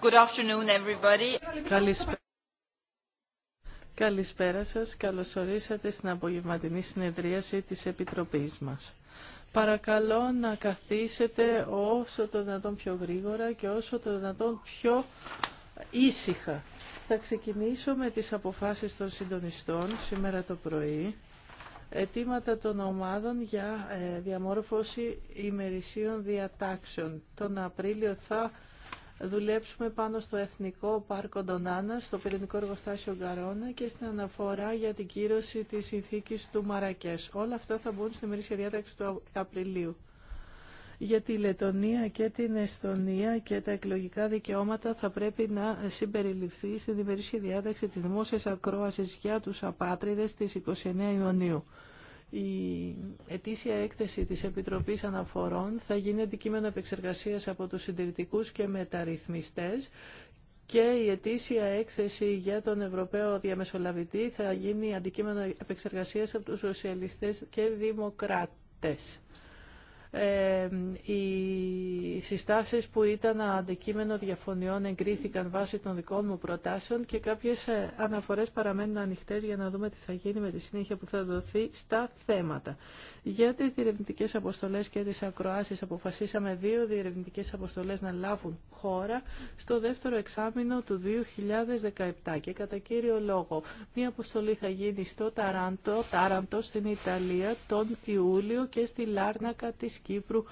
Καλησπέρα. Καλησπέρα σας. Καλωσορίσατε στην απογευματινή συνεδρίαση της Επιτροπής μας. Παρακαλώ να καθίσετε όσο το δυνατόν πιο γρήγορα και όσο το δυνατόν πιο ήσυχα. Θα ξεκινήσω με τις αποφάσεις των συντονιστών σήμερα το πρωί αιτήματα των ομάδων για ε, διαμόρφωση ημερησίων διατάξεων. Τον Απρίλιο θα δουλέψουμε πάνω στο Εθνικό Πάρκο Ντονάνα, στο πυρηνικό εργοστάσιο Γκαρόνα και στην αναφορά για την κύρωση της συνθήκης του Μαρακές. Όλα αυτά θα μπουν στη ημερησία διάταξη του Απριλίου για τη Λετωνία και την Εστονία και τα εκλογικά δικαιώματα θα πρέπει να συμπεριληφθεί στην ημερήσια διάταξη της δημόσιας ακρόασης για τους απάτριδες στις 29 Ιουνίου. Η ετήσια έκθεση της Επιτροπής Αναφορών θα γίνει αντικείμενο επεξεργασίας από τους συντηρητικούς και μεταρρυθμιστές και η ετήσια έκθεση για τον Ευρωπαίο Διαμεσολαβητή θα γίνει αντικείμενο επεξεργασίας από τους σοσιαλιστές και δημοκράτες. Ε, οι συστάσεις που ήταν αντικείμενο διαφωνιών εγκρίθηκαν βάσει των δικών μου προτάσεων και κάποιες ε, αναφορές παραμένουν ανοιχτές για να δούμε τι θα γίνει με τη συνέχεια που θα δοθεί στα θέματα. Για τις διερευνητικές αποστολές και τις ακροάσεις αποφασίσαμε δύο διερευνητικές αποστολές να λάβουν χώρα στο δεύτερο εξάμεινο του 2017 και κατά κύριο λόγο μία αποστολή θα γίνει στο Ταράντο, στην Ιταλία τον Ιούλιο και στη Λάρνακα της Κύπρου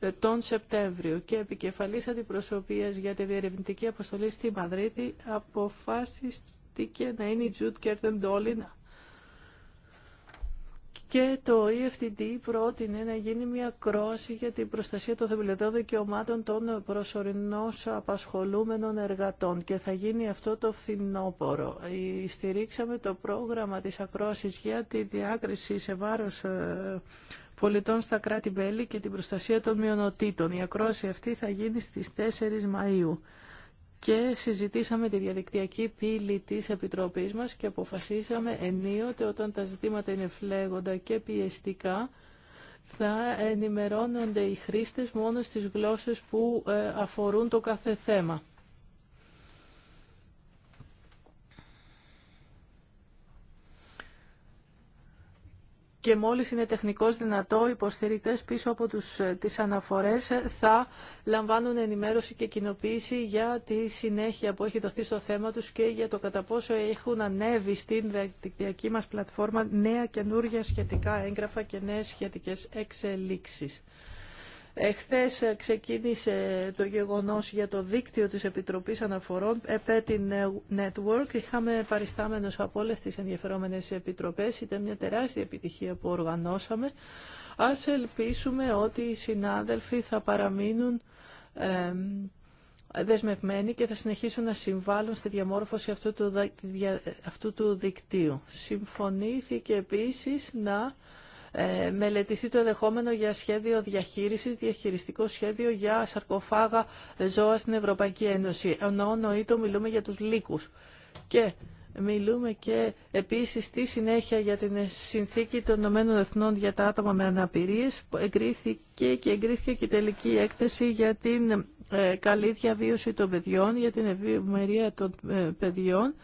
ε, τον Σεπτέμβριο και επικεφαλής αντιπροσωπείας για τη διερευνητική αποστολή στη Μαδρίτη αποφάσιστηκε να είναι η Τζουτ Κέρτεν Ντόλιν και το EFTD πρότεινε να γίνει μια κρόση για την προστασία των θεμελιωδών δικαιωμάτων των προσωρινώς απασχολούμενων εργατών και θα γίνει αυτό το φθινόπωρο. Ε, στηρίξαμε το πρόγραμμα της ακρόσης για τη διάκριση σε βάρος ε, πολιτών στα κράτη-μέλη και την προστασία των μειονοτήτων. Η ακρόαση αυτή θα γίνει στις 4 Μαΐου και συζητήσαμε τη διαδικτυακή πύλη της Επιτροπής μας και αποφασίσαμε ενίοτε όταν τα ζητήματα είναι φλέγοντα και πιεστικά θα ενημερώνονται οι χρήστες μόνο στις γλώσσες που ε, αφορούν το κάθε θέμα. και μόλις είναι τεχνικός δυνατό, οι υποστηρικτές πίσω από τους, ε, τις αναφορές ε, θα λαμβάνουν ενημέρωση και κοινοποίηση για τη συνέχεια που έχει δοθεί στο θέμα τους και για το κατά πόσο έχουν ανέβει στην δικτυακή μας πλατφόρμα νέα καινούργια σχετικά έγγραφα και νέες σχετικές εξελίξεις. Εχθές ε, ξεκίνησε το γεγονός για το δίκτυο της Επιτροπής Αναφορών, την ε, Network. Είχαμε παριστάμενος από όλες τις ενδιαφερόμενες επιτροπές. Ήταν μια τεράστια επιτυχία που οργανώσαμε. Ας ελπίσουμε ότι οι συνάδελφοι θα παραμείνουν δεσμευμένοι και θα συνεχίσουν να συμβάλλουν στη διαμόρφωση αυτού του, αυτού του δικτύου. Συμφωνήθηκε επίσης να ε, μελετηθεί το ενδεχόμενο για σχέδιο διαχείρισης, διαχειριστικό σχέδιο για σαρκοφάγα ζώα στην Ευρωπαϊκή Ένωση. Ενώ νοήτο μιλούμε για τους λύκου. Και μιλούμε και επίση στη συνέχεια για την συνθήκη των Ηνωμένων Εθνών για τα άτομα με αναπηρίες εγκρίθηκε και εγκρίθηκε και η τελική έκθεση για την ε, καλή διαβίωση των παιδιών, για την ευημερία των ε, παιδιών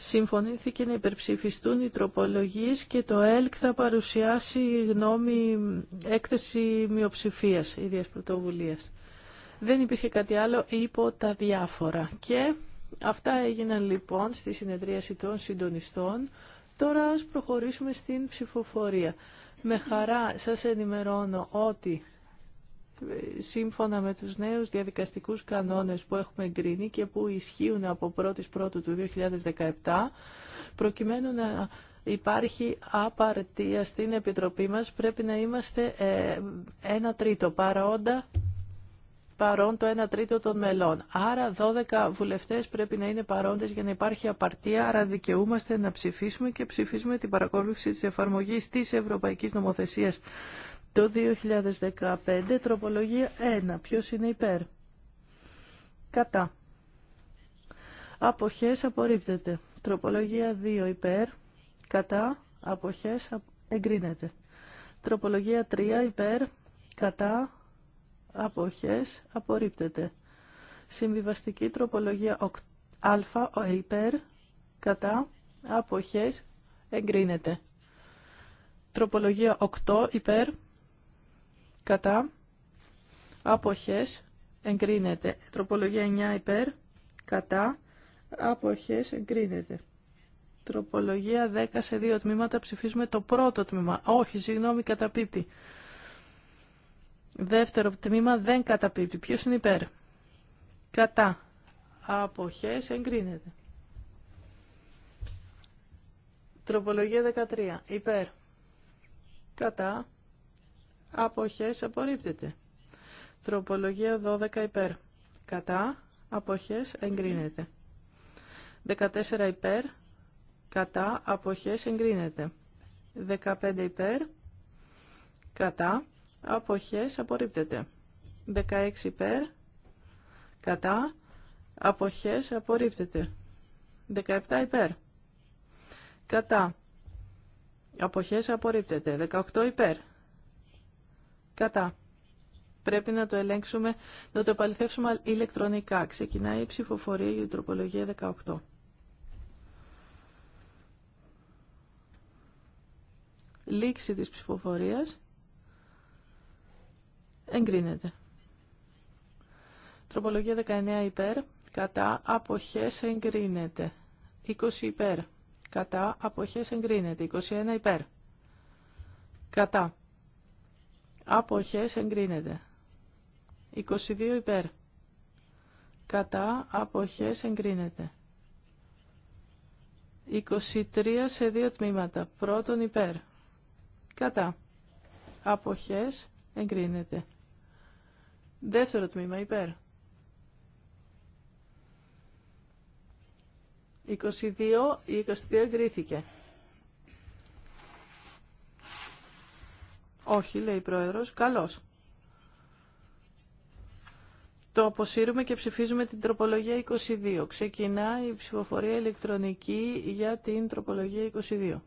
συμφωνήθηκε να υπερψηφιστούν οι τροπολογίες και το ΕΛΚ θα παρουσιάσει γνώμη έκθεση μειοψηφίας ίδιας πρωτοβουλίας. Δεν υπήρχε κάτι άλλο υπό τα διάφορα. Και αυτά έγιναν λοιπόν στη συνεδρίαση των συντονιστών. Τώρα ας προχωρήσουμε στην ψηφοφορία. Με χαρά σας ενημερώνω ότι σύμφωνα με τους νέους διαδικαστικούς κανόνες που έχουμε εγκρίνει και που ισχύουν από 1η Πρώτου του 2017, προκειμένου να υπάρχει απαρτία στην Επιτροπή μας, πρέπει να είμαστε ε, ένα τρίτο παρόντα παρόν το 1 τρίτο των μελών. Άρα 12 βουλευτές πρέπει να είναι παρόντες για να υπάρχει απαρτία, άρα δικαιούμαστε να ψηφίσουμε και ψηφίσουμε την παρακολούθηση της εφαρμογής της Ευρωπαϊκής Νομοθεσίας το 2015 τροπολογία 1. Ποιο είναι υπέρ. Κατά. Αποχές απορρίπτεται. Τροπολογία 2 υπέρ. Κατά. Αποχές εγκρίνεται. Τροπολογία 3 υπέρ. Κατά. Αποχές απορρίπτεται. Συμβιβαστική τροπολογία 8, α υπέρ. Κατά. Αποχές εγκρίνεται. Τροπολογία 8 υπέρ κατά, άποχες, εγκρίνεται. Τροπολογία 9 υπέρ, κατά, άποχες, εγκρίνεται. Τροπολογία 10 σε δύο τμήματα ψηφίζουμε το πρώτο τμήμα. Όχι, συγγνώμη, καταπίπτει. Δεύτερο τμήμα δεν καταπίπτει. Ποιος είναι υπέρ. Κατά. Αποχές εγκρίνεται. Τροπολογία 13. Υπέρ. Κατά αποχές απορρίπτεται. Τροπολογία 12 υπέρ. Κατά αποχές εγκρίνεται. 14 υπέρ. Κατά αποχές εγκρίνεται. 15 υπέρ. Κατά αποχές απορρίπτεται. 16 υπέρ. Κατά αποχές απορρίπτεται. 17 υπέρ. Κατά αποχές απορρίπτεται. 18 υπέρ. Κατά. Πρέπει να το ελέγξουμε, να το επαληθεύσουμε ηλεκτρονικά. Ξεκινάει η ψηφοφορία για την τροπολογία 18. Λήξη της ψηφοφορίας. Εγκρίνεται. Τροπολογία 19 υπέρ. Κατά αποχές εγκρίνεται. 20 υπέρ. Κατά αποχές εγκρίνεται. 21 υπέρ. Κατά Αποχές εγκρίνεται. 22 υπέρ. Κατά αποχές εγκρίνεται. 23 σε δύο τμήματα. Πρώτον υπέρ. Κατά. Αποχές εγκρίνεται. Δεύτερο τμήμα υπέρ. 22, η 22 εγκρίθηκε. Όχι, λέει η Πρόεδρος. Καλώς. Το αποσύρουμε και ψηφίζουμε την τροπολογία 22. Ξεκινά η ψηφοφορία ηλεκτρονική για την τροπολογία 22.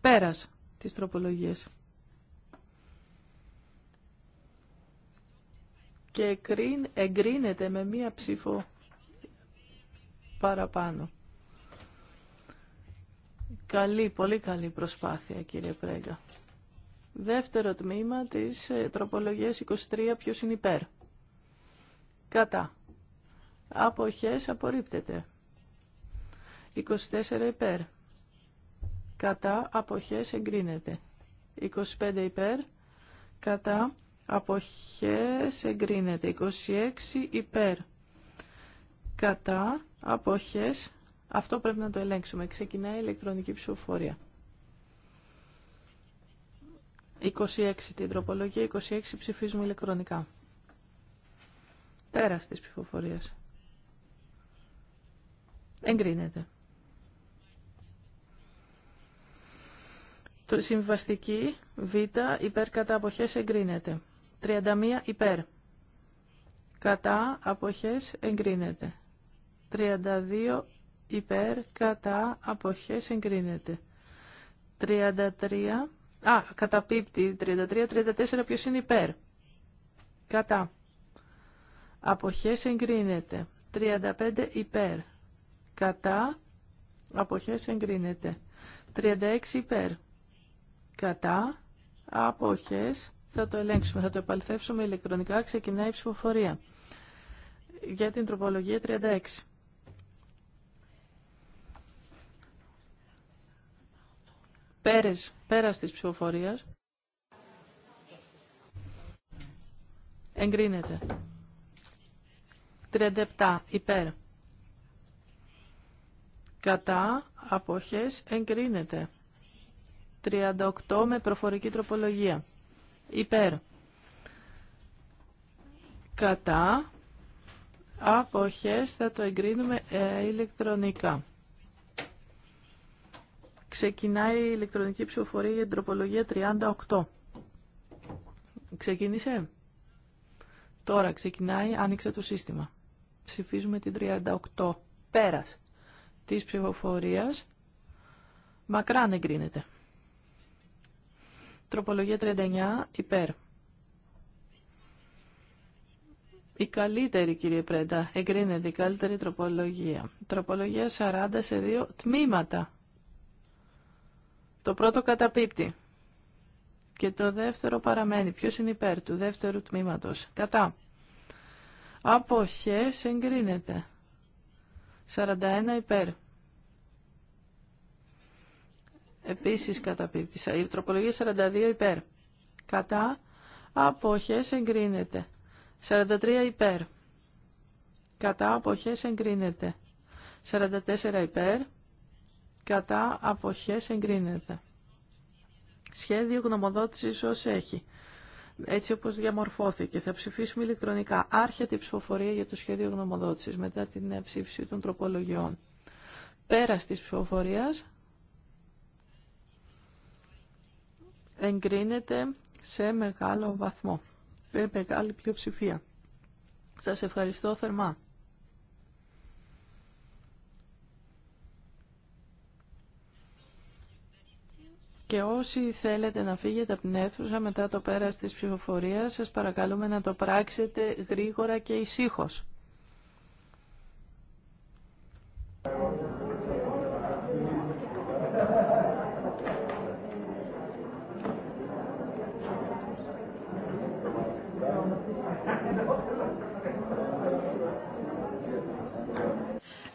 Πέρας της τροπολογίας. Και εγκρίνεται με μία ψήφο παραπάνω. Καλή, πολύ καλή προσπάθεια κύριε Πρέγκα. Δεύτερο τμήμα της ε, τροπολογίας 23 ποιος είναι υπέρ. Κατά. Αποχές απορρίπτεται. 24 υπέρ. Κατά αποχές εγκρίνεται. 25 υπέρ. Κατά αποχές εγκρίνεται. 26 υπέρ. Κατά αποχές αυτό πρέπει να το ελέγξουμε. Ξεκινάει η ηλεκτρονική ψηφοφορία. 26 την τροπολογία, 26 ψηφίζουμε ηλεκτρονικά. Πέρας της ψηφοφορίας. Εγκρίνεται. συμβαστική Β υπέρ κατά αποχές εγκρίνεται. 31 υπέρ. Κατά αποχές εγκρίνεται. 32 υπέρ, κατά, απόχέ εγκρίνεται. 33, α, καταπίπτει, 33, 34, ποιος είναι υπέρ, κατά, αποχές, εγκρίνεται. 35, υπέρ, κατά, αποχές, εγκρίνεται. 36, υπέρ, κατά, αποχές, θα το ελέγξουμε, θα το επαληθεύσουμε ηλεκτρονικά, ξεκινάει η ψηφοφορία για την τροπολογία 36. Πέρες, πέρας της ψηφοφορίας. Εγκρίνεται. 37. Υπέρ. Κατά αποχές εγκρίνεται. 38 με προφορική τροπολογία. Υπέρ. Κατά αποχές θα το εγκρίνουμε ε, ηλεκτρονικά. Ξεκινάει η ηλεκτρονική ψηφοφορία για την τροπολογία 38. Ξεκίνησε. Τώρα ξεκινάει, άνοιξε το σύστημα. Ψηφίζουμε την 38. Πέρας της ψηφοφορίας. Μακράν εγκρίνεται. Τροπολογία 39. Υπέρ. Η καλύτερη, κύριε Πρέντα, εγκρίνεται η καλύτερη τροπολογία. Τροπολογία 40 σε δύο τμήματα. Το πρώτο καταπίπτει. Και το δεύτερο παραμένει. Ποιος είναι υπέρ του δεύτερου τμήματος. Κατά. Αποχές εγκρίνεται. 41 υπέρ. Επίσης καταπίπτει. Η τροπολογία 42 υπέρ. Κατά. Αποχές εγκρίνεται. 43 υπέρ. Κατά. Αποχές εγκρίνεται. 44 υπέρ κατά αποχές εγκρίνεται. Σχέδιο γνωμοδότησης ως έχει. Έτσι όπως διαμορφώθηκε. Θα ψηφίσουμε ηλεκτρονικά. Άρχεται η ψηφοφορία για το σχέδιο γνωμοδότησης μετά την ε, ψήφιση των τροπολογιών. Πέρας της ψηφοφορίας εγκρίνεται σε μεγάλο βαθμό. Με μεγάλη πλειοψηφία. Σας ευχαριστώ θερμά. Και όσοι θέλετε να φύγετε από την αίθουσα μετά το πέρας της ψηφοφορίας, σας παρακαλούμε να το πράξετε γρήγορα και ησύχως.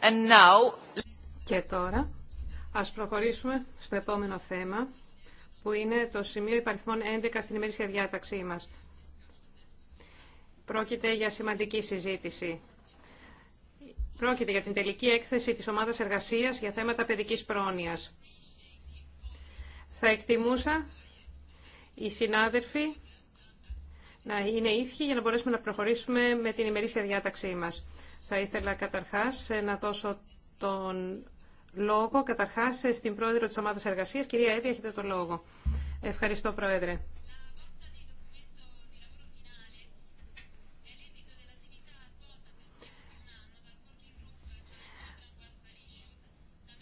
And now... Και τώρα ας προχωρήσουμε στο επόμενο θέμα που είναι το σημείο υπαριθμών 11 στην ημερήσια διάταξή μας. Πρόκειται για σημαντική συζήτηση. Πρόκειται για την τελική έκθεση της ομάδας εργασίας για θέματα παιδικής πρόνοιας. Θα εκτιμούσα οι συνάδελφοι να είναι ίσχυοι για να μπορέσουμε να προχωρήσουμε με την ημερήσια διάταξή μας. Θα ήθελα καταρχάς να δώσω τον λόγο. Καταρχάς, στην πρόεδρο της ομάδας εργασίας, κυρία Εύη, έχετε το λόγο. Ευχαριστώ, Πρόεδρε.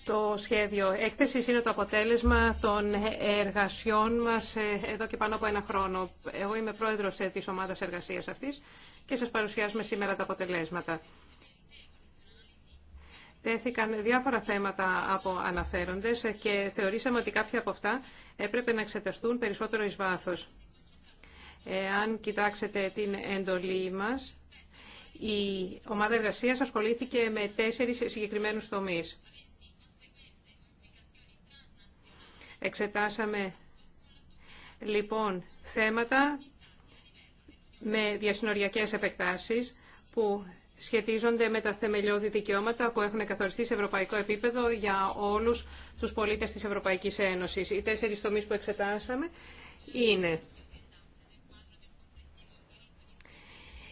Το σχέδιο έκθεση είναι το αποτέλεσμα των εργασιών μας ε, εδώ και πάνω από ένα χρόνο. Εγώ είμαι πρόεδρος ε, της ομάδας εργασίας αυτής και σας παρουσιάζουμε σήμερα τα αποτελέσματα τέθηκαν διάφορα θέματα από αναφέροντες και θεωρήσαμε ότι κάποια από αυτά έπρεπε να εξεταστούν περισσότερο εις βάθος. Αν κοιτάξετε την εντολή μας, η ομάδα εργασίας ασχολήθηκε με τέσσερις συγκεκριμένους τομείς. Εξετάσαμε λοιπόν θέματα με διασυνοριακές επεκτάσεις που σχετίζονται με τα θεμελιώδη δικαιώματα που έχουν καθοριστεί σε ευρωπαϊκό επίπεδο για όλους τους πολίτες της Ευρωπαϊκής Ένωσης. Οι τέσσερις τομείς που εξετάσαμε είναι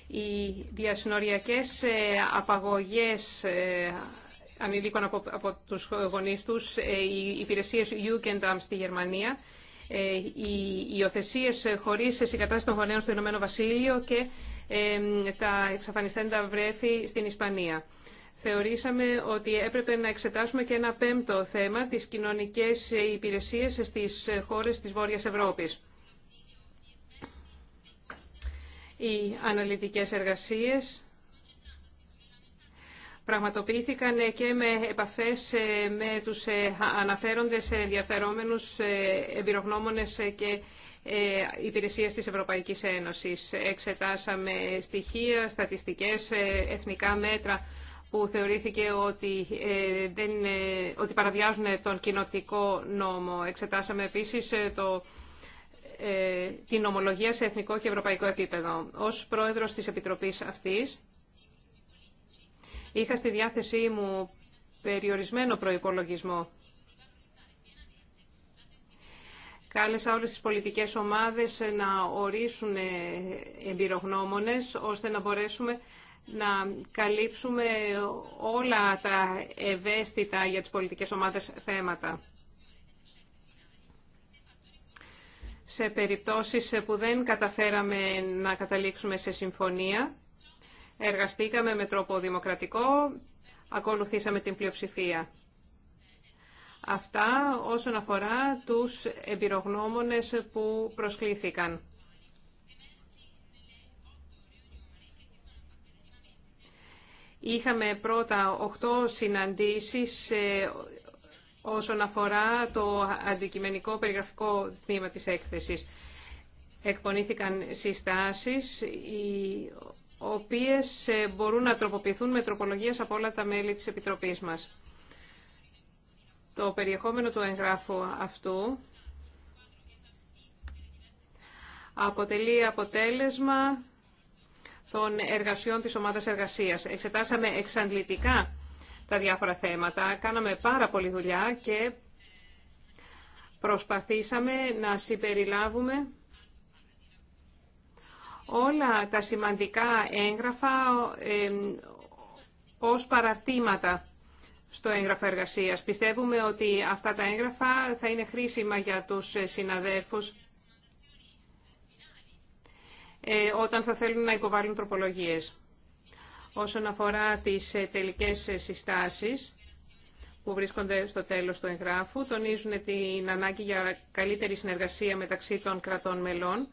οι διασυνοριακές ε, απαγωγές ε, ανηλίκων από, από τους γονείς τους, ε, οι υπηρεσίες Jugendamt στη Γερμανία, οι υιοθεσίε χωρίς συγκατάσταση των γονέων στο Ηνωμένο Βασίλειο και τα εξαφανιστέντα βρέφη στην Ισπανία. Θεωρήσαμε ότι έπρεπε να εξετάσουμε και ένα πέμπτο θέμα, τις κοινωνικές υπηρεσίες στις χώρες της Βόρειας Ευρώπης. Οι αναλυτικές εργασίες πραγματοποιήθηκαν και με επαφές ε, με τους ε, αναφέροντες ε, ενδιαφερόμενους εμπειρογνώμονες και ε, υπηρεσίες της Ευρωπαϊκής Ένωσης. Εξετάσαμε στοιχεία, στατιστικές, ε, εθνικά μέτρα που θεωρήθηκε ότι, ε, δεν, ότι παραβιάζουν τον κοινοτικό νόμο. Εξετάσαμε επίσης το, την ομολογία σε εθνικό και ευρωπαϊκό επίπεδο. Ως πρόεδρος της Επιτροπής αυτής, είχα στη διάθεσή μου περιορισμένο προϋπολογισμό Κάλεσα όλες τις πολιτικές ομάδες να ορίσουν ε, εμπειρογνώμονες ώστε να μπορέσουμε να καλύψουμε όλα τα ευαίσθητα για τις πολιτικές ομάδες θέματα. Σε περιπτώσεις που δεν καταφέραμε να καταλήξουμε σε συμφωνία, εργαστήκαμε με τρόπο δημοκρατικό, ακολουθήσαμε την πλειοψηφία. Αυτά όσον αφορά τους εμπειρογνώμονες που προσκλήθηκαν. Είχαμε πρώτα 8 συναντήσεις ε, όσον αφορά το αντικειμενικό περιγραφικό τμήμα της έκθεσης. Εκπονήθηκαν συστάσεις οι οποίες ε, μπορούν να τροποποιηθούν με τροπολογίες από όλα τα μέλη της Επιτροπής μας. Το περιεχόμενο του εγγράφου αυτού αποτελεί αποτέλεσμα των εργασιών της ομάδας εργασίας. Εξετάσαμε εξαντλητικά τα διάφορα θέματα, κάναμε πάρα πολλή δουλειά και προσπαθήσαμε να συμπεριλάβουμε όλα τα σημαντικά έγγραφα ε, ως παραρτήματα στο έγγραφο εργασίας. Πιστεύουμε ότι αυτά τα έγγραφα θα είναι χρήσιμα για τους ε, όταν θα θέλουν να υποβάλουν τροπολογίες. Όσον αφορά τις ε, τελικές ε, συστάσεις που βρίσκονται στο τέλος του εγγράφου, τονίζουν την ανάγκη για καλύτερη συνεργασία μεταξύ των κρατών μελών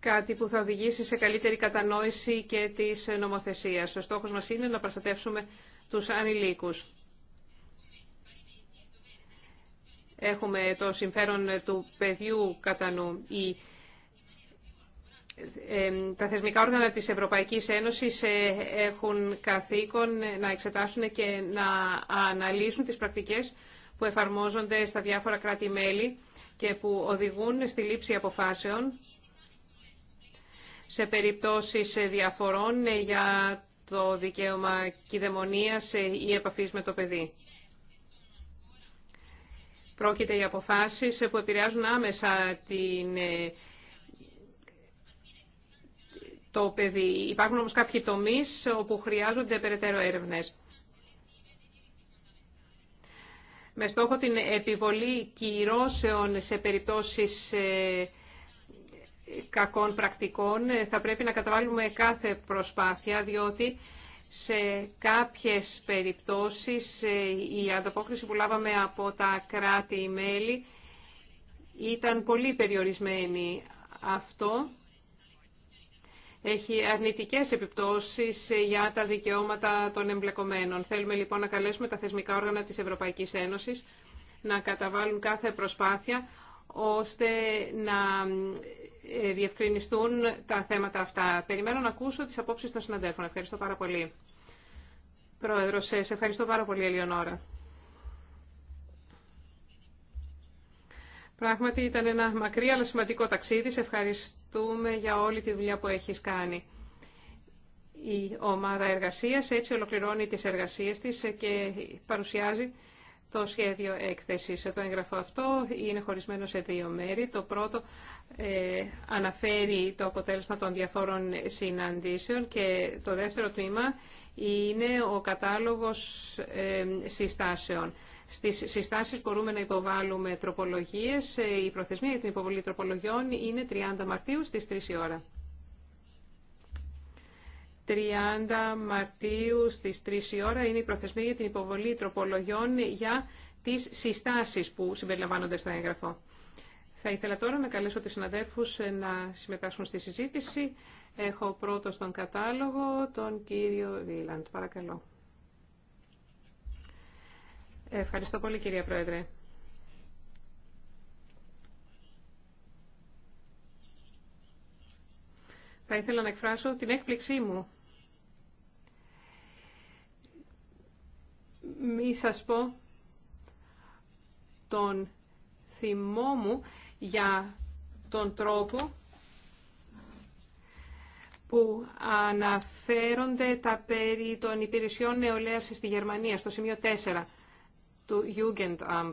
κάτι που θα οδηγήσει σε καλύτερη κατανόηση και της νομοθεσίας. Ο στόχος μας είναι να προστατεύσουμε τους ανηλίκους. Έχουμε το συμφέρον του παιδιού κατά νου. Η, τα θεσμικά όργανα της Ευρωπαϊκής Ένωσης ε, έχουν καθήκον να εξετάσουν και να αναλύσουν τις πρακτικές που εφαρμόζονται στα διάφορα κράτη-μέλη και που οδηγούν στη λήψη αποφάσεων σε περιπτώσεις διαφορών για το δικαίωμα κυδαιμονίας ή επαφής με το παιδί. Πρόκειται για αποφάσεις που επηρεάζουν άμεσα την, το παιδί. Υπάρχουν όμως κάποιοι τομείς όπου χρειάζονται περαιτέρω έρευνες. Με στόχο την επιβολή κυρώσεων σε περιπτώσεις ε, κακών πρακτικών. Ε, θα πρέπει να καταβάλουμε κάθε προσπάθεια, διότι σε κάποιες περιπτώσεις ε, η ανταπόκριση που λάβαμε από τα κράτη-μέλη ήταν πολύ περιορισμένη. Αυτό έχει αρνητικές επιπτώσεις ε, για τα δικαιώματα των εμπλεκομένων. Θέλουμε λοιπόν να καλέσουμε τα θεσμικά όργανα της Ευρωπαϊκής Ένωσης να καταβάλουν κάθε προσπάθεια ώστε να ε, διευκρινιστούν τα θέματα αυτά. Περιμένω να ακούσω τις απόψεις των συναδέλφων. Ευχαριστώ πάρα πολύ. Πρόεδρο, σε ευχαριστώ πάρα πολύ, Ελιονόρα. Πράγματι ήταν ένα μακρύ αλλά σημαντικό ταξίδι. Σε ευχαριστούμε για όλη τη δουλειά που έχεις κάνει. Η ομάδα εργασίας έτσι ολοκληρώνει τις εργασίες της και παρουσιάζει το σχέδιο έκθεσης. Το έγγραφο αυτό είναι χωρισμένο σε δύο μέρη. Το πρώτο ε, αναφέρει το αποτέλεσμα των διαφόρων συναντήσεων και το δεύτερο τμήμα είναι ο κατάλογος ε, συστάσεων. Στις συστάσεις μπορούμε να υποβάλουμε τροπολογίες. Ε, η προθεσμία για την υποβολή τροπολογιών είναι 30 Μαρτίου στις 3 η ώρα. 30 Μαρτίου στις 3 η ώρα είναι η προθεσμία για την υποβολή τροπολογιών για τις συστάσεις που συμπεριλαμβάνονται στο έγγραφο. Θα ήθελα τώρα να καλέσω τους συναδέρφους ε, να συμμετάσχουν στη συζήτηση. Έχω πρώτο στον κατάλογο τον κύριο Βίλαντ. Παρακαλώ. Ευχαριστώ πολύ κυρία Πρόεδρε. Θα ήθελα να εκφράσω την έκπληξή μου. Μη σας πω τον θυμό μου για τον τρόπο που αναφέρονται τα περί των υπηρεσιών νεολαίας στη Γερμανία, στο σημείο 4 του Jugendamt.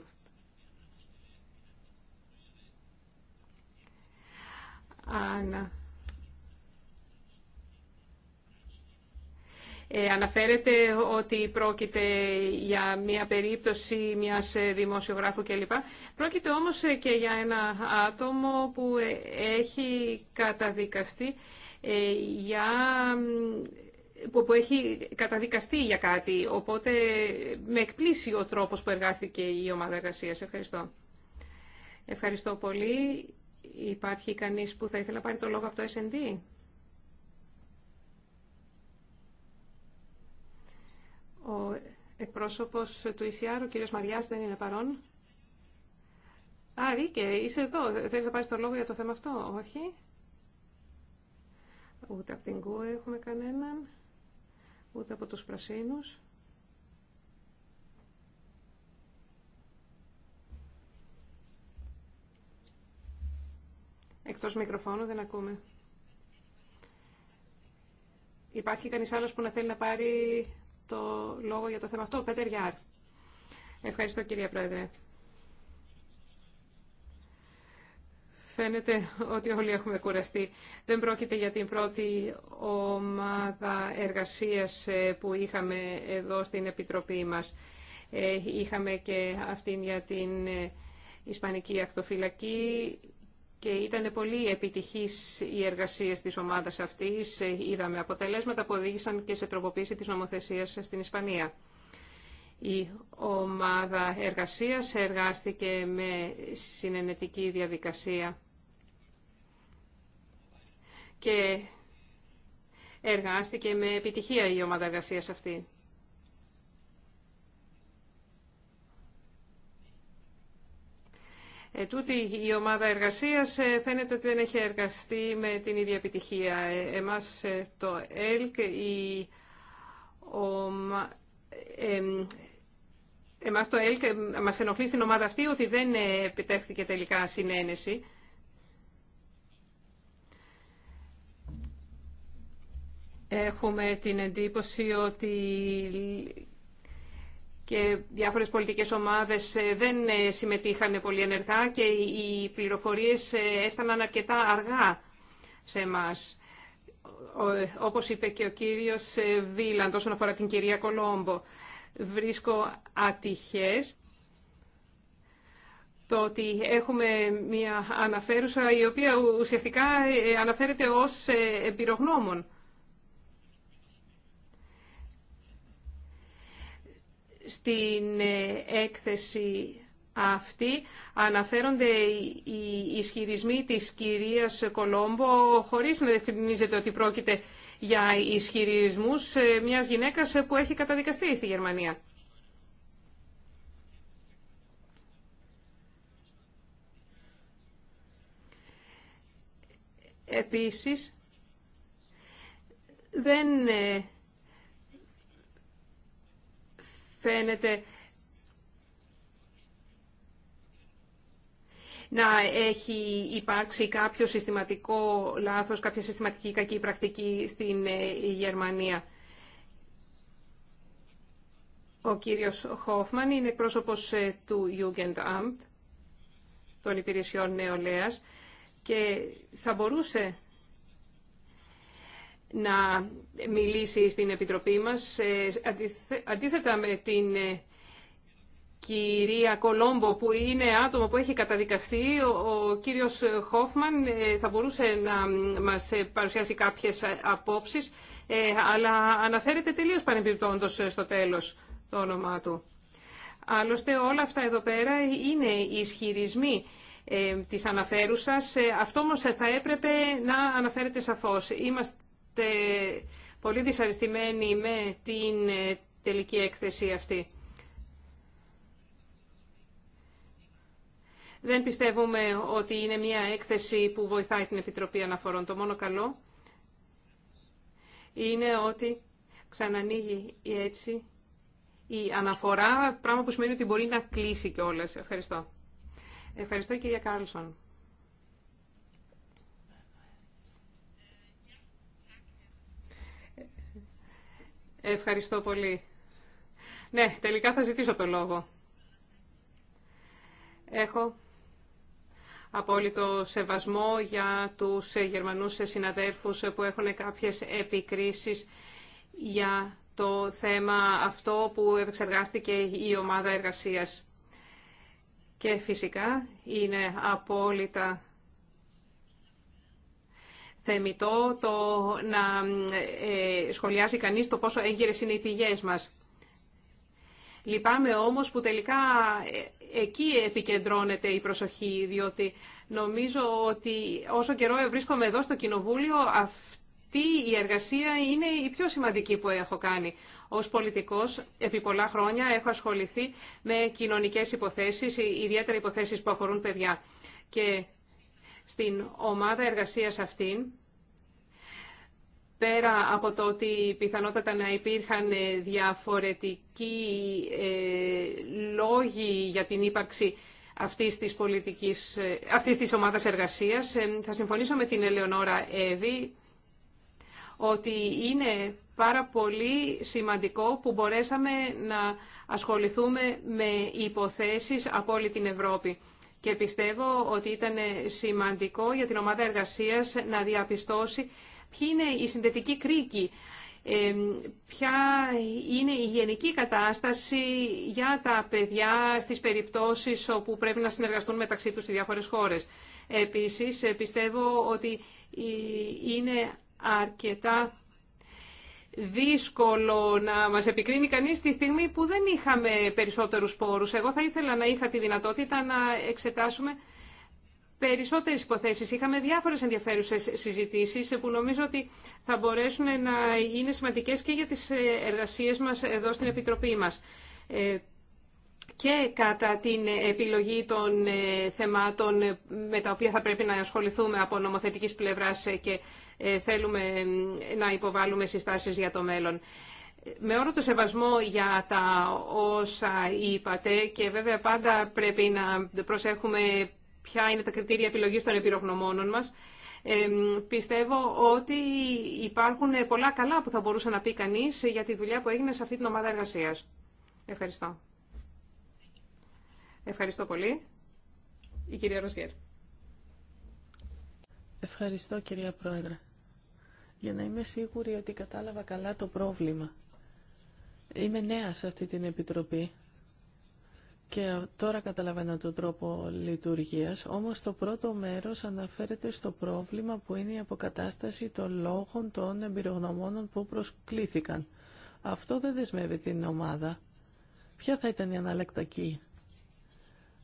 Ανα Ε, αναφέρεται ότι πρόκειται για μια περίπτωση μιας ε, δημοσιογράφου κλπ. Πρόκειται όμως ε, και για ένα άτομο που έχει καταδικαστεί για που έχει καταδικαστεί για κάτι, οπότε με εκπλήσει ο τρόπος που εργάστηκε η ομάδα εργασία. Ευχαριστώ. Ευχαριστώ πολύ. Υπάρχει κανείς που θα ήθελα να πάρει το λόγο από το S&D. Ο εκπρόσωπος του ECR, ο κύριος Μαριάς, δεν είναι παρόν. Α, Ρίκε, είσαι εδώ. Θέλεις να πάρεις το λόγο για το θέμα αυτό, όχι. Ούτε από την ΚΟΕ έχουμε κανέναν, ούτε από τους Πρασίνους. Εκτός μικροφώνου δεν ακούμε. Υπάρχει κανείς άλλος που να θέλει να πάρει το λόγο για το θέμα αυτό, ο Πέτερ Γιάρ. Ευχαριστώ κυρία Πρόεδρε. Φαίνεται ότι όλοι έχουμε κουραστεί. Δεν πρόκειται για την πρώτη ομάδα εργασίας ε, που είχαμε εδώ στην Επιτροπή μας. Ε, είχαμε και αυτήν για την ε, Ισπανική Ακτοφυλακή και ήταν πολύ επιτυχής η εργασία της ομάδας αυτής. Είδαμε αποτελέσματα που οδήγησαν και σε τροποποίηση της νομοθεσίας στην Ισπανία. Η ομάδα εργασίας εργάστηκε με συνενετική διαδικασία και εργάστηκε με επιτυχία η ομάδα εργασίας αυτή. Ε, τούτη η ομάδα εργασίας ε, φαίνεται ότι δεν έχει εργαστεί με την ίδια επιτυχία. Ε, ε, εμάς το ΕΛΚ, η, εμάς το ΕΛΚ μας ενοχλεί στην ομάδα αυτή ότι δεν επιτεύχθηκε τελικά συνένεση. Έχουμε την εντύπωση ότι και διάφορες πολιτικές ομάδες ε, δεν ε, συμμετείχαν πολύ ενεργά και οι πληροφορίες ε, έφταναν αρκετά αργά σε εμάς. Όπως είπε και ο κύριος Βίλαντ όσον αφορά την κυρία Κολόμπο, βρίσκω ατυχές το ότι έχουμε μια αναφέρουσα η οποία ουσιαστικά αναφέρεται ως εμπειρογνώμων. Στην ε, έκθεση αυτή αναφέρονται οι ισχυρισμοί της κυρίας Κολόμπο χωρίς να διευκρινίζεται ότι πρόκειται για ισχυρισμούς ε, μιας γυναίκας που έχει καταδικαστεί στη Γερμανία. Επίσης, δεν ε, φαίνεται να έχει υπάρξει κάποιο συστηματικό λάθος, κάποια συστηματική κακή πρακτική στην ε, Γερμανία. Ο κύριος Χόφμαν είναι εκπρόσωπος ε, του Jugendamt, των υπηρεσιών νεολαίας, και θα μπορούσε να μιλήσει στην Επιτροπή μας. Ε, αντίθετα με την ε, κυρία Κολόμπο που είναι άτομο που έχει καταδικαστεί, ο κύριος Χόφμαν ε, θα μπορούσε να μας παρουσιάσει κάποιες απόψεις, αλλά αναφέρεται τελείως πανεπιπτόντος στο τέλος το όνομά του. Άλλωστε όλα αυτά εδώ πέρα είναι ισχυρισμοί της αναφέρουσας. Αυτό όμως θα έπρεπε να αναφέρεται σαφώς. Είμαστε πολύ δυσαρεστημένοι με την ε, τελική έκθεση αυτή. Δεν πιστεύουμε ότι είναι μια έκθεση που βοηθάει την Επιτροπή Αναφορών. Το μόνο καλό είναι ότι ξανανοίγει έτσι η αναφορά, πράγμα που σημαίνει ότι μπορεί να κλείσει κιόλας. Ευχαριστώ. Ευχαριστώ κυρία Κάρλσον. Ευχαριστώ πολύ. Ναι, τελικά θα ζητήσω το λόγο. Έχω απόλυτο σεβασμό για τους Γερμανούς συναδέλφους που έχουν κάποιες επικρίσεις για το θέμα αυτό που επεξεργάστηκε η ομάδα εργασίας. Και φυσικά είναι απόλυτα θεμητό το να ε, σχολιάζει κανείς το πόσο έγκυρες είναι οι πηγές μας. Λυπάμαι όμως που τελικά ε, εκεί επικεντρώνεται η προσοχή, διότι νομίζω ότι όσο καιρό βρίσκομαι εδώ στο Κοινοβούλιο, αυτή η εργασία είναι η πιο σημαντική που έχω κάνει. Ως πολιτικός, επί πολλά χρόνια έχω ασχοληθεί με κοινωνικές υποθέσεις, ιδιαίτερα υποθέσεις που αφορούν παιδιά. Και στην ομάδα εργασίας αυτήν, πέρα από το ότι πιθανότατα να υπήρχαν διαφορετικοί ε, λόγοι για την ύπαρξη αυτής της, πολιτικής, ε, αυτής της ομάδας εργασίας, ε, θα συμφωνήσω με την Ελεονόρα Εύη ότι είναι πάρα πολύ σημαντικό που μπορέσαμε να ασχοληθούμε με υποθέσεις από όλη την Ευρώπη και πιστεύω ότι ήταν σημαντικό για την ομάδα εργασίας να διαπιστώσει ποιοι είναι οι συνδετικοί κρίκοι, ε, ποια είναι η γενική κατάσταση για τα παιδιά στις περιπτώσεις όπου πρέπει να συνεργαστούν μεταξύ τους οι διάφορες χώρες. Επίσης, ε, πιστεύω ότι ε, είναι αρκετά δύσκολο να μας επικρίνει κανείς τη στιγμή που δεν είχαμε περισσότερους πόρους. Εγώ θα ήθελα να είχα τη δυνατότητα να εξετάσουμε περισσότερες υποθέσεις. Είχαμε διάφορες ενδιαφέρουσες συζητήσεις που νομίζω ότι θα μπορέσουν να είναι σημαντικές και για τις εργασίες μας εδώ στην Επιτροπή μας. Ε, και κατά την επιλογή των ε, θεμάτων ε, με τα οποία θα πρέπει να ασχοληθούμε από νομοθετικής πλευράς ε, και θέλουμε να υποβάλουμε συστάσεις για το μέλλον. Με όρο το σεβασμό για τα όσα είπατε και βέβαια πάντα πρέπει να προσέχουμε ποια είναι τα κριτήρια επιλογής των επιρογνωμόνων μας, πιστεύω ότι υπάρχουν πολλά καλά που θα μπορούσε να πει κανείς για τη δουλειά που έγινε σε αυτή την ομάδα εργασίας. Ευχαριστώ. Ευχαριστώ πολύ. Η κυρία Ροζιέρ. Ευχαριστώ κυρία Πρόεδρε. Για να είμαι σίγουρη ότι κατάλαβα καλά το πρόβλημα. Είμαι νέα σε αυτή την Επιτροπή και τώρα καταλαβαίνω τον τρόπο λειτουργίας, όμως το πρώτο μέρος αναφέρεται στο πρόβλημα που είναι η αποκατάσταση των λόγων των εμπειρογνωμόνων που προσκλήθηκαν. Αυτό δεν δεσμεύει την ομάδα. Ποια θα ήταν η αναλλακτική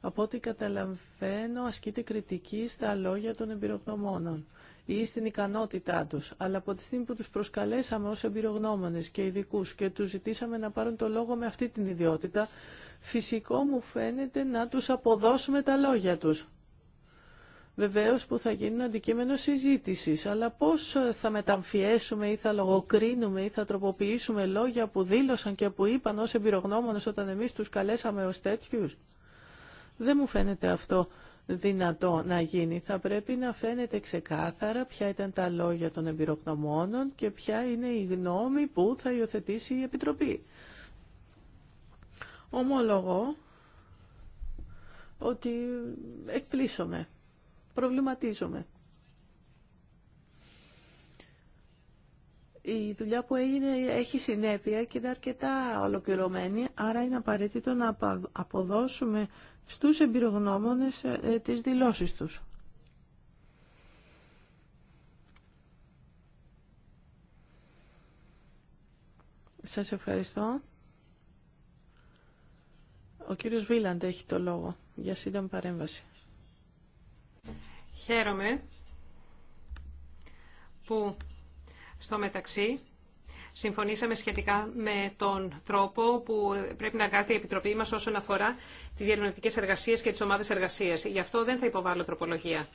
από ό,τι καταλαβαίνω ασκείται κριτική στα λόγια των εμπειρογνωμόνων ή στην ικανότητά τους. Αλλά από τη στιγμή που τους προσκαλέσαμε ως εμπειρογνώμονες και ειδικού και τους ζητήσαμε να πάρουν το λόγο με αυτή την ιδιότητα, φυσικό μου φαίνεται να τους αποδώσουμε τα λόγια τους. Βεβαίως που θα γίνουν αντικείμενο συζήτησης, αλλά πώς ε, θα μεταμφιέσουμε ή θα λογοκρίνουμε ή θα τροποποιήσουμε λόγια που δήλωσαν και που είπαν ως εμπειρογνώμονες όταν εμείς τους καλέσαμε ως τέτοιου, δεν μου φαίνεται αυτό δυνατό να γίνει. Θα πρέπει να φαίνεται ξεκάθαρα ποια ήταν τα λόγια των εμπειρογνωμόνων και ποια είναι η γνώμη που θα υιοθετήσει η Επιτροπή. Ομολογώ ότι εκπλήσωμαι, προβληματίζομαι. η δουλειά που έγινε έχει συνέπεια και είναι αρκετά ολοκληρωμένη, άρα είναι απαραίτητο να αποδώσουμε στους εμπειρογνώμονες ε, ε, τις δηλώσεις τους. Σας ευχαριστώ. Ο κύριος Βίλαντ έχει το λόγο για σύντομη παρέμβαση. Χαίρομαι που στο μεταξύ συμφωνήσαμε σχετικά με τον τρόπο που πρέπει να εργάζεται η Επιτροπή μας όσον αφορά τις διερευνητικές εργασίες και τις ομάδες εργασίας. Γι' αυτό δεν θα υποβάλω τροπολογία.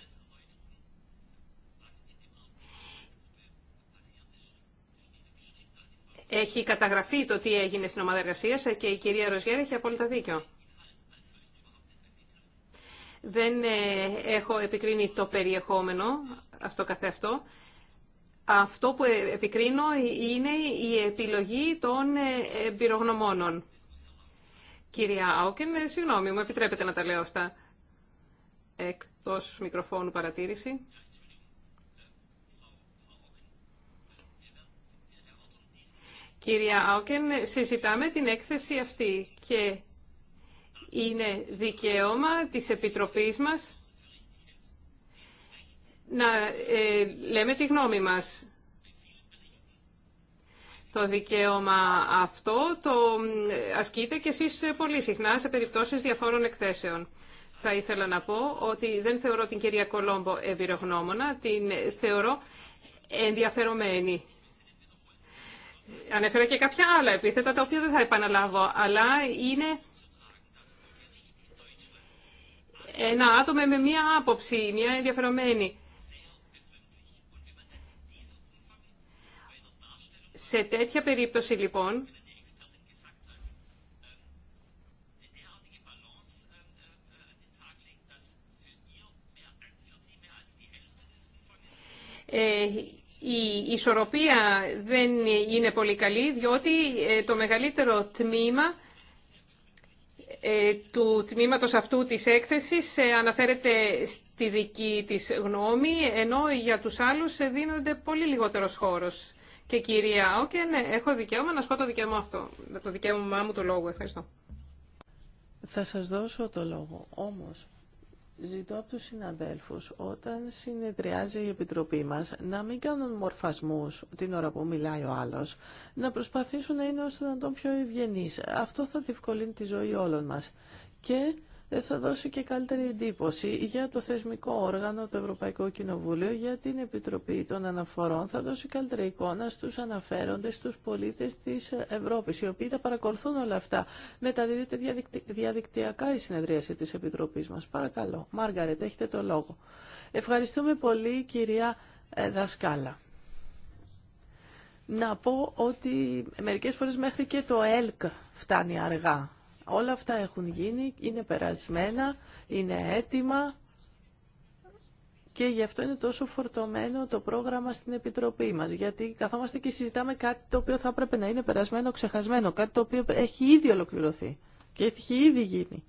Έχει καταγραφεί το τι έγινε στην ομάδα εργασίας και η κυρία Ροζιέρα έχει απόλυτα δίκιο. Δεν ε, έχω επικρίνει το περιεχόμενο αυτό καθεαυτό. αυτό. Αυτό που ε, επικρίνω ε, είναι η επιλογή των ε, εμπειρογνωμόνων. Κυρία Άουκεν, συγγνώμη, μου επιτρέπετε να τα λέω αυτά. Εκτός μικροφώνου παρατήρηση. Κυρία Άουκεν, συζητάμε την έκθεση αυτή και είναι δικαίωμα της Επιτροπής μας να ε, λέμε τη γνώμη μας. Το δικαίωμα αυτό το ε, ασκείτε και εσείς ε, πολύ συχνά σε περιπτώσεις διαφόρων εκθέσεων. Θα ήθελα να πω ότι δεν θεωρώ την κυρία Κολόμπο εμπειρογνώμονα, την θεωρώ ενδιαφερομένη. Ανέφερα και κάποια άλλα επίθετα τα οποία δεν θα επαναλάβω, αλλά είναι ένα άτομο με μία άποψη, μία ενδιαφερομένη. Σε τέτοια περίπτωση λοιπόν, ε, η ισορροπία δεν είναι πολύ καλή, διότι ε, το μεγαλύτερο τμήμα ε, του τμήματος αυτού της έκθεσης αναφέρεται στη δική της γνώμη, ενώ για τους άλλους δίνονται πολύ λιγότερος χώρος. Και κυρία Όκεν, ναι, έχω δικαίωμα να σου το δικαίωμα αυτό. Το δικαίωμά μου το λόγο. Ευχαριστώ. Θα σας δώσω το λόγο. Όμως, ζητώ από τους συναδέλφους, όταν συνεδριάζει η Επιτροπή μας, να μην κάνουν μορφασμούς την ώρα που μιλάει ο άλλος, να προσπαθήσουν να είναι όσο να πιο ευγενείς. Αυτό θα διευκολύνει τη ζωή όλων μας. Και ε, θα δώσει και καλύτερη εντύπωση για το θεσμικό όργανο, το Ευρωπαϊκό Κοινοβούλιο, για την Επιτροπή των Αναφορών. Θα δώσει καλύτερη εικόνα στους αναφέροντες, στους πολίτες της Ευρώπης, οι οποίοι τα παρακολουθούν όλα αυτά. Μεταδίδεται διαδικτυακά η συνεδρίαση της Επιτροπής μας. Παρακαλώ. Μάργαρετ, έχετε το λόγο. Ευχαριστούμε πολύ, κυρία ε, Δασκάλα. Να πω ότι μερικές φορές μέχρι και το ΕΛΚ φτάνει αργά Όλα αυτά έχουν γίνει, είναι περασμένα, είναι έτοιμα και γι' αυτό είναι τόσο φορτωμένο το πρόγραμμα στην Επιτροπή μας. Γιατί καθόμαστε και συζητάμε κάτι το οποίο θα έπρεπε να είναι περασμένο, ξεχασμένο, κάτι το οποίο έχει ήδη ολοκληρωθεί και έχει ήδη γίνει.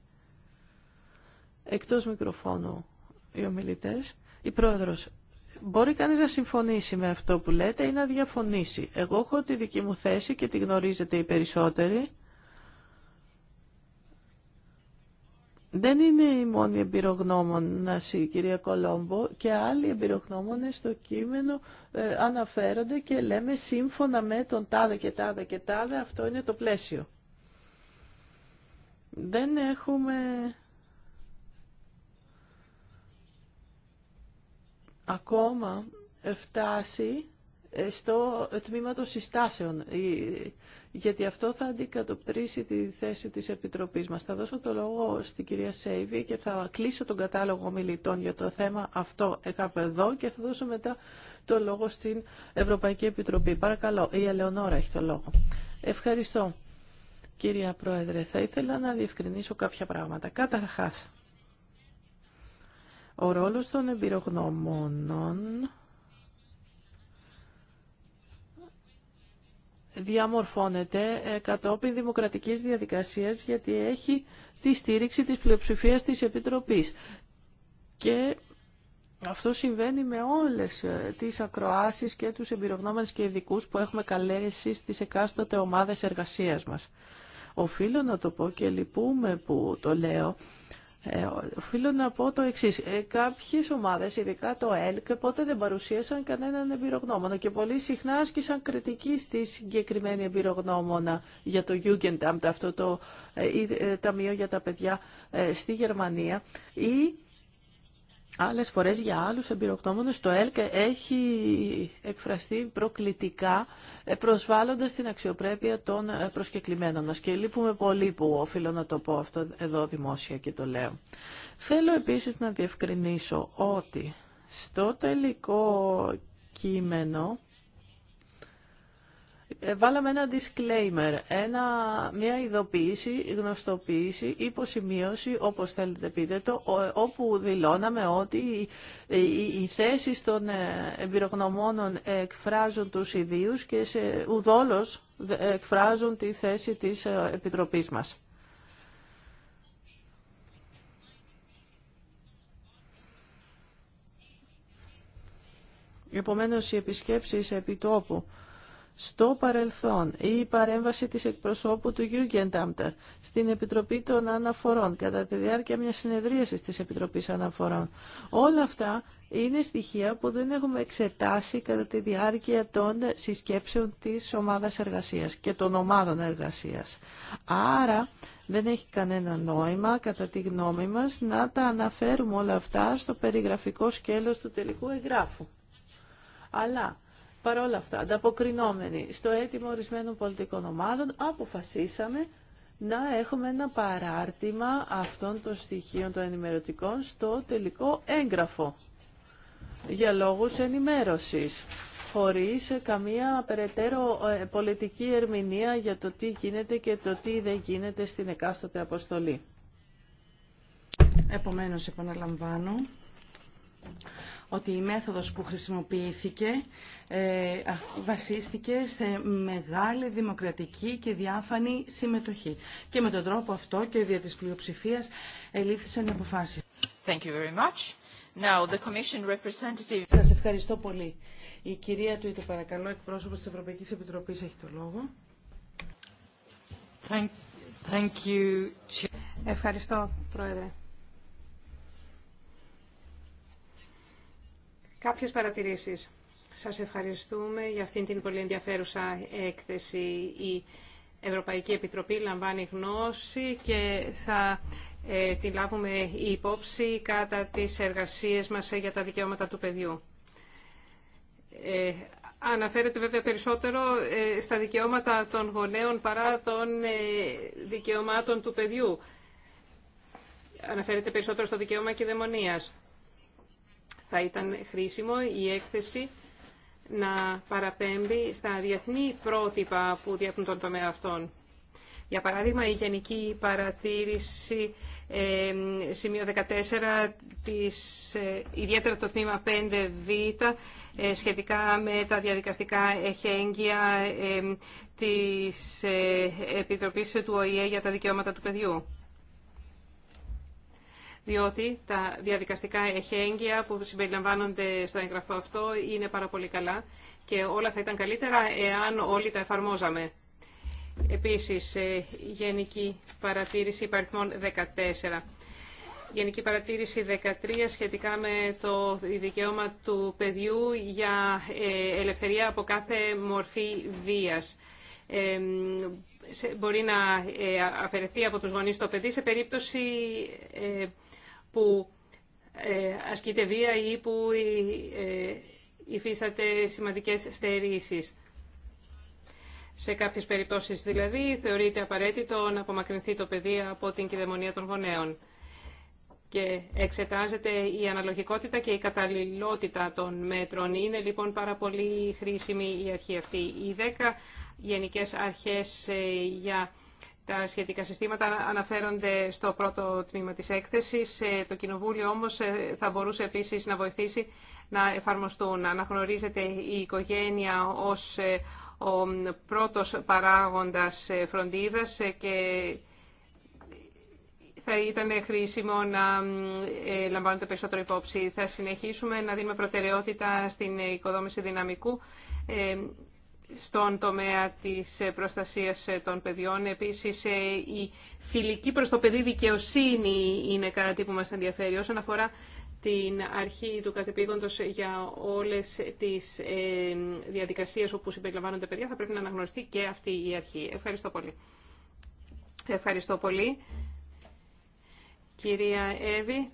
Εκτός μικροφώνου οι ομιλητές, η πρόεδρος Μπορεί κανεί να συμφωνήσει με αυτό που λέτε ή να διαφωνήσει. Εγώ έχω τη δική μου θέση και τη γνωρίζετε οι περισσότεροι. δεν είναι η μόνη εμπειρογνώμονα η κυρία Κολόμπο και άλλοι εμπειρογνώμονες στο κείμενο ε, αναφέρονται και λέμε σύμφωνα με τον τάδε και τάδε και τάδε αυτό είναι το πλαίσιο. Δεν έχουμε ακόμα φτάσει ε, στο τμήμα των συστάσεων γιατί αυτό θα αντικατοπτρίσει τη θέση της Επιτροπής μας. Θα δώσω το λόγο στην κυρία Σέιβη και θα κλείσω τον κατάλογο μιλητών για το θέμα αυτό κάπου εδώ και θα δώσω μετά το λόγο στην Ευρωπαϊκή Επιτροπή. Παρακαλώ, η Ελεονόρα έχει το λόγο. Ευχαριστώ. Κυρία Πρόεδρε, θα ήθελα να διευκρινίσω κάποια πράγματα. Καταρχάς, ο ρόλος των εμπειρογνωμόνων διαμορφώνεται ε, κατόπιν δημοκρατικής διαδικασίας γιατί έχει τη στήριξη της πλειοψηφίας της Επιτροπής. Και αυτό συμβαίνει με όλες ε, τις ακροάσεις και τους εμπειρογνώμενες και ειδικού που έχουμε καλέσει στις εκάστοτε ομάδες εργασίας μας. Οφείλω να το πω και λυπούμε που το λέω, ε, οφείλω να πω το εξή. Ε, Κάποιε ομάδε, ειδικά το ΕΛΚ, πότε δεν παρουσίασαν κανέναν εμπειρογνώμονα και πολύ συχνά άσκησαν κριτική στη συγκεκριμένη εμπειρογνώμονα για το Jugendamt, αυτό το ε, ε, ταμείο για τα παιδιά ε, στη Γερμανία, ή Άλλες φορές για άλλους εμπειρογνώμονες το ΕΛΚ έχει εκφραστεί προκλητικά ε, προσβάλλοντας την αξιοπρέπεια των ε, προσκεκλημένων μας και λείπουμε πολύ που οφείλω να το πω αυτό εδώ δημόσια και το λέω. Θέλω επίσης να διευκρινίσω ότι στο τελικό κείμενο ε, βάλαμε ένα disclaimer, ένα, μια ειδοποίηση, γνωστοποίηση, υποσημείωση, όπως θέλετε πείτε το, όπου δηλώναμε ότι οι, οι, θέσεις των ε, εμπειρογνωμόνων εκφράζουν τους ιδίους και σε ουδόλως εκφράζουν τη θέση της ε, Επιτροπής μας. Επομένως, οι επισκέψεις επιτόπου στο παρελθόν, η η παρέμβαση της εκπροσώπου του Jugendamt στην Επιτροπή των Αναφορών κατά τη διάρκεια μιας συνεδρίασης της Επιτροπής Αναφορών. Όλα αυτά είναι στοιχεία που δεν έχουμε εξετάσει κατά τη διάρκεια των συσκέψεων της ομάδας εργασίας και των ομάδων εργασίας. Άρα δεν έχει κανένα νόημα, κατά τη γνώμη μας, να τα αναφέρουμε όλα αυτά στο περιγραφικό σκέλος του τελικού εγγράφου. Αλλά παρόλα αυτά, ανταποκρινόμενοι στο αίτημα ορισμένων πολιτικών ομάδων, αποφασίσαμε να έχουμε ένα παράρτημα αυτών των στοιχείων των ενημερωτικών στο τελικό έγγραφο για λόγους ενημέρωσης χωρίς καμία περαιτέρω ε, πολιτική ερμηνεία για το τι γίνεται και το τι δεν γίνεται στην εκάστοτε αποστολή. Επομένως, επαναλαμβάνω ότι η μέθοδος που χρησιμοποιήθηκε ε, βασίστηκε σε μεγάλη δημοκρατική και διάφανη συμμετοχή. Και με τον τρόπο αυτό και δια της πλειοψηφίας ελήφθησαν οι αποφάσεις. Thank you very much. Now, the Commission representative... Σας ευχαριστώ πολύ. Η κυρία του το παρακαλώ εκπρόσωπος της Ευρωπαϊκής Επιτροπής έχει το λόγο. Thank, thank you. Ευχαριστώ, Πρόεδρε. Κάποιες παρατηρήσεις. Σας ευχαριστούμε για αυτήν την πολύ ενδιαφέρουσα έκθεση. Η Ευρωπαϊκή Επιτροπή λαμβάνει γνώση και θα ε, τη λάβουμε υπόψη κατά τις εργασίες μας για τα δικαιώματα του παιδιού. Ε, αναφέρεται βέβαια περισσότερο ε, στα δικαιώματα των γονέων παρά των ε, δικαιωμάτων του παιδιού. Αναφέρεται περισσότερο στο δικαίωμα κυδαιμονίας. Θα ήταν χρήσιμο η έκθεση να παραπέμπει στα διεθνή πρότυπα που διέπουν τον τομέα αυτών. Για παράδειγμα, η Γενική Παρατήρηση, ε, σημείο 14, της, ε, ιδιαίτερα το τμήμα 5β, ε, σχετικά με τα διαδικαστικά εχέγγυα της ε, Επιτροπής του ΟΗΕ για τα δικαιώματα του παιδιού διότι τα διαδικαστικά εχέγγυα που συμπεριλαμβάνονται στο έγγραφο αυτό είναι πάρα πολύ καλά και όλα θα ήταν καλύτερα εάν όλοι τα εφαρμόζαμε. Επίσης, ε, γενική παρατήρηση υπαριθμών 14. Γενική παρατήρηση 13 σχετικά με το δικαίωμα του παιδιού για ε, ελευθερία από κάθε μορφή βίας. Ε, μπορεί να αφαιρεθεί από τους γονείς το παιδί σε περίπτωση που ε, ασκείται βία ή που ε, ε, υφίσταται σημαντικές στερήσεις. Σε κάποιες περιπτώσεις δηλαδή θεωρείται απαραίτητο να απομακρυνθεί το παιδί από την κυδαιμονία των γονέων και εξετάζεται η αναλογικότητα και η καταλληλότητα των μέτρων. Είναι λοιπόν πάρα πολύ χρήσιμη η αρχή αυτή. Οι 10 γενικές αρχές για τα σχετικά συστήματα αναφέρονται στο πρώτο τμήμα της έκθεσης. Ε, το Κοινοβούλιο όμως ε, θα μπορούσε επίσης να βοηθήσει να εφαρμοστούν. Αναγνωρίζεται η οικογένεια ως ε, ο πρώτος παράγοντας φροντίδας και θα ήταν χρήσιμο να λαμβάνονται περισσότερο υπόψη. Θα συνεχίσουμε να δίνουμε προτεραιότητα στην οικοδόμηση δυναμικού στον τομέα της ε, προστασίας ε, των παιδιών. Επίσης, ε, η φιλική προς το παιδί δικαιοσύνη είναι κάτι που μας ενδιαφέρει. Όσον αφορά την αρχή του κατεπήγοντος για όλες τις διαδικασίες όπου συμπεριλαμβάνονται παιδιά, θα πρέπει να αναγνωριστεί και αυτή η αρχή. Ευχαριστώ πολύ. Ευχαριστώ πολύ. Κυρία Εύη,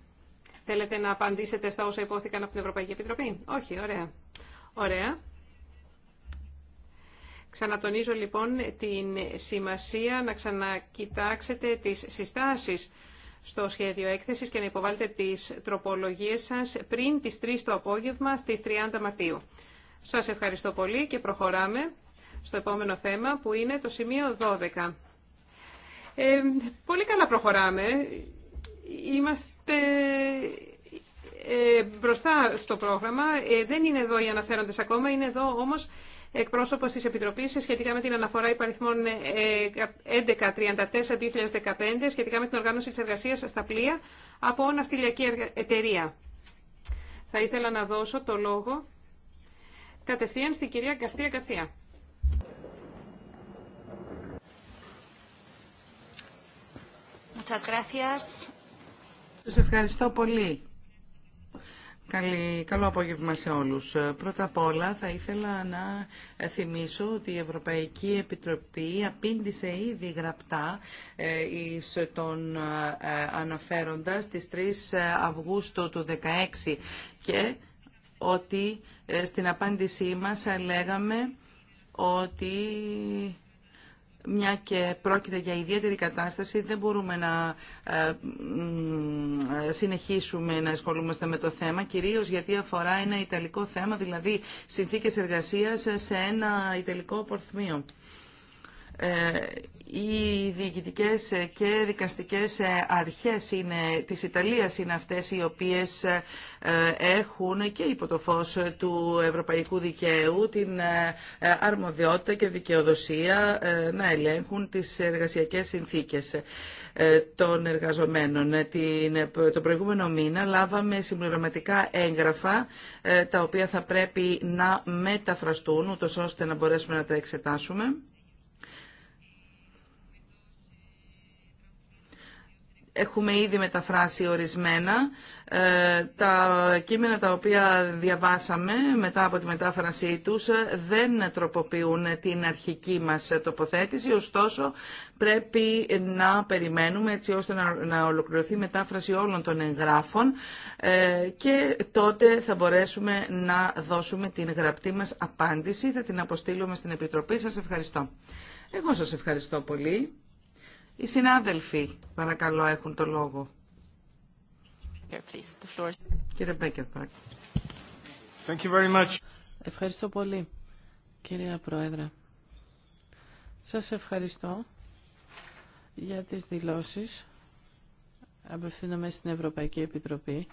θέλετε να απαντήσετε στα όσα υπόθηκαν από την Ευρωπαϊκή Επιτροπή. Όχι, ωραία. Ωραία. Ξανατονίζω λοιπόν την σημασία να ξανακοιτάξετε τις συστάσεις στο σχέδιο έκθεσης και να υποβάλλετε τις τροπολογίες σας πριν τις 3 το απόγευμα στις 30 Μαρτίου. Σας ευχαριστώ πολύ και προχωράμε στο επόμενο θέμα που είναι το σημείο 12. Ε, πολύ καλά προχωράμε. Είμαστε ε, μπροστά στο πρόγραμμα. Ε, δεν είναι εδώ οι αναφέροντες ακόμα, είναι εδώ όμως εκπρόσωπος της Επιτροπής σχετικά με την αναφορά υπαριθμών 1134-2015 ε, σχετικά με την οργάνωση της εργασίας στα πλοία από ναυτιλιακή εταιρεία. Θα ήθελα να δώσω το λόγο κατευθείαν στην κυρία Καρθία Καρθία. Σας ευχαριστώ πολύ. Καλή, καλό απόγευμα σε όλους. Πρώτα απ' όλα θα ήθελα να θυμίσω ότι η Ευρωπαϊκή Επιτροπή απήντησε ήδη γραπτά ε, εις τον ε, αναφέροντα στις 3 ε, Αυγούστου του 2016 και ότι στην απάντησή μας λέγαμε ότι μια και πρόκειται για ιδιαίτερη κατάσταση, δεν μπορούμε να ε, συνεχίσουμε να ασχολούμαστε με το θέμα, κυρίως γιατί αφορά ένα ιταλικό θέμα, δηλαδή συνθήκες εργασίας σε ένα ιταλικό πορθμίο. Ε, οι διοικητικές και δικαστικές αρχές είναι, της Ιταλίας είναι αυτές οι οποίες ε, έχουν και υπό το φως του ευρωπαϊκού δικαίου την ε, αρμοδιότητα και δικαιοδοσία να ελέγχουν τις εργασιακές συνθήκες των εργαζομένων. το προηγούμενο μήνα λάβαμε συμπληρωματικά έγγραφα τα οποία θα πρέπει να μεταφραστούν ούτως ώστε να μπορέσουμε να τα εξετάσουμε. Έχουμε ήδη μεταφράσει ορισμένα. Ε, τα κείμενα τα οποία διαβάσαμε μετά από τη μετάφρασή τους ε, δεν τροποποιούν την αρχική μας τοποθέτηση, ωστόσο πρέπει να περιμένουμε έτσι ώστε να ολοκληρωθεί η μετάφραση όλων των εγγράφων ε, και τότε θα μπορέσουμε να δώσουμε την γραπτή μας απάντηση. Θα την αποστείλουμε στην Επιτροπή. Σας ευχαριστώ. Εγώ σας ευχαριστώ πολύ. Οι συνάδελφοι, παρακαλώ, έχουν το λόγο. Ευχαριστώ πολύ, κυρία Πρόεδρε. Σας ευχαριστώ για τις δηλώσεις. Απευθύνομαι στην Ευρωπαϊκή Επιτροπή.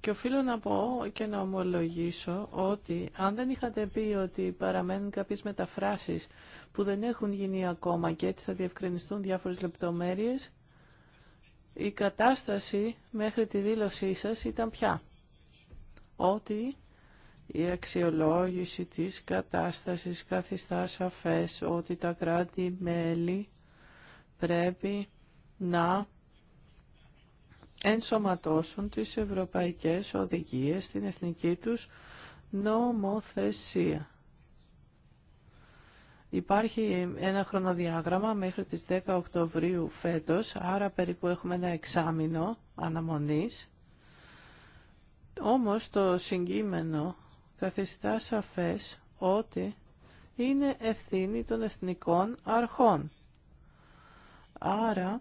Και οφείλω να πω και να ομολογήσω ότι αν δεν είχατε πει ότι παραμένουν κάποιες μεταφράσεις που δεν έχουν γίνει ακόμα και έτσι θα διευκρινιστούν διάφορες λεπτομέρειες. Η κατάσταση μέχρι τη δήλωσή σας ήταν πια ότι η αξιολόγηση της κατάστασης καθιστά σαφές ότι τα κράτη-μέλη πρέπει να ενσωματώσουν τις ευρωπαϊκές οδηγίες στην εθνική τους νομοθεσία. Υπάρχει ένα χρονοδιάγραμμα μέχρι τις 10 Οκτωβρίου φέτος, άρα περίπου έχουμε ένα εξάμεινο αναμονής. Όμως το συγκείμενο καθιστά σαφές ότι είναι ευθύνη των εθνικών αρχών. Άρα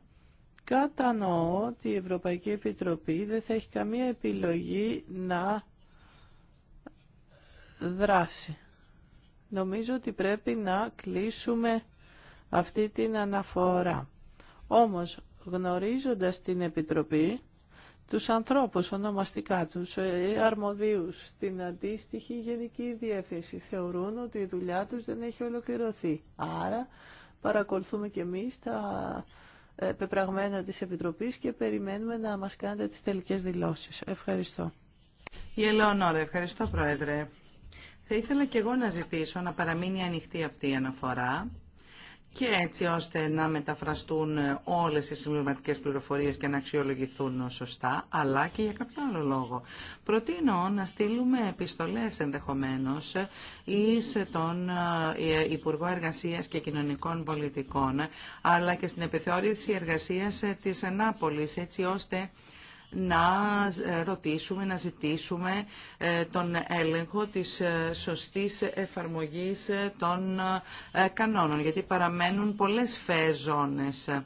κατανοώ ότι η Ευρωπαϊκή Επιτροπή δεν θα έχει καμία επιλογή να δράσει. Νομίζω ότι πρέπει να κλείσουμε αυτή την αναφορά. Όμως, γνωρίζοντας την Επιτροπή, τους ανθρώπους ονομαστικά τους, ε, αρμοδίους, στην αντίστοιχη γενική διεύθυνση, θεωρούν ότι η δουλειά τους δεν έχει ολοκληρωθεί. Άρα, παρακολουθούμε και εμείς τα ε, πεπραγμένα της Επιτροπής και περιμένουμε να μας κάνετε τις τελικές δηλώσεις. Ευχαριστώ. Η Ελεονόρα, ευχαριστώ Πρόεδρε. Θα ήθελα και εγώ να ζητήσω να παραμείνει ανοιχτή αυτή η αναφορά και έτσι ώστε να μεταφραστούν όλες οι συμβληματικές πληροφορίες και να αξιολογηθούν σωστά, αλλά και για κάποιο άλλο λόγο. Προτείνω να στείλουμε επιστολές ενδεχομένως εις τον ε, Υπουργό Εργασίας και Κοινωνικών Πολιτικών, αλλά και στην επιθεώρηση εργασίας της Ενάπολης, έτσι ώστε να ε, ρωτήσουμε, να ζητήσουμε ε, τον έλεγχο της ε, σωστής εφαρμογής των κανόνων, γιατί παραμένουν πολλές φεζόνες.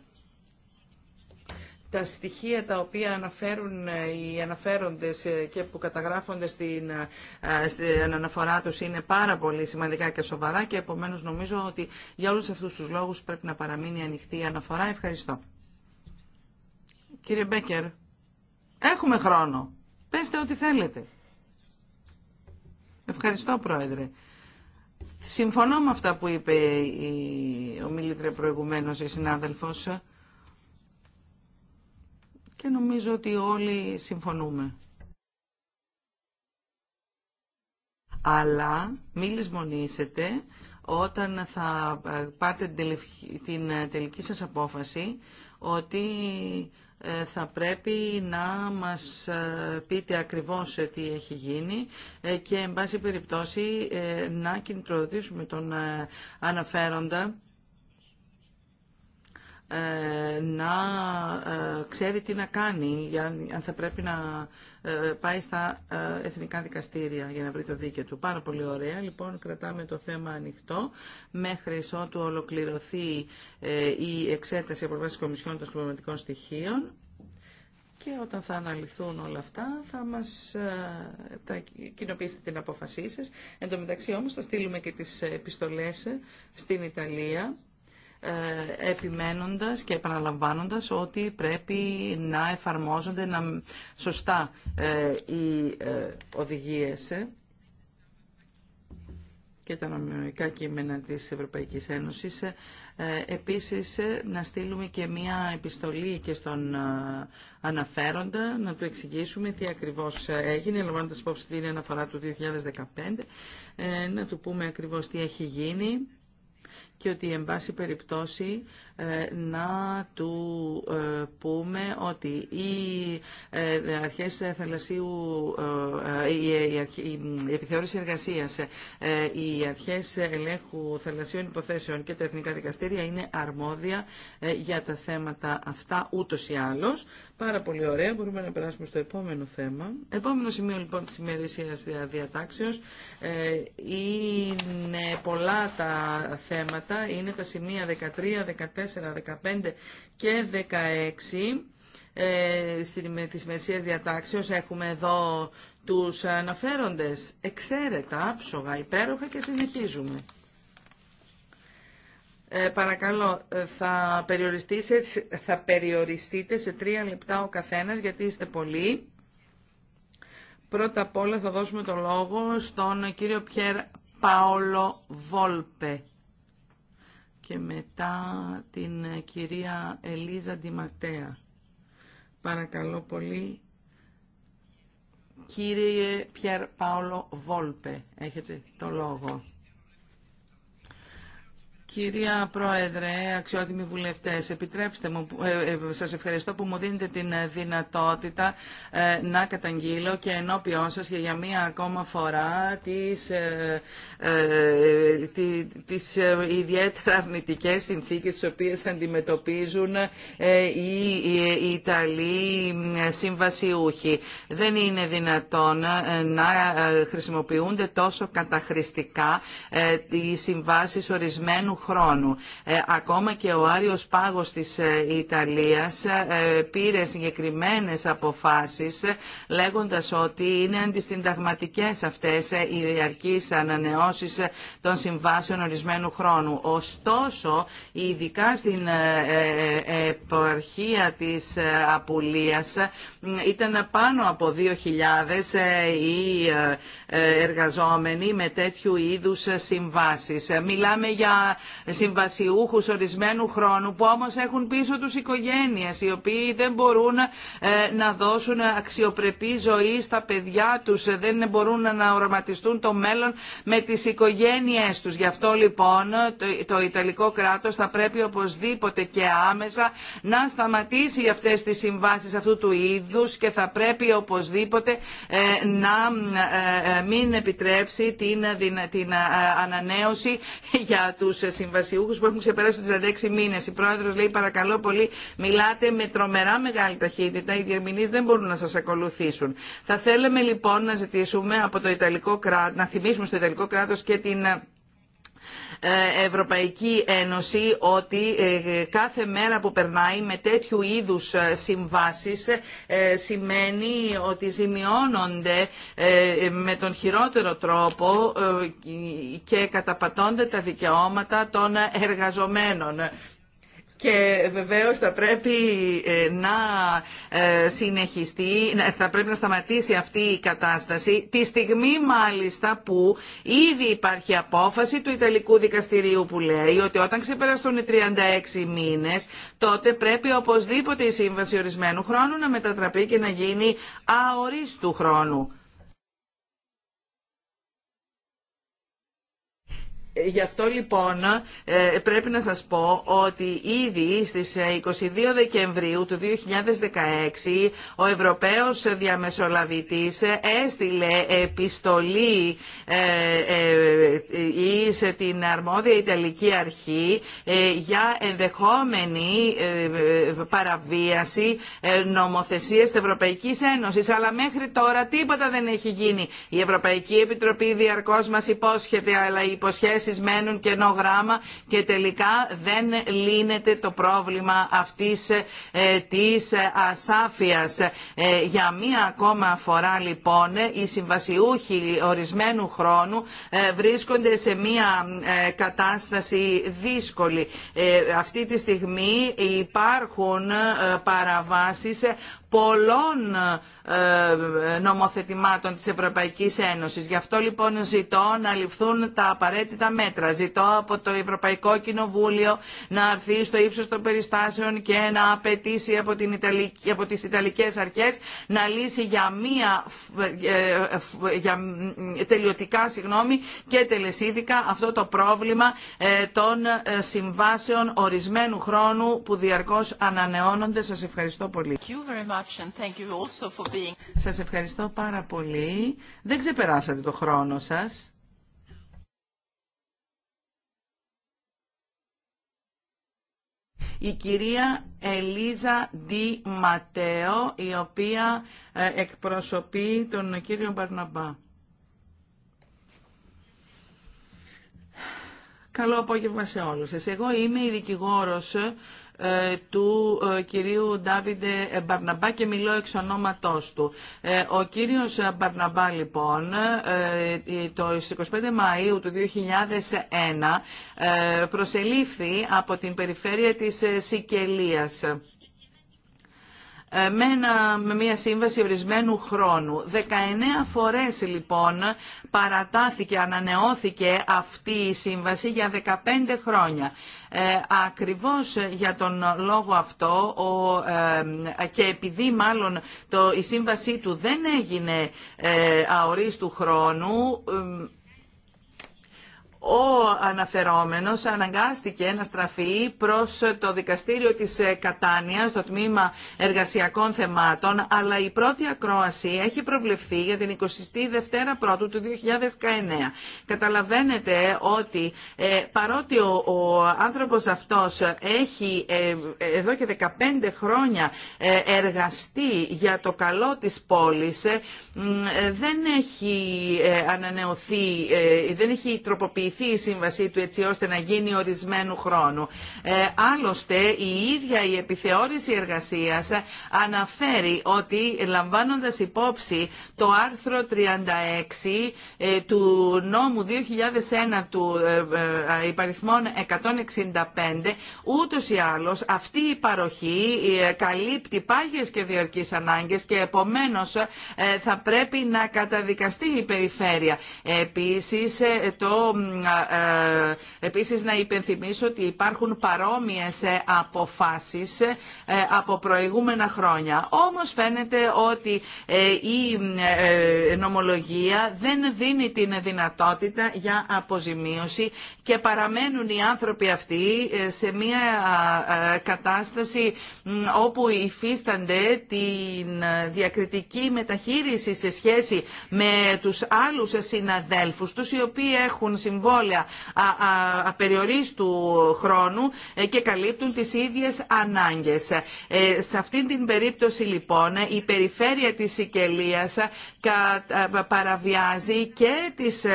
τα στοιχεία τα οποία αναφέρουν οι αναφέροντες και που καταγράφονται στην, αναφορά τους είναι πάρα πολύ σημαντικά και σοβαρά και επομένως νομίζω ότι για όλους αυτούς τους λόγους πρέπει να παραμείνει ανοιχτή η αναφορά. Ευχαριστώ. Κύριε Μπέκερ. Έχουμε χρόνο. Πέστε ό,τι θέλετε. Ευχαριστώ, Πρόεδρε. Συμφωνώ με αυτά που είπε ο ομιλήτρια προηγουμένως, η συνάδελφος, και νομίζω ότι όλοι συμφωνούμε. Αλλά μη λησμονήσετε όταν θα πάτε την τελική σας απόφαση ότι ε, θα πρέπει να μας ε, πείτε ακριβώς ε, τι έχει γίνει και, εν πάση περιπτώσει, να κινητροδοτήσουμε τον αναφέροντα ε, να ε, ξέρει τι να κάνει, για, αν θα πρέπει να ε, πάει στα εθνικά δικαστήρια για να βρει το δίκαιο του. Πάρα πολύ ωραία. Λοιπόν, κρατάμε το θέμα ανοιχτό μέχρι ότου ολοκληρωθεί η εξέταση από βάση Κομισιόν των Συμπληρωματικών Στοιχείων και όταν θα αναλυθούν όλα αυτά θα μας θα κοινοποιήσετε την απόφασή σας. Εν τω μεταξύ όμως θα στείλουμε και τις επιστολές στην Ιταλία ε, επιμένοντας και επαναλαμβάνοντας ότι πρέπει να εφαρμόζονται να, σωστά ε, οι ε, οδηγίες και τα νομιωτικά κείμενα της Ευρωπαϊκής Ένωσης. Επίσης, να στείλουμε και μία επιστολή και στον αναφέροντα, να του εξηγήσουμε τι ακριβώς έγινε, λαμβάνοντας υπόψη την αναφορά του 2015, να του πούμε ακριβώς τι έχει γίνει και ότι εν πάση περιπτώσει ε, να του ε, πούμε ότι οι ε, αρχές θαλασσίου, η επιθεώρηση εργασίας, οι αρχές ελέγχου θαλασσίων υποθέσεων και τα εθνικά δικαστήρια είναι αρμόδια για τα θέματα αυτά ούτως ή άλλως. Πάρα πολύ ωραία. Μπορούμε να περάσουμε στο επόμενο θέμα. Επόμενο σημείο λοιπόν της ημερήσιας διατάξεως είναι πολλά τα θέματα. Είναι τα σημεία 13, 14, 14, 15 και 16 ε, στη, της Διατάξεως έχουμε εδώ τους αναφέροντες εξαίρετα, άψογα, υπέροχα και συνεχίζουμε. Ε, παρακαλώ, ε, θα, θα περιοριστείτε σε τρία λεπτά ο καθένας γιατί είστε πολλοί. Πρώτα απ' όλα θα δώσουμε το λόγο στον κύριο Πιέρ Παόλο Βόλπε και μετά την κυρία Ελίζα Ντιματέα. Παρακαλώ πολύ. Κύριε Πιερ Πάολο Βόλπε, έχετε το λόγο. Κυρία Πρόεδρε, αξιότιμοι βουλευτές, επιτρέψτε μου, ε, ε, σας ευχαριστώ που μου δίνετε την ε, δυνατότητα να καταγγείλω και ενώπιόν σας για μία ακόμα φορά τις, τις ιδιαίτερα αρνητικές συνθήκες τις οποίες αντιμετωπίζουν οι Ιταλοί συμβασιούχοι. Δεν είναι δυνατόν να χρησιμοποιούνται τόσο καταχρηστικά οι συμβάσεις ορισμένου ε, ακόμα και ο Άριος Πάγος της ε, Ιταλίας ε, πήρε συγκεκριμένες αποφάσεις λέγοντας ότι είναι αντισυνταγματικές αυτές οι διαρκείς ανανεώσεις των συμβάσεων ορισμένου χρόνου. Ωστόσο, ειδικά στην επαρχία της Απουλίας ήταν πάνω από 2.000 οι εργαζόμενοι με τέτοιου είδους συμβάσεις. Μιλάμε για συμβασιούχους ορισμένου χρόνου που όμως έχουν πίσω τους οικογένειες οι οποίοι δεν μπορούν ε, να δώσουν αξιοπρεπή ζωή στα παιδιά τους, δεν μπορούν να οραματιστούν το μέλλον με τις οικογένειές τους. Γι' αυτό λοιπόν το Ιταλικό κράτος θα πρέπει οπωσδήποτε και άμεσα να σταματήσει αυτές τις συμβάσεις αυτού του είδους και θα πρέπει οπωσδήποτε ε, να ε, μην επιτρέψει την ανανέωση για τους συμβασιούχου που έχουν ξεπεράσει του 36 μήνε. Η πρόεδρο λέει παρακαλώ πολύ μιλάτε με τρομερά μεγάλη ταχύτητα, οι διερμηνεί δεν μπορούν να σα ακολουθήσουν. Θα θέλαμε λοιπόν να ζητήσουμε από το Ιταλικό κράτο, να θυμίσουμε στο Ιταλικό κράτο και την ε, ε, Ευρωπαϊκή Ένωση ότι ε, κάθε μέρα που περνάει με τέτοιου είδους ε, συμβάσεις σημαίνει ότι ζημιώνονται με τον χειρότερο τρόπο και καταπατώνται τα δικαιώματα των εργαζομένων και βεβαίω θα πρέπει ε, να ε, συνεχιστεί, θα πρέπει να σταματήσει αυτή η κατάσταση τη στιγμή μάλιστα που ήδη υπάρχει απόφαση του Ιταλικού Δικαστηρίου που λέει ότι όταν ξεπεραστούν οι 36 μήνε, τότε πρέπει οπωσδήποτε η σύμβαση ορισμένου χρόνου να μετατραπεί και να γίνει αορίστου χρόνου. Γι' αυτό λοιπόν ε, πρέπει να σας πω ότι ήδη στις 22 ε, Δεκεμβρίου του 2016 ο Ευρωπαίος Διαμεσολαβητής ε, έστειλε επιστολή σε την αρμόδια Ιταλική Αρχή για ενδεχόμενη παραβίαση νομοθεσίας της Ευρωπαϊκής Ένωσης. Αλλά μέχρι τώρα τίποτα δεν έχει γίνει. Η Ευρωπαϊκή Επιτροπή διαρκώς μας υπόσχεται, αλλά οι υποσχέσεις μένουν κενό γράμμα και τελικά δεν λύνεται το πρόβλημα αυτής ε, της ασάφειας. Ε, για μία ακόμα φορά λοιπόν οι συμβασιούχοι ορισμένου χρόνου ε, βρίσκονται σε μία κατάσταση δύσκολη. Αυτή τη στιγμή υπάρχουν παραβάσεις πολλών ε, νομοθετημάτων της Ευρωπαϊκής Ένωσης. Γι' αυτό λοιπόν ζητώ να ληφθούν τα απαραίτητα μέτρα. Ζητώ από το Ευρωπαϊκό Κοινοβούλιο να αρθεί στο ύψος των περιστάσεων και να απαιτήσει από, την Ιταλική, από τις Ιταλικές αρχές να λύσει για, μία, ε, ε, τελειωτικά συγγνώμη, και τελεσίδικα αυτό το πρόβλημα των συμβάσεων ορισμένου χρόνου που διαρκώς ανανεώνονται. Σας ευχαριστώ πολύ much Σας ευχαριστώ πάρα πολύ. Δεν ξεπεράσατε το χρόνο σας. η κυρία Ελίζα Ντι Ματέο, η οποία ε, εκπροσωπεί τον κύριο Μπαρναμπά. Καλό απόγευμα σε όλους σας. Εγώ είμαι η δικηγόρος ε, του ε, κυρίου Ντάβιντε Μπαρναμπά και μιλώ εξ ονόματός του. Ε, ο κύριος Μπαρναμπά λοιπόν το 25 Μαΐου του 2001 προσελήφθη από την περιφέρεια της Σικελίας ε, με, μια σύμβαση ορισμένου χρόνου. 19 φορές λοιπόν παρατάθηκε, ανανεώθηκε αυτή η σύμβαση για 15 χρόνια. Ε, ακριβώς για τον λόγο αυτό ο, ε, και επειδή μάλλον το, η σύμβασή του δεν έγινε ε, αορίστου χρόνου, ο αναφερόμενος αναγκάστηκε να στραφεί προς το δικαστήριο της ε, Κατάνια το τμήμα εργασιακών θεμάτων, αλλά η πρώτη ακρόαση έχει προβλεφθεί για την 22η Πρώτου του 2019. Καταλαβαίνετε ότι ε, παρότι ο, ο άνθρωπος αυτός έχει ε, εδώ και 15 χρόνια εργαστεί για το καλό της πόλης, δεν έχει ανανεωθεί, δεν έχει τροποποιηθεί ενισχυθεί η σύμβασή του έτσι ώστε να γίνει ορισμένου χρόνου. Ε, άλλωστε, η ίδια η επιθεώρηση εργασίας αναφέρει ότι λαμβάνοντας υπόψη το άρθρο 36 ε, του νόμου 2001 του ε, υπαριθμών 165, ούτως ή άλλως αυτή η παροχή καλύπτει πάγιες και διαρκείς ανάγκες και επομένως θα πρέπει να καταδικαστεί η περιφέρεια. Επίσης, το ε, επίσης να υπενθυμίσω ότι υπάρχουν παρόμοιες ε, αποφάσεις ε, από προηγούμενα χρόνια. Όμως φαίνεται ότι η νομολογία δεν δίνει την δυνατότητα για αποζημίωση και παραμένουν οι άνθρωποι αυτοί σε μια κατάσταση όπου υφίστανται την διακριτική μεταχείριση σε σχέση με τους άλλους συναδέλφους τους οι οποίοι έχουν απεριορίστου χρόνου ε, και καλύπτουν τις ίδιες ανάγκες. Ε, σε αυτή την περίπτωση λοιπόν η περιφέρεια της Σικελίας ε, παραβιάζει και τις,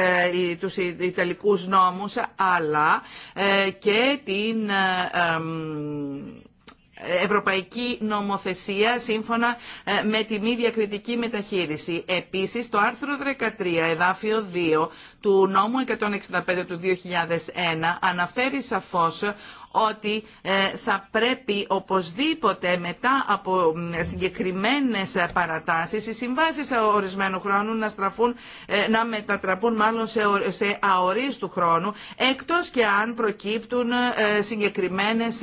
τους Ιταλικούς νόμους αλλά και την ευρωπαϊκή νομοθεσία σύμφωνα ε, με τη μη διακριτική μεταχείριση. Επίσης, το άρθρο 13, εδάφιο 2 του νόμου 165 του 2001 αναφέρει σαφώς ότι ε, θα πρέπει οπωσδήποτε μετά από συγκεκριμένες παρατάσεις οι συμβάσεις ορισμένου χρόνου να, στραφούν, ε, να μετατραπούν μάλλον σε αορίστου χρόνου εκτός και αν προκύπτουν ε, συγκεκριμένες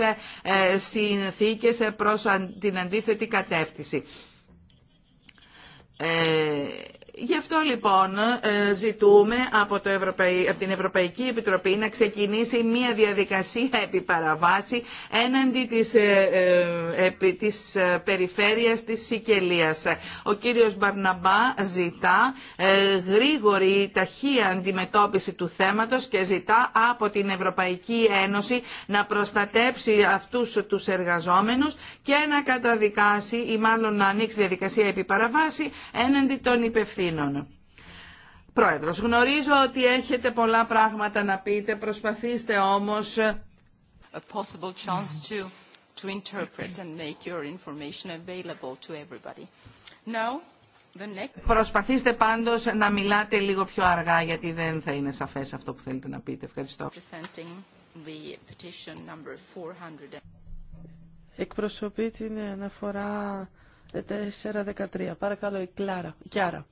συνθήκες προς την αντίθετη κατεύθυνση. Ε, Γι' αυτό λοιπόν ε, ζητούμε από, την Ευρωπαϊκή Επιτροπή να ξεκινήσει μια διαδικασία επιπαραβάση έναντι της, ε, ε, επί... της περιφέρειας της Σικελίας. Ο κύριος Μπαρναμπά ζητά γρήγορη ταχεία αντιμετώπιση του θέματος και ζητά από την Ευρωπαϊκή Ένωση να προστατέψει αυτούς τους εργαζόμενους και να καταδικάσει ή μάλλον να ανοίξει διαδικασία επιπαραβάση έναντι των υπευθύνων Αθήνων. Πρόεδρος, γνωρίζω ότι έχετε πολλά πράγματα να πείτε, προσπαθήστε όμως... A possible chance to, to interpret and make your information available to everybody. Now, the next... Προσπαθήστε πάντως να μιλάτε λίγο πιο αργά, γιατί δεν θα είναι σαφές αυτό που θέλετε να πείτε. Ευχαριστώ. The petition number 400. Εκπροσωπεί την αναφορά 413. Παρακαλώ, η Κλάρα. Κιάρα.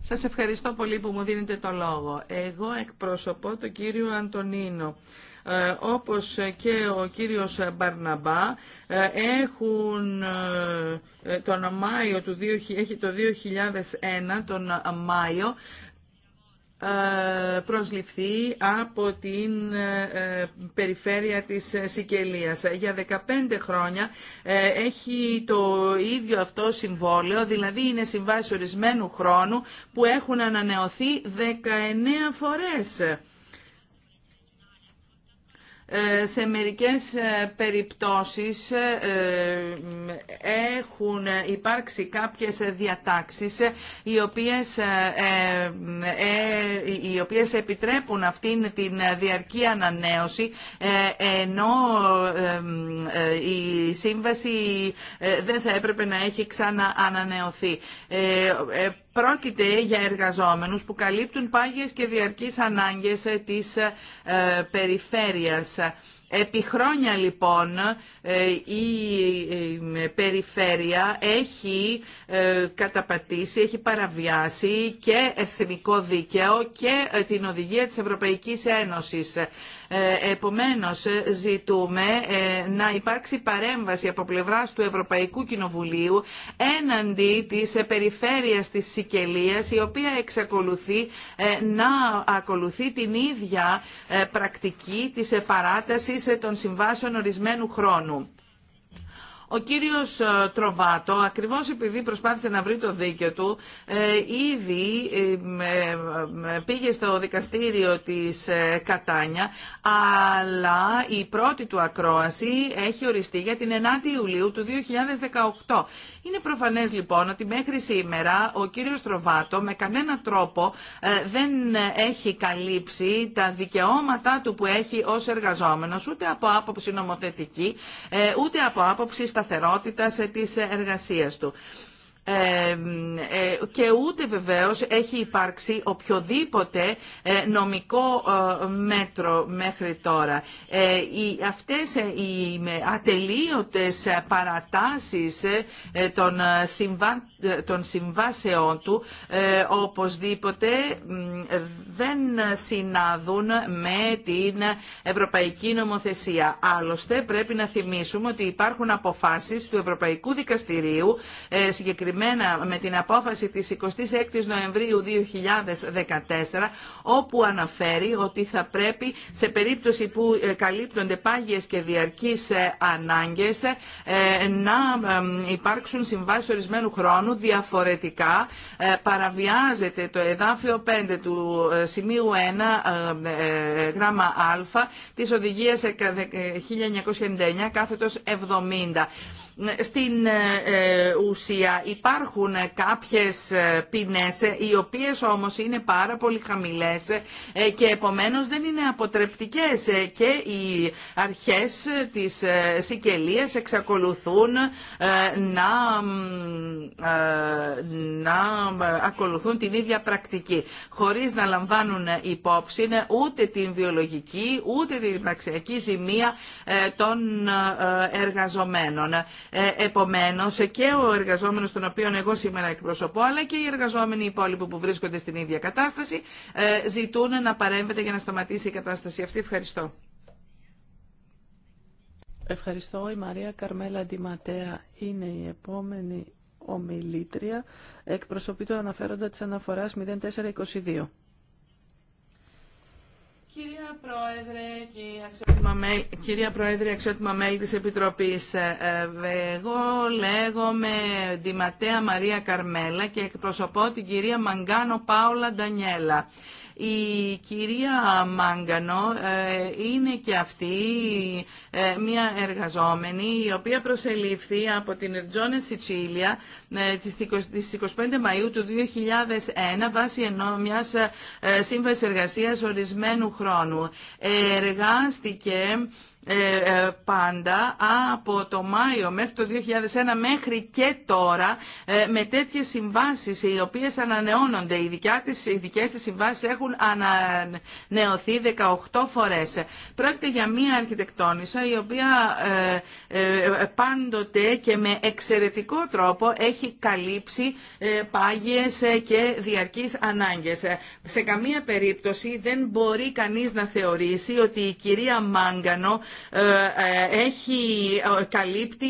Σας ευχαριστώ πολύ που μου δίνετε το λόγο. Εγώ εκπροσωπώ τον κύριο Αντωνίνο. Ε, όπως και ο κύριος Μπαρναμπά ε, έχουν ε, τον Μάιο του, έχει το 2001 τον Μάιο ε, προσληφθεί από την ε, ε, περιφέρεια της Σικελίας. Για 15 χρόνια έχει το ίδιο αυτό συμβόλαιο, δηλαδή είναι συμβάσεις ορισμένου χρόνου που έχουν ανανεωθεί 19 φορές. Ε, σε μερικές ε, περιπτώσεις ε, έχουν υπάρξει κάποιες διατάξεις οι οποίες, οι οποίες επιτρέπουν αυτήν την διαρκή ανανέωση ενώ η σύμβαση δεν θα έπρεπε να έχει ξαναανανεωθεί. Πρόκειται για εργαζόμενους που καλύπτουν πάγιες και διαρκείς ανάγκες ε, της ε, ε, περιφέρειας. Επί χρόνια λοιπόν ε, η ε, περιφέρεια έχει ε, καταπατήσει, έχει παραβιάσει και εθνικό δίκαιο και την οδηγία της Ευρωπαϊκής Ένωσης. Επομένως ζητούμε να υπάρξει παρέμβαση από πλευράς του Ευρωπαϊκού Κοινοβουλίου έναντι της περιφέρειας της Σικελίας η οποία εξακολουθεί να ακολουθεί την ίδια πρακτική της παράτασης των συμβάσεων ορισμένου χρόνου. Ο κύριος ε, Τροβάτο, ακριβώς επειδή προσπάθησε να βρει το δίκαιο του, ε, ήδη ε, πήγε στο δικαστήριο της Κατάνια, αλλά η πρώτη του ακρόαση έχει οριστεί για την 9η Ιουλίου του 2018. Είναι προφανές λοιπόν ότι μέχρι σήμερα ο κύριος Τροβάτο με κανένα τρόπο δεν έχει καλύψει τα δικαιώματά του που έχει ως εργαζόμενος, ούτε από άποψη νομοθετική, ούτε από άποψη σε της εργασίας του. Ε, ε, και ούτε βεβαίως έχει υπάρξει οποιοδήποτε ε, νομικό μέτρο μέχρι τώρα. Αυτές οι ατελείωτες παρατάσεις των συμβάντων των συμβάσεών του ε, οπωσδήποτε δεν συνάδουν με την Ευρωπαϊκή Νομοθεσία. Άλλωστε πρέπει να θυμίσουμε ότι υπάρχουν αποφάσεις του Ευρωπαϊκού Δικαστηρίου ε, συγκεκριμένα με την απόφαση της 26 Νοεμβρίου 2014 όπου αναφέρει ότι θα πρέπει σε περίπτωση που ε, καλύπτονται πάγιες και διαρκείς ανάγκες να υπάρξουν συμβάσεις ορισμένου χρόνου διαφορετικά ε, παραβιάζεται το εδάφιο 5 του ε, σημείου 1 ε, γράμμα α της οδηγίας 1999 κάθετος 70 στην ε, ε, ουσία υπάρχουν κάποιες ε, ποινές οι οποίες όμως είναι πάρα πολύ χαμηλές και επομένως δεν είναι αποτρεπτικές και οι αρχές της Σικελίας εξακολουθούν να, να ακολουθούν την ίδια πρακτική χωρίς να λαμβάνουν υπόψη ούτε την βιολογική ούτε την υπαξιακή ζημία των εργαζομένων. Ε, Επομένω, και ο εργαζόμενος τον οποίο εγώ σήμερα εκπροσωπώ αλλά και οι εργαζόμενοι υπόλοιποι που βρίσκονται στην ίδια κατάσταση ε, ζητούν να παρέμβετε για να σταματήσει η κατάσταση αυτή. Ευχαριστώ. Ευχαριστώ. Η Μαρία Καρμέλα Αντιματέα είναι η επόμενη ομιλήτρια. εκπροσωπή του αναφέροντα της αναφοράς 0422. Κυρία Πρόεδρε, αξιότιμα μέλη, κυρία Πρόεδρε, της Επιτροπής, ε, ε, εγώ λέγομαι Ντιματέα Μαρία Καρμέλα και εκπροσωπώ την κυρία Μαγκάνο Πάολα Ντανιέλα. Η κυρία Μάγκανο ε, είναι και αυτή ε, μια εργαζόμενη η οποία προσελήφθη από την Ερτζόνε Σιτσίλια στις ε, 25 Μαΐου του 2001 βάσει ενώ μιας σύμβασης εργασίας ορισμένου χρόνου. Εργάστηκε ε, ε, πάντα από το Μάιο μέχρι το 2001 μέχρι και τώρα ε, με τέτοιες συμβάσεις οι οποίες ανανεώνονται. Οι, της, οι δικές της συμβάσεις έχουν ανανεωθεί 18 φορές. Πρόκειται για μία αρχιτεκτόνησα η οποία πάντοτε και με εξαιρετικό τρόπο έχει καλύψει πάγιες και διαρκείς ανάγκες. Σε καμία περίπτωση δεν μπορεί κανείς να θεωρήσει ότι η κυρία Μάγκανο ε, ε, έχει ε, καλύπτει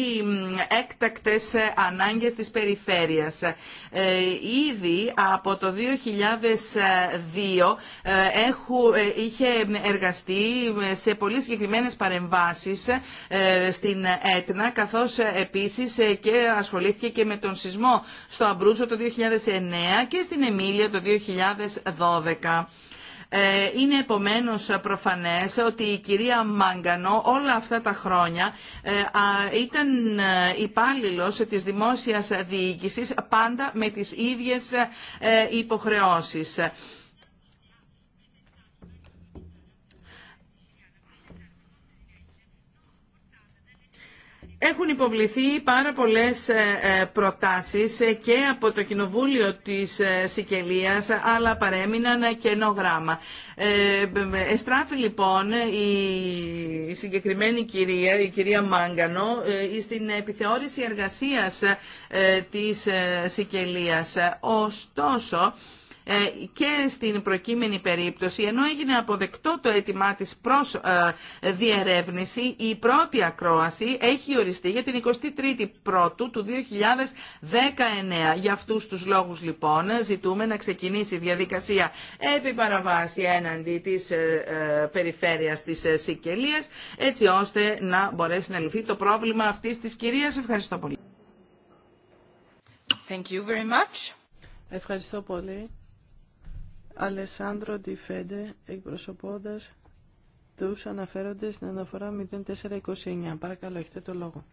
έκτακτες ανάγκες της περιφέρειας. Ήδη από το 2002 έχουν είχε εργαστεί σε πολύ συγκεκριμένες παρεμβάσεις στην Έτνα καθώς επίσης και ασχολήθηκε και με τον σεισμό στο Αμπρούτσο το 2009 και στην Εμίλια το 2012. Ε, είναι επομένως προφανές ότι η κυρία Μάγκανο όλα αυτά τα χρόνια ε, ήταν ε, υπάλληλο της δημόσιας διοίκησης πάντα με τις ίδιες υποχρεώσεις. Έχουν υποβληθεί πάρα πολλές ε, ε, προτάσεις ε, και από το Κοινοβούλιο της Σικελίας, αλλά παρέμειναν κενό γράμμα. Εστράφει λοιπόν η συγκεκριμένη κυρία, η κυρία Μάγκανο, στην επιθεώρηση εργασίας της Σικελίας. Ωστόσο, ε, και στην προκείμενη περίπτωση, ενώ έγινε αποδεκτό το αίτημά της προς ε, διερεύνηση, η πρώτη ακρόαση έχει οριστεί για την 23η Πρώτου του 2019. Για αυτούς τους λόγους λοιπόν ζητούμε να ξεκινήσει η διαδικασία επί παραβάση έναντι της ε, περιφέρειας της Σικελίας, έτσι ώστε να μπορέσει να λυθεί το πρόβλημα αυτής της κυρίας. Ευχαριστώ Thank you Ευχαριστώ πολύ. Αλεσάνδρο Ντιφέντε, εκπροσωπώντας τους αναφέροντες στην αναφορά 0429. Παρακαλώ, έχετε το λόγο.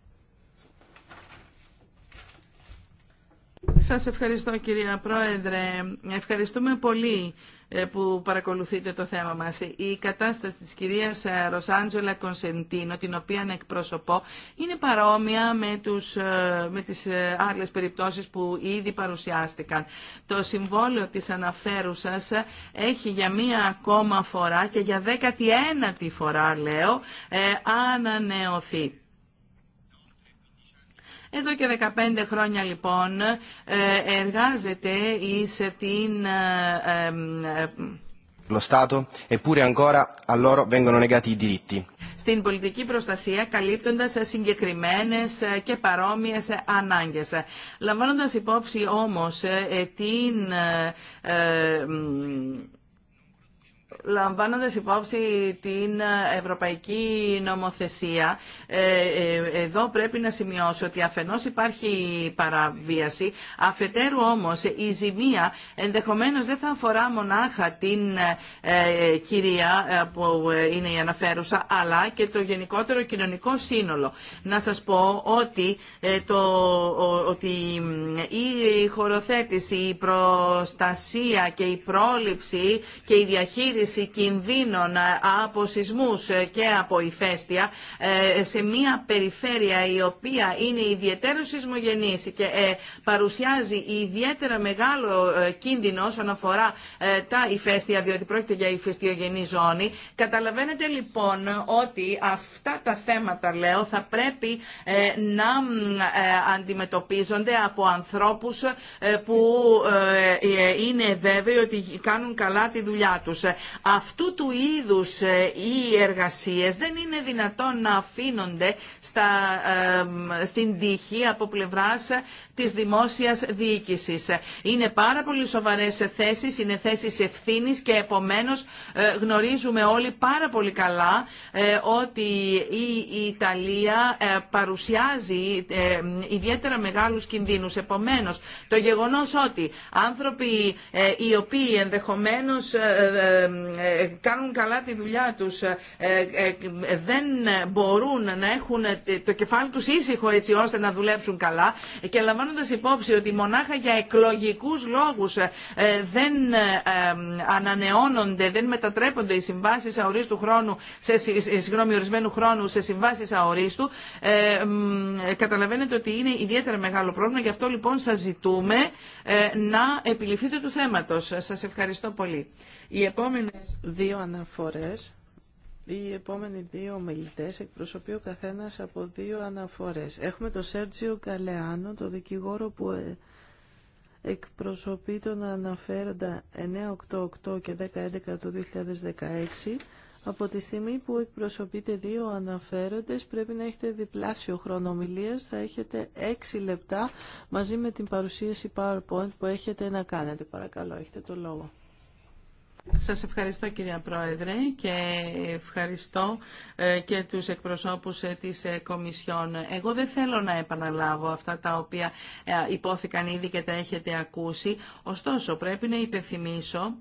Σας ευχαριστώ κυρία Πρόεδρε. Ευχαριστούμε πολύ ε, που παρακολουθείτε το θέμα μας. Η κατάσταση της κυρίας ε, Ροσάντζολα Κονσεντίνο, την οποία εκπροσωπώ, είναι παρόμοια με, τους, ε, με τις άλλες περιπτώσεις που ήδη παρουσιάστηκαν. Το συμβόλαιο της αναφέρουσας έχει για μία ακόμα φορά και για δέκατη η φορά, λέω, ανανεωθεί. Εδώ και 15 χρόνια λοιπόν ε, εργάζεται εις την ε, ε, lo Stato, eppure ancora a loro vengono negati i diritti. Στην πολιτική προστασία καλύπτοντας συγκεκριμένες και παρόμοιες ανάγκες. Λαμβάνοντας υπόψη όμως την λαμβάνοντας υπόψη την ευρωπαϊκή νομοθεσία, ε, ε, εδώ πρέπει να σημειώσω ότι αφενός υπάρχει παραβίαση, αφετέρου όμως η ζημία ενδεχομένως δεν θα αφορά μονάχα την ε, κυρία που είναι η αναφέρουσα, αλλά και το γενικότερο κοινωνικό σύνολο. Να σας πω ότι, το, ότι η χωροθέτηση, η προστασία και η πρόληψη και η διαχείριση ανάλυση κινδύνων ε, από σεισμού ε, και από ηφαίστεια ε, σε μια περιφέρεια η οποία είναι ιδιαίτερο σεισμογενής και παρουσιάζει ιδιαίτερα μεγάλο κίνδυνο όσον αφορά τα ηφαίστεια, διότι πρόκειται για ηφαιστειογενή ζώνη. Καταλαβαίνετε λοιπόν ότι αυτά τα θέματα, λέω, θα πρέπει να αντιμετωπίζονται από ανθρώπους που είναι βέβαιοι ότι κάνουν καλά τη δουλειά τους αυτού του είδους ε, οι εργασίες δεν είναι δυνατόν να αφήνονται στα, στην τύχη από πλευράς της δημόσιας διοίκησης. Είναι πάρα πολύ σοβαρές θέσεις, είναι θέσεις ευθύνης και επομένως ε, γνωρίζουμε όλοι πάρα πολύ καλά ε, ότι η Ιταλία παρουσιάζει ιδιαίτερα μεγάλους κινδύνους. Επομένως, το γεγονός ότι άνθρωποι οι οποίοι ενδεχομένως ε, κάνουν καλά τη δουλειά τους, ε, ε, δεν μπορούν να έχουν το κεφάλι τους ήσυχο έτσι ώστε να δουλέψουν καλά και λαμβάνοντας υπόψη ότι μονάχα για εκλογικούς λόγους δεν ανανεώνονται, δεν μετατρέπονται οι συμβάσεις αορίστου χρόνου, σε, συγγνώμη, ορισμένου χρόνου σε συμβάσεις αορίστου, καταλαβαίνετε ότι είναι ιδιαίτερα μεγάλο πρόβλημα. Γι' αυτό λοιπόν σας ζητούμε να επιληφθείτε του θέματος. Σας ευχαριστώ πολύ. Οι επόμενες δύο αναφορές, οι επόμενοι δύο ομιλητές εκπροσωπεί ο καθένας από δύο αναφορές. Έχουμε τον Σέρτζιο Καλεάνο, το δικηγόρο που ε, εκπροσωπεί τον αναφέροντα 988 και 1011 του 2016. Από τη στιγμή που εκπροσωπείτε δύο αναφέροντες πρέπει να έχετε διπλάσιο χρόνο ομιλίας, θα έχετε έξι λεπτά μαζί με την παρουσίαση PowerPoint που έχετε να κάνετε. Παρακαλώ, έχετε το λόγο. Σας ευχαριστώ κυρία Πρόεδρε και ευχαριστώ ε, και τους εκπροσώπους ε, της ε, Κομισιόν. Εγώ δεν θέλω να επαναλάβω αυτά τα οποία υπόθηκαν ήδη και τα έχετε ακούσει. Ωστόσο πρέπει να υπενθυμίσω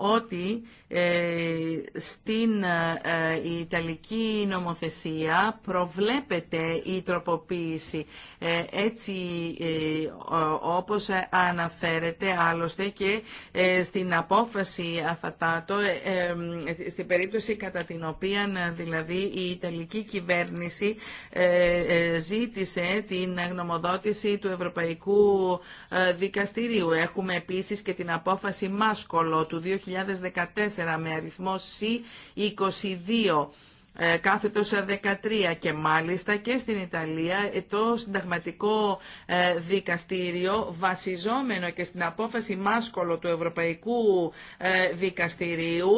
ότι ε, στην ε, ε, Ιταλική νομοθεσία προβλέπεται η τροποποίηση έτσι όπως αναφέρεται άλλωστε και στην απόφαση αφατάτο στην περίπτωση κατά την οποία δηλαδή η Ιταλική κυβέρνηση ζήτησε την γνωμοδότηση του Ευρωπαϊκού Δικαστηρίου. Έχουμε επίσης και την απόφαση Μάσκολο του 2000 2014 με αριθμό C22 ε, κάθετος 13 ε, και μάλιστα και στην Ιταλία ε, το συνταγματικό δικαστήριο βασιζόμενο και στην απόφαση μάσκολο του Ευρωπαϊκού Δικαστηρίου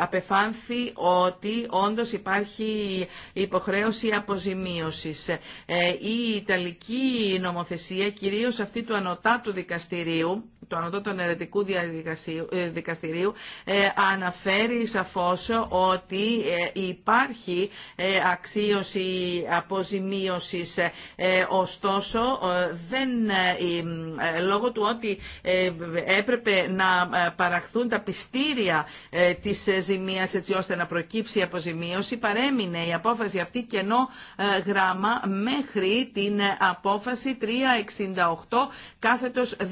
απεφάνθη ότι όντως υπάρχει υποχρέωση αποζημίωσης. Η Ιταλική νομοθεσία, κυρίως αυτή του Ανωτάτου Δικαστηρίου, του Ανωτότων Ερετικού ε, Δικαστηρίου ε, αναφέρει σαφώς ότι ε, υπάρχει αξίωση αποζημίωσης ωστόσο δεν λόγω του ότι έπρεπε να παραχθούν τα πιστήρια της ζημίας έτσι ώστε να προκύψει η αποζημίωση παρέμεινε η απόφαση αυτή κενό γράμμα μέχρι την απόφαση 368 κάθετος 2000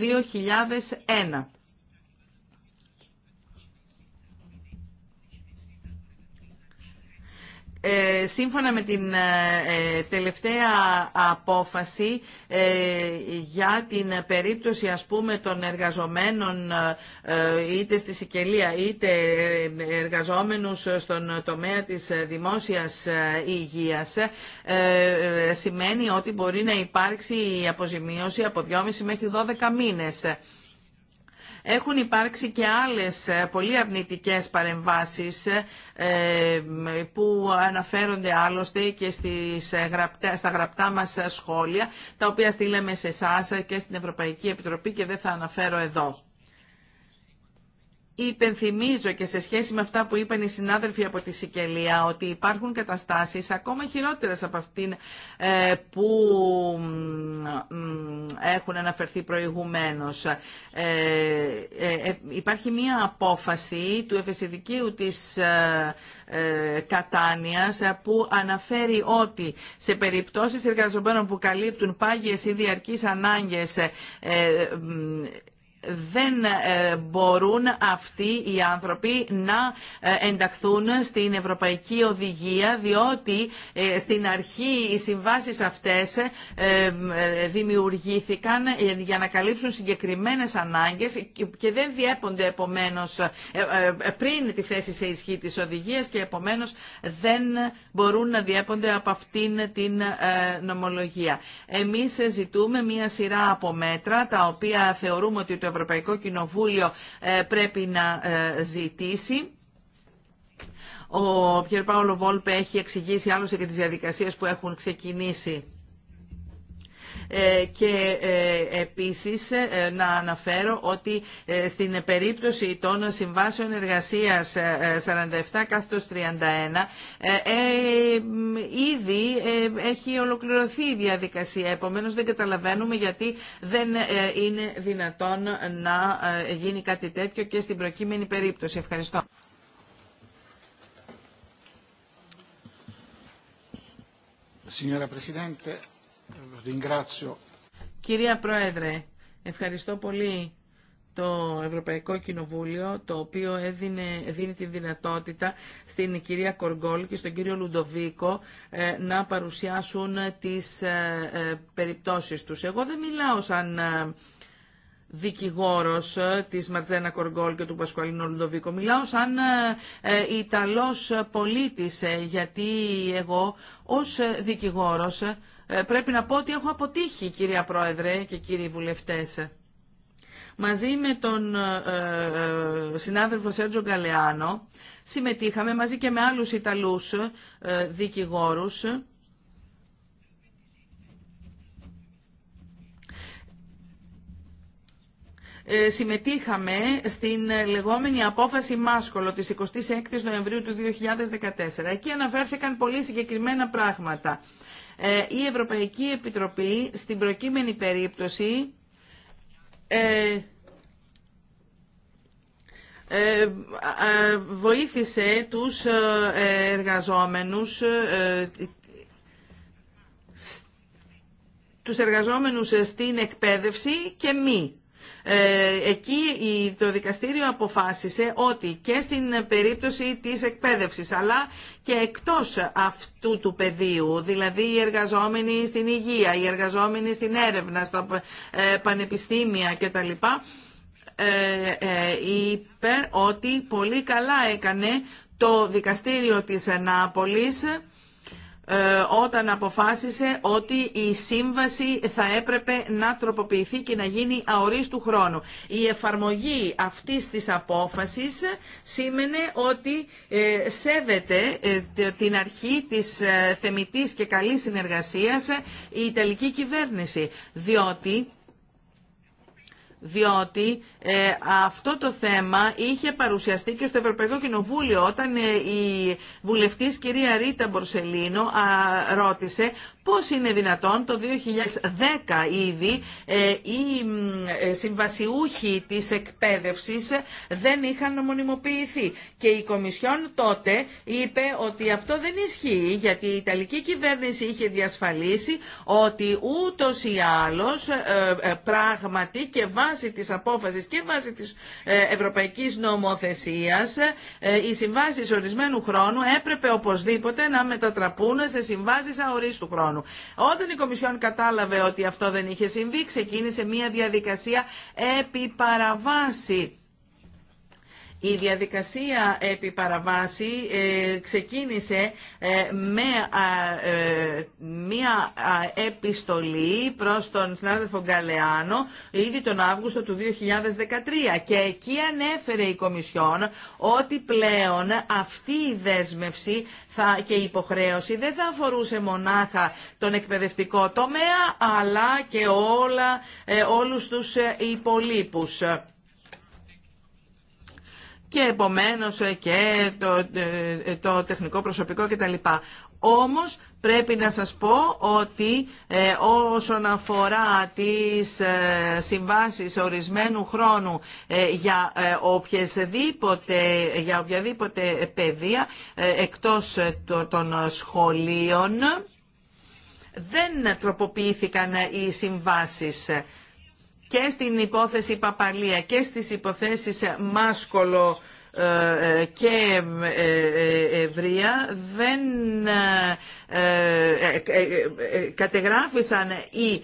ε, σύμφωνα με την ε, τελευταία απόφαση ε, για την περίπτωση ας πούμε των εργαζομένων είτε στη Σικελία είτε εργαζόμενους στον τομέα της δημόσιας υγείας σημαίνει ότι μπορεί να υπάρξει η αποζημίωση από 2,5 μέχρι 12 μήνες. Έχουν υπάρξει και άλλες ε, πολύ αρνητικές παρεμβάσεις ε, ε, που αναφέρονται άλλωστε και στις στα γραπτά μας σχόλια, τα οποία στείλαμε σε εσά και στην Ευρωπαϊκή Επιτροπή και δεν θα αναφέρω εδώ. Υπενθυμίζω και σε σχέση με αυτά που είπαν οι συνάδελφοι από τη Σικελία ότι υπάρχουν καταστάσεις ακόμα χειρότερες από αυτήν ε, που έχουν αναφερθεί προηγουμένως. Ε, ε, υπάρχει μία απόφαση του εφεσιδικίου της Κατάνιας που αναφέρει ότι σε περιπτώσεις εργαζομένων που καλύπτουν πάγιες ή διαρκείς ανάγκες δεν ε, μπορούν αυτοί οι άνθρωποι να ε, ενταχθούν στην Ευρωπαϊκή Οδηγία διότι ε, στην αρχή οι συμβάσεις αυτές δημιουργήθηκαν για να καλύψουν συγκεκριμένες ανάγκες και δεν διέπονται επομένως πριν τη θέση σε ισχύ της οδηγίας και επομένως δεν μπορούν να διέπονται από αυτήν την νομολογία. Εμείς ζητούμε μία σειρά από μέτρα τα οποία θεωρούμε ότι το Ευρωπαϊκό Κοινοβούλιο ε, πρέπει να ε, ζητήσει. Ο Πιερ Πάολο Βόλπε έχει εξηγήσει άλλωστε και τις διαδικασίες που έχουν ξεκινήσει. Ε, και ε, επίσης ε, να αναφέρω ότι στην περίπτωση των συμβάσεων εργασίας 47 καθώς 31 ήδη έχει ολοκληρωθεί η διαδικασία. Επομένως δεν καταλαβαίνουμε γιατί δεν είναι δυνατόν να γίνει κάτι τέτοιο και στην προκείμενη περίπτωση. Ευχαριστώ. Signora Presidente, Κυρία Πρόεδρε, ευχαριστώ πολύ το Ευρωπαϊκό Κοινοβούλιο, το οποίο έδινε, δίνει τη δυνατότητα στην κυρία Κοργκόλ και στον κύριο Λουντοβίκο ε, να παρουσιάσουν τις ε, ε, περιπτώσεις τους. Εγώ δεν μιλάω σαν ε, δικηγόρος ε, της Ματζένα Κοργκόλ και του Πασκουαλίνου Λουδοβίκο. Μιλάω σαν ε, ε, Ιταλός πολίτης, γιατί εγώ ως δικηγόρος πρέπει να πω ότι έχω αποτύχει, κυρία Πρόεδρε και κύριοι βουλευτές. Μαζί με τον συνάδελφο Σέρτζο Γκαλεάνο συμμετείχαμε μαζί και με άλλους Ιταλούς δικηγόρους Ε, συμμετείχαμε στην λεγόμενη απόφαση Μάσκολο της 26ης Νοεμβρίου του 2014. Εκεί αναφέρθηκαν πολύ συγκεκριμένα πράγματα. Ε, η Ευρωπαϊκή Επιτροπή στην προκείμενη περίπτωση ε, βοήθησε τους εργαζόμενους τους εργαζόμενους στην εκπαίδευση και μη. Ε, εκεί το δικαστήριο αποφάσισε ότι και στην περίπτωση της εκπαίδευσης αλλά και εκτός αυτού του πεδίου, δηλαδή οι εργαζόμενοι στην υγεία, οι εργαζόμενοι στην έρευνα, στα ε, πανεπιστήμια κτλ. Ε, είπε ότι πολύ καλά έκανε το δικαστήριο της Νάπολης ε, όταν αποφάσισε ότι η σύμβαση θα έπρεπε να τροποποιηθεί και να γίνει αορίστου χρόνου. Η εφαρμογή αυτής της απόφασης σήμαινε ότι ε, σέβεται ε, την αρχή της θεμητής και καλής συνεργασίας η Ιταλική κυβέρνηση, διότι διότι ε, αυτό το θέμα είχε παρουσιαστεί και στο Ευρωπαϊκό Κοινοβούλιο όταν ε, η βουλευτής κυρία Ρίτα Μπορσελίνο ρώτησε πώς είναι δυνατόν το 2010 ήδη ε, οι συμβασιούχοι της εκπαίδευσης δεν είχαν μονιμοποιηθεί. Και η Κομισιόν τότε είπε ότι αυτό δεν ισχύει γιατί η Ιταλική κυβέρνηση είχε διασφαλίσει ότι ούτως ή άλλως πράγματι και βάσει της απόφασης και βάσει της ε, ευρωπαϊκής νομοθεσίας ε, οι συμβάσεις ορισμένου χρόνου έπρεπε οπωσδήποτε να μετατραπούν σε συμβάσεις αορίστου χρόνου. Όταν η Κομισιόν κατάλαβε ότι αυτό δεν είχε συμβεί, ξεκίνησε μια διαδικασία επί παραβάση η διαδικασία επί παραβάση ε, ξεκίνησε ε, με ε, μία επιστολή προς τον συνάδελφο Γκαλεάνο ήδη τον Αύγουστο του 2013 και εκεί ανέφερε η Κομισιόν ότι πλέον αυτή η δέσμευση θα, και η υποχρέωση δεν θα αφορούσε μονάχα τον εκπαιδευτικό τομέα αλλά και όλα, όλους τους υπολείπους και επομένως ε, και το, ε, ε, το τεχνικό προσωπικό κτλ. Όμως πρέπει να σας πω ότι όσον αφορά τις συμβάσεις ορισμένου χρόνου για, οποιασδήποτε, για οποιαδήποτε παιδεία εκτός το, των σχολείων δεν τροποποιήθηκαν οι συμβάσεις και στην υπόθεση Παπαλία και στις υποθέσεις Μάσκολο ε, ε, και ε, ευρεία δεν κατεγράφησαν οι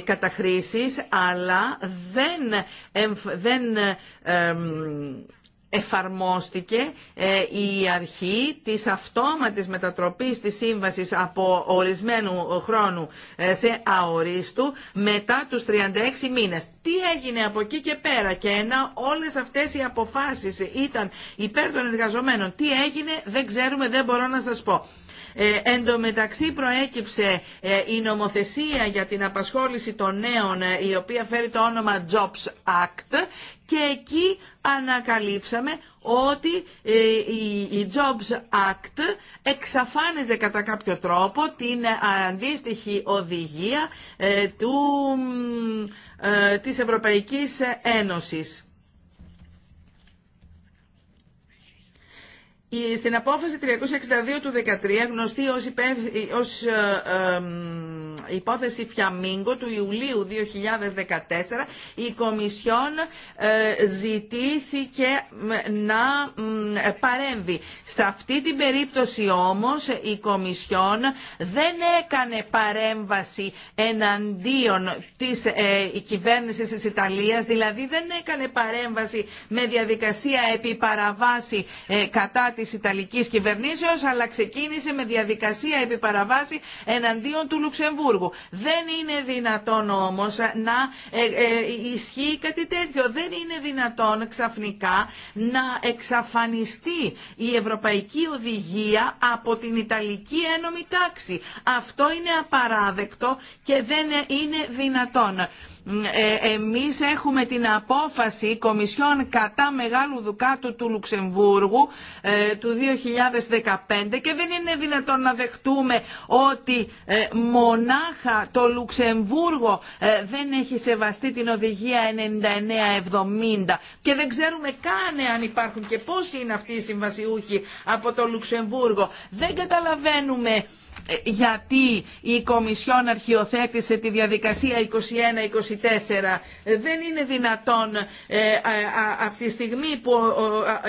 καταχρήσεις αλλά δεν, δεν εφαρμόστηκε ε, η αρχή της αυτόματης μετατροπής της σύμβασης από ορισμένου χρόνου ε, σε αορίστου μετά τους 36 μήνες. Τι έγινε από εκεί και πέρα και ένα όλες αυτές οι αποφάσεις ήταν υπέρ των εργαζομένων. Τι έγινε δεν ξέρουμε, δεν μπορώ να σας πω. Ε, εν προέκυψε ε, η νομοθεσία για την απασχόληση των νέων ε, η οποία φέρει το όνομα Jobs Act και εκεί ανακαλύψαμε ότι ε, η Jobs Act εξαφάνιζε κατά κάποιο τρόπο την αντίστοιχη οδηγία του, της Ευρωπαϊκής Ένωσης. Στην απόφαση 362 του 2013, γνωστή ως, ως ε, υπόθεση Φιαμίνγκο του Ιουλίου 2014, η Κομισιόν ε, ζητήθηκε να παρέμβει. Σε αυτή την περίπτωση όμως η Κομισιόν δεν έκανε παρέμβαση εναντίον της ε, κυβέρνησης της Ιταλίας, δηλαδή δεν έκανε παρέμβαση με διαδικασία επί παραβάση κατά της της Ιταλικής κυβερνήσεως αλλά ξεκίνησε με διαδικασία επιπαραβάση εναντίον του Λουξεμβούργου. Δεν είναι δυνατόν όμως να ε, ε, ισχύει κάτι τέτοιο. Δεν είναι δυνατόν ξαφνικά να εξαφανιστεί η Ευρωπαϊκή Οδηγία από την Ιταλική Ένωμη Τάξη. Αυτό είναι απαράδεκτο και δεν είναι δυνατόν. Ε, εμείς έχουμε την απόφαση Κομισιόν κατά Μεγάλου Δουκάτου του Λουξεμβούργου ε, του 2015 και δεν είναι δυνατόν να δεχτούμε ότι ε, μονάχα το Λουξεμβούργο δεν έχει σεβαστεί την οδηγία 9970 και δεν ξέρουμε καν αν υπάρχουν και πόσοι είναι αυτοί οι συμβασιούχοι από το Λουξεμβούργο. Δεν καταλαβαίνουμε ε, γιατί η Κομισιόν αρχιοθέτησε τη διαδικασία 21-24. Ε, δεν είναι δυνατόν ε, από τη στιγμή που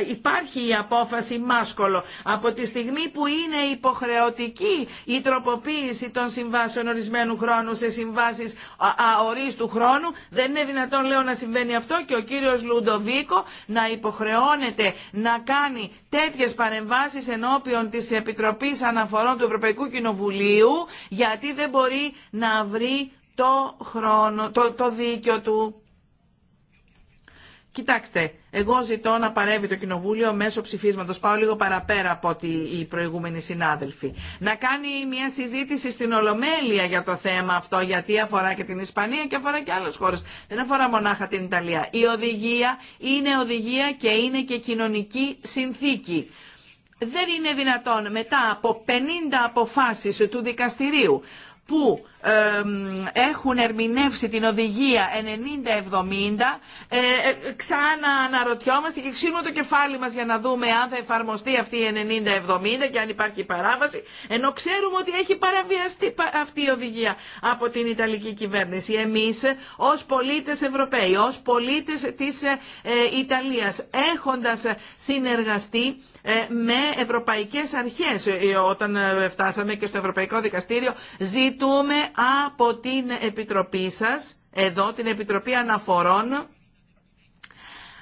υπάρχει η απόφαση μάσκολο, από τη στιγμή που είναι υποχρεωτική η τροποποίηση των συμβάσεων ορισμένου χρόνου σε συμβάσεις αορίστου χρόνου, δεν είναι δυνατόν λέω να συμβαίνει αυτό και ο κύριος Λουντοβίκο να υποχρεώνεται να κάνει τέτοιες παρεμβάσεις ενώπιον της Επιτροπής Αναφορών του Ευρωπαϊκού Κοινοβουλίου γιατί δεν μπορεί να βρει το, χρόνο, το, το δίκιο του. Κοιτάξτε, εγώ ζητώ να παρεύει το Κοινοβούλιο μέσω ψηφίσματο. Πάω λίγο παραπέρα από ότι οι προηγούμενοι συνάδελφοι. Να κάνει μια συζήτηση στην Ολομέλεια για το θέμα αυτό, γιατί αφορά και την Ισπανία και αφορά και άλλε χώρε. Δεν αφορά μονάχα την Ιταλία. Η οδηγία είναι οδηγία και είναι και κοινωνική συνθήκη. Δεν είναι δυνατόν μετά από 50 αποφάσεις του δικαστηρίου που έχουν ερμηνεύσει την οδηγία 90-70 ε, ε ξανά αναρωτιόμαστε και ξύνουμε το κεφάλι μας για να δούμε αν θα εφαρμοστεί αυτή η 90-70 και αν υπάρχει παράβαση ενώ ξέρουμε ότι έχει παραβιαστεί αυτή η οδηγία από την Ιταλική κυβέρνηση. Εμείς ως πολίτες Ευρωπαίοι, ως πολίτες της ε, Ιταλίας έχοντας συνεργαστεί ε, με ευρωπαϊκές αρχές ε, όταν φτάσαμε και στο Ευρωπαϊκό Δικαστήριο ζήτησαμε ζητούμε από την Επιτροπή σας, εδώ την Επιτροπή Αναφορών,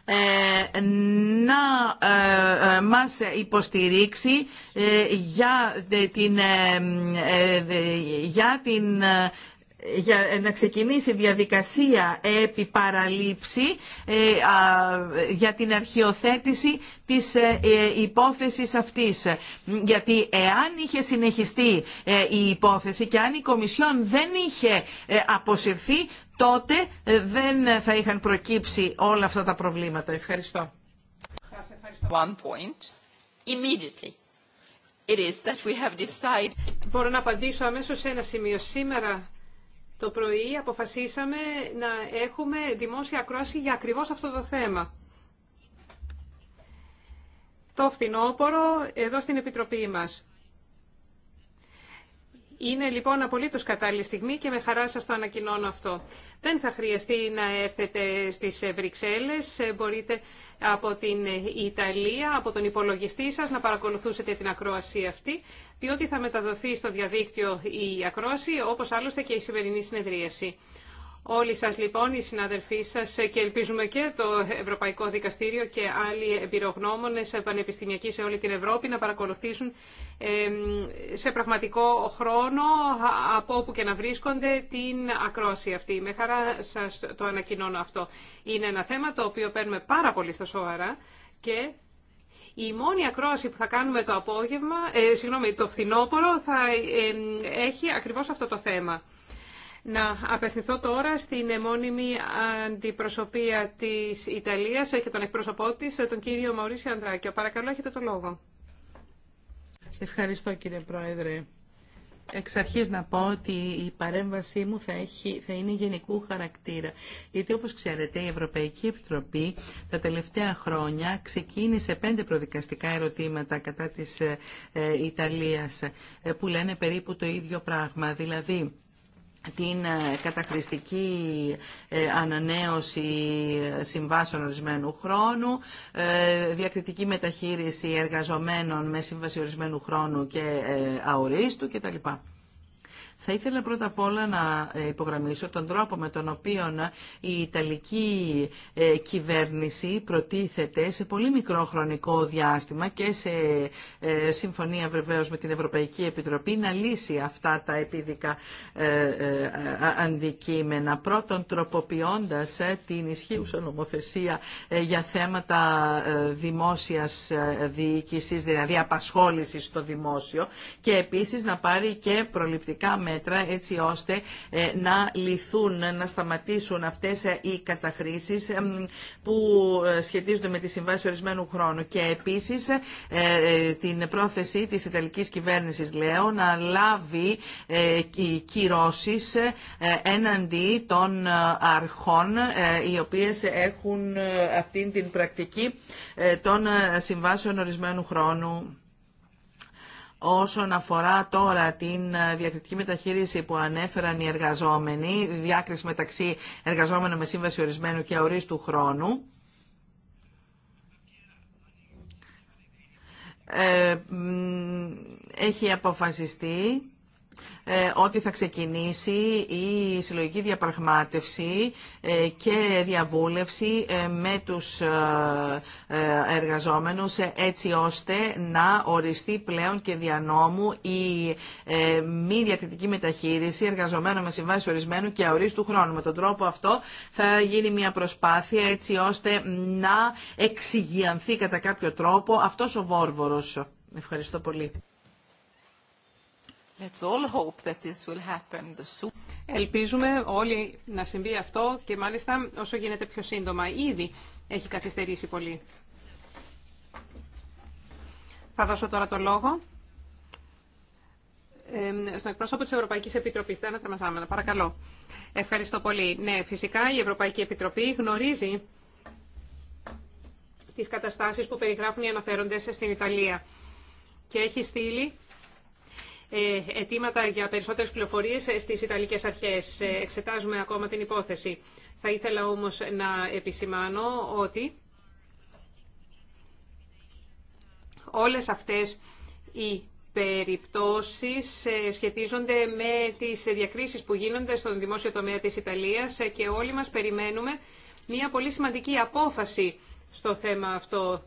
ε, να ε, ε, μας υποστηρίξει για την, για την για ε, να ξεκινήσει διαδικασία επί παραλήψη ε, για την αρχιοθέτηση της ε, υπόθεσης αυτής. Γιατί εάν είχε συνεχιστεί η υπόθεση και αν η Κομισιόν δεν είχε αποσυρθεί, τότε δεν θα είχαν προκύψει όλα αυτά τα προβλήματα. Ευχαριστώ. One Μπορώ να απαντήσω αμέσως σε ένα σημείο. Σήμερα το πρωί αποφασίσαμε να έχουμε δημόσια ακρόαση για ακριβώς αυτό το θέμα. Το φθινόπωρο εδώ στην Επιτροπή μας. Είναι λοιπόν απολύτως κατάλληλη στιγμή και με χαρά σας το ανακοινώνω αυτό. Δεν θα χρειαστεί να έρθετε στις Βρυξέλλες. Ε, μπορείτε από την Ιταλία, από τον υπολογιστή σας να παρακολουθούσετε την ακρόαση αυτή, διότι θα μεταδοθεί στο διαδίκτυο η ακρόαση, όπως άλλωστε και η σημερινή συνεδρίαση. Όλοι σας λοιπόν, οι συναδελφοί σας και ελπίζουμε και το Ευρωπαϊκό Δικαστήριο και άλλοι εμπειρογνώμονες πανεπιστημιακοί σε όλη την Ευρώπη να παρακολουθήσουν σε πραγματικό χρόνο από όπου και να βρίσκονται την ακρόαση αυτή. Με χαρά σας το ανακοινώνω αυτό. Είναι ένα θέμα το οποίο παίρνουμε πάρα πολύ στα σοβαρά και η μόνη ακρόαση που θα κάνουμε το απόγευμα, ε, το φθινόπωρο θα έχει ακριβώς αυτό το θέμα να απευθυνθώ τώρα στην μόνιμη αντιπροσωπεία της Ιταλίας και τον εκπρόσωπό της, τον κύριο Μαουρίσιο Ανδράκιο. Παρακαλώ, έχετε το λόγο. Ευχαριστώ κύριε Πρόεδρε. Εξ αρχής να πω ότι η παρέμβασή μου θα, έχει, θα είναι γενικού χαρακτήρα. Γιατί όπως ξέρετε η Ευρωπαϊκή Επιτροπή τα τελευταία χρόνια ξεκίνησε πέντε προδικαστικά ερωτήματα κατά της ε, ε Ιταλίας ε, που λένε περίπου το ίδιο πράγμα. Δηλαδή την ε, καταχρηστική ε, ανανέωση συμβάσεων ορισμένου χρόνου, ε, διακριτική μεταχείριση εργαζομένων με σύμβαση ορισμένου χρόνου και αορίστου κτλ. Θα ήθελα πρώτα απ' όλα να ε, υπογραμμίσω τον τρόπο με τον οποίο ε, η Ιταλική ε, κυβέρνηση προτίθεται σε πολύ μικρό χρονικό διάστημα και σε συμφωνία βεβαίως με την Ευρωπαϊκή Επιτροπή να λύσει αυτά τα επίδικα αντικείμενα. Πρώτον, τροποποιώντας την ισχύουσα νομοθεσία για θέματα δημόσιας διοίκησης, δηλαδή απασχόλησης στο δημόσιο και επίσης να πάρει και προληπτικά μέτρα μέτρα έτσι ώστε ε, να λυθούν, να σταματήσουν αυτές ε, οι καταχρήσεις που ε, σχετίζονται με τη συμβάση ορισμένου χρόνου και επίσης την πρόθεση της Ιταλικής κυβέρνησης λέω να λάβει κυρώσεις έναντι των αρχών οι οποίες έχουν αυτήν την πρακτική των συμβάσεων ορισμένου χρόνου. Όσον αφορά τώρα την ε, διακριτική μεταχείριση που ανέφεραν οι εργαζόμενοι, διάκριση μεταξύ εργαζόμενων με σύμβαση ορισμένου και ορίστου χρόνου, ε, έχει αποφασιστεί ε, ότι θα ξεκινήσει η συλλογική διαπραγμάτευση ε, και διαβούλευση ε, με τους εργαζόμενους έτσι ώστε να οριστεί πλέον και δια νόμου η μη διακριτική μεταχείριση εργαζομένων με συμβάσει ορισμένου και αορίστου χρόνου. Με τον τρόπο αυτό θα γίνει μια προσπάθεια έτσι ώστε να εξηγιανθεί κατά κάποιο τρόπο αυτός ο βόρβορος. Ευχαριστώ πολύ. Let's all hope that this will happen soon. Ελπίζουμε όλοι να συμβεί αυτό και μάλιστα όσο γίνεται πιο σύντομα. Ήδη έχει καθυστερήσει πολύ. Θα δώσω τώρα το λόγο στον εκπρόσωπο τη Ευρωπαϊκή Επιτροπή, Τένα Θερμαζάμενα. Παρακαλώ. Ευχαριστώ πολύ. Ναι, φυσικά η Ευρωπαϊκή Επιτροπή γνωρίζει τις καταστάσεις που περιγράφουν οι αναφέροντες στην Ιταλία και έχει στείλει ε, αιτήματα για περισσότερες πληροφορίες στις Ιταλικές αρχές. Ε, εξετάζουμε ακόμα την υπόθεση. Θα ήθελα όμως να επισημάνω ότι όλες αυτές οι περιπτώσεις ε, σχετίζονται με τις διακρίσεις που γίνονται στον δημόσιο τομέα της Ιταλίας και όλοι μας περιμένουμε μια πολύ σημαντική απόφαση στο θέμα αυτό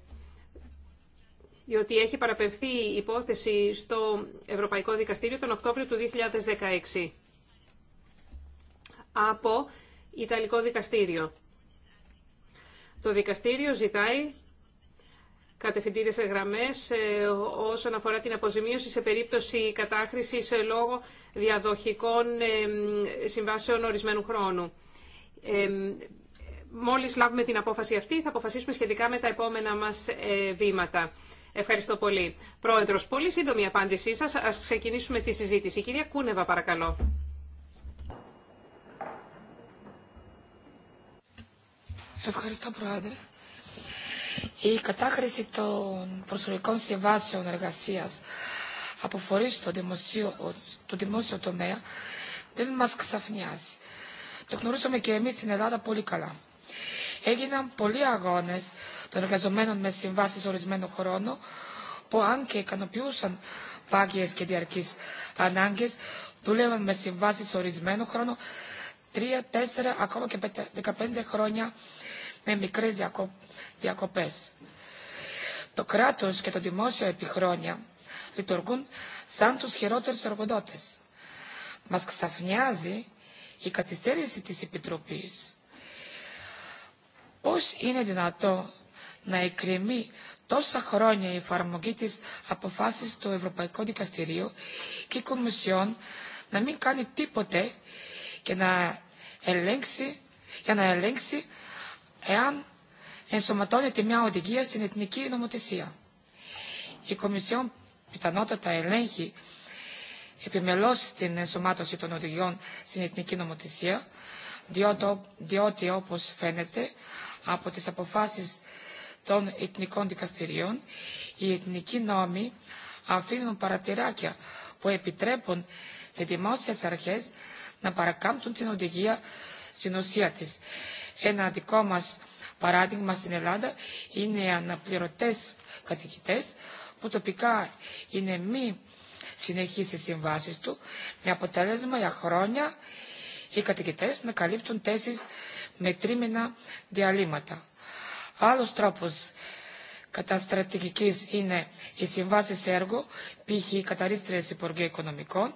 διότι έχει παραπευθεί η υπόθεση στο Ευρωπαϊκό Δικαστήριο τον Οκτώβριο του 2016 από Ιταλικό Δικαστήριο. Το Δικαστήριο ζητάει κατευθυντήριες γραμμές ε, όσον αφορά την αποζημίωση σε περίπτωση κατάχρησης ε, λόγω διαδοχικών ε, συμβάσεων ορισμένου χρόνου. Μόλις λάβουμε την απόφαση αυτή θα αποφασίσουμε σχετικά με τα επόμενα μας βήματα. Ευχαριστώ πολύ. Πρόεδρος, πολύ σύντομη απάντησή σας. Ας ξεκινήσουμε τη συζήτηση. Κυρία Κούνεβα, παρακαλώ. Ευχαριστώ, Πρόεδρε. Η κατάχρηση των προσωπικών συμβάσεων εργασία από φορεί στο, δημόσιο τομέα δεν μα ξαφνιάζει. Το γνωρίσαμε και εμεί στην Ελλάδα πολύ καλά έγιναν πολλοί αγώνε των εργαζομένων με συμβάσει ορισμένου χρόνου που αν και ικανοποιούσαν βάγιες και διαρκείς ανάγκε, δούλευαν με συμβάσει ορισμένου χρόνου τρία, τέσσερα, ακόμα και δεκαπέντε χρόνια με μικρές διακοπές. Το κράτος και το δημόσιο επιχρόνια λειτουργούν σαν τους χειρότερους εργοδότες. Μας ξαφνιάζει η καθυστέρηση της Επιτροπής Πώς είναι δυνατό να εκκρεμεί τόσα χρόνια η εφαρμογή της αποφάσης του Ευρωπαϊκού Δικαστηρίου και η Κομισιόν να μην κάνει τίποτε και να ελέγξει, για να ελέγξει εάν ενσωματώνεται μια οδηγία στην εθνική νομοθεσία. Η Κομισιόν πιθανότατα ελέγχει επιμελώς την ενσωμάτωση των οδηγιών στην εθνική νομοθεσία, διότι όπως φαίνεται από τις αποφάσεις των εθνικών δικαστηρίων, οι εθνικοί νόμοι αφήνουν παρατηράκια που επιτρέπουν σε δημόσιες αρχές να παρακάμπτουν την οδηγία στην ουσία της. Ένα δικό μας παράδειγμα στην Ελλάδα είναι οι αναπληρωτές κατοικητές που τοπικά είναι μη συνεχίσει οι του με αποτέλεσμα για χρόνια οι κατοικητέ να καλύπτουν με τρίμηνα διαλύματα. Άλλο τρόπο καταστρατηγική είναι οι συμβάσεις έργο, π.χ. οι καταρρίστρες Υπουργείου Οικονομικών,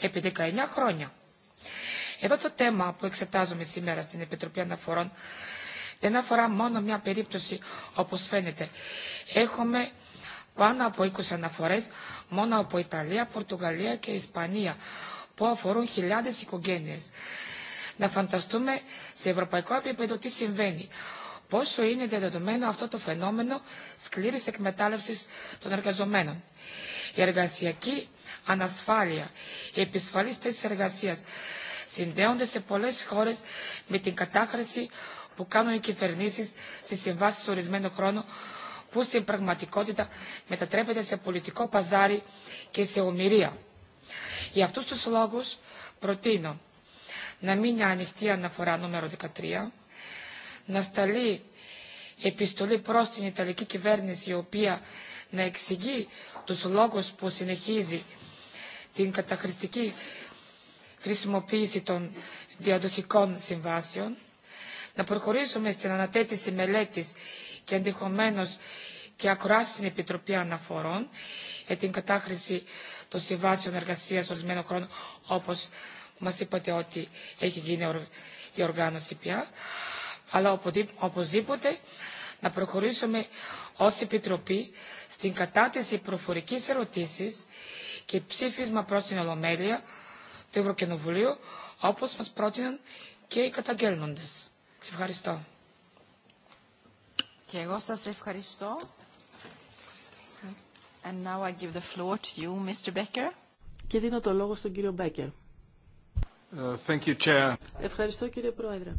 επί 19 χρόνια. Εδώ το θέμα που εξετάζουμε σήμερα στην Επιτροπή Αναφορών δεν αφορά μόνο μια περίπτωση όπως φαίνεται. Έχουμε πάνω από 20 αναφορές μόνο από Ιταλία, Πορτογαλία και Ισπανία που αφορούν χιλιάδες οικογένειες. Να φανταστούμε σε ευρωπαϊκό επίπεδο τι συμβαίνει. Πόσο είναι δεδομένο αυτό το φαινόμενο σκλήρης εκμετάλλευσης των εργαζομένων. Η εργασιακή ανασφάλεια, η επισφαλής της εργασίας συνδέονται σε πολλές χώρες με την κατάχρηση που κάνουν οι κυβερνήσεις στις συμβάσεις ορισμένου χρόνου που στην πραγματικότητα μετατρέπεται σε πολιτικό παζάρι και σε ομοιρία. Για αυτούς τους λόγους προτείνω να μείνει ανοιχτή αναφορά νούμερο 13, να σταλεί επιστολή προς την Ιταλική κυβέρνηση η οποία να εξηγεί τους λόγους που συνεχίζει την καταχρηστική χρησιμοποίηση των διαδοχικών συμβάσεων, να προχωρήσουμε στην ανατέτηση μελέτης και ενδεχομένω και ακροάσει στην Επιτροπή Αναφορών για την κατάχρηση των συμβάσεων εργασία ορισμένων χρόνων, όπω μα είπατε ότι έχει γίνει η οργάνωση πια. Αλλά οπωσδήποτε να προχωρήσουμε ως Επιτροπή στην κατάθεση προφορικής ερωτήσης και ψήφισμα προς την Ολομέλεια του Ευρωκοινοβουλίου, όπως μας πρότειναν και οι καταγγέλνοντες. Ευχαριστώ. Και εγώ σας ευχαριστώ. Και δίνω το λόγο στον κύριο Μπέκερ. Uh, Ευχαριστώ κύριε Πρόεδρε.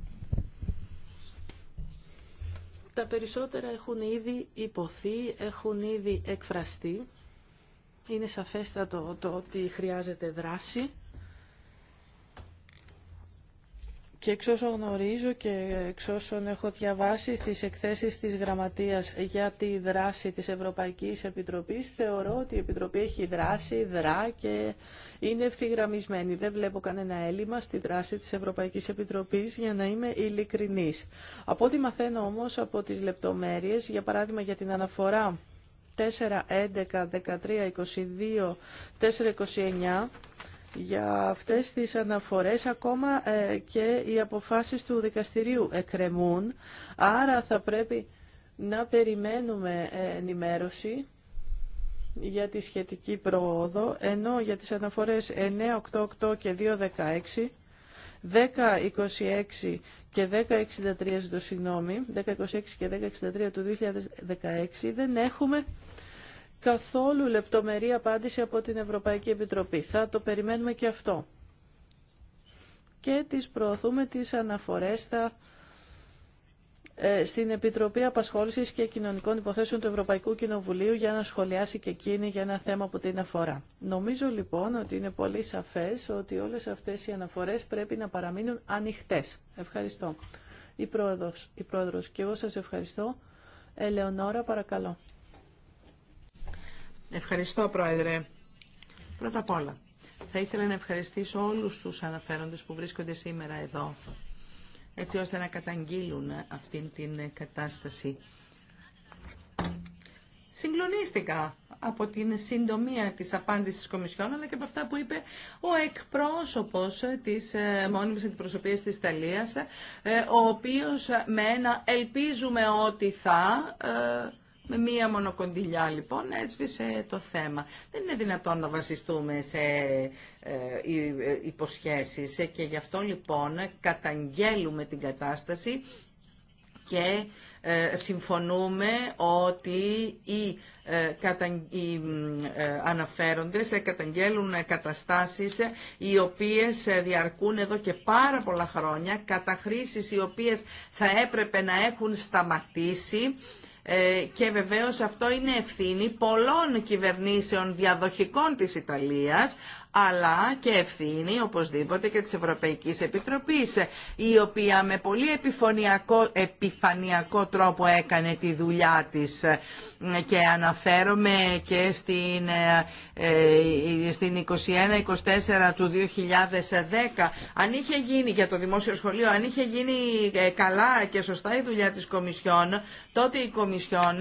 Τα περισσότερα έχουν ήδη υποθεί, έχουν ήδη εκφραστεί. Είναι σαφέστατο το ότι χρειάζεται δράση Και εξ όσων γνωρίζω και εξ όσων έχω διαβάσει στις εκθέσεις της Γραμματείας για τη δράση της Ευρωπαϊκής Επιτροπής, θεωρώ ότι η Επιτροπή έχει δράσει, δρά και είναι ευθυγραμμισμένη. Δεν βλέπω κανένα έλλειμμα στη δράση της Ευρωπαϊκής Επιτροπής για να είμαι ειλικρινής. Από ό,τι μαθαίνω όμως από τις λεπτομέρειες, για παράδειγμα για την αναφορά 4, 11, 13, 22, 4, 29, για αυτές τις αναφορές ακόμα ε, και οι αποφάσεις του δικαστηρίου εκκρεμούν, Άρα θα πρέπει να περιμένουμε ε, ενημέρωση για τη σχετική πρόοδο, ενώ για τις αναφορές 988 και 216, 1026 και 1063, το συγγνώμη, 1026 και 1063 του 2016 δεν έχουμε καθόλου λεπτομερή απάντηση από την Ευρωπαϊκή Επιτροπή. Θα το περιμένουμε και αυτό. Και τις προωθούμε τις αναφορές ε, στην Επιτροπή Απασχόλησης και Κοινωνικών Υποθέσεων του Ευρωπαϊκού Κοινοβουλίου για να σχολιάσει και εκείνη για ένα θέμα που την αφορά. Νομίζω λοιπόν ότι είναι πολύ σαφές ότι όλες αυτές οι αναφορές πρέπει να παραμείνουν ανοιχτές. Ευχαριστώ. Η Πρόεδρος, η πρόεδρος και εγώ σας ευχαριστώ. Ελεονόρα παρακαλώ. Ευχαριστώ, Πρόεδρε. Πρώτα απ' όλα, θα ήθελα να ευχαριστήσω όλους τους αναφέροντες που βρίσκονται σήμερα εδώ, έτσι ώστε να καταγγείλουν αυτήν την κατάσταση. Συγκλονίστηκα από την συντομία της απάντησης της Κομισιόν, αλλά και από αυτά που είπε ο εκπρόσωπος της ε, μόνιμης αντιπροσωπείας της Ιταλίας, ε, ο οποίος με ένα «ελπίζουμε ότι θα» ε, με μία μονοκοντιλιά λοιπόν έσβησε το θέμα. Δεν είναι δυνατόν να βασιστούμε σε ε, ε, υποσχέσεις και γι' αυτό λοιπόν καταγγέλουμε την κατάσταση και ε, συμφωνούμε ότι οι, οι αναφέροντες καταγγέλουν καταστάσεις οι οποίες διαρκούν εδώ και πάρα πολλά χρόνια, καταχρήσεις οι οποίες θα έπρεπε να έχουν σταματήσει ε, και βεβαίως αυτό είναι ευθύνη πολλών κυβερνήσεων διαδοχικών της Ιταλίας αλλά και ευθύνη οπωσδήποτε και της Ευρωπαϊκής Επιτροπής, η οποία με πολύ επιφανειακό τρόπο έκανε τη δουλειά της και αναφέρομαι και στην, ε, ε, στην 21-24 του 2010. Αν είχε γίνει για το Δημόσιο Σχολείο, αν είχε γίνει ε, καλά και σωστά η δουλειά της Κομισιόν, τότε η Κομισιόν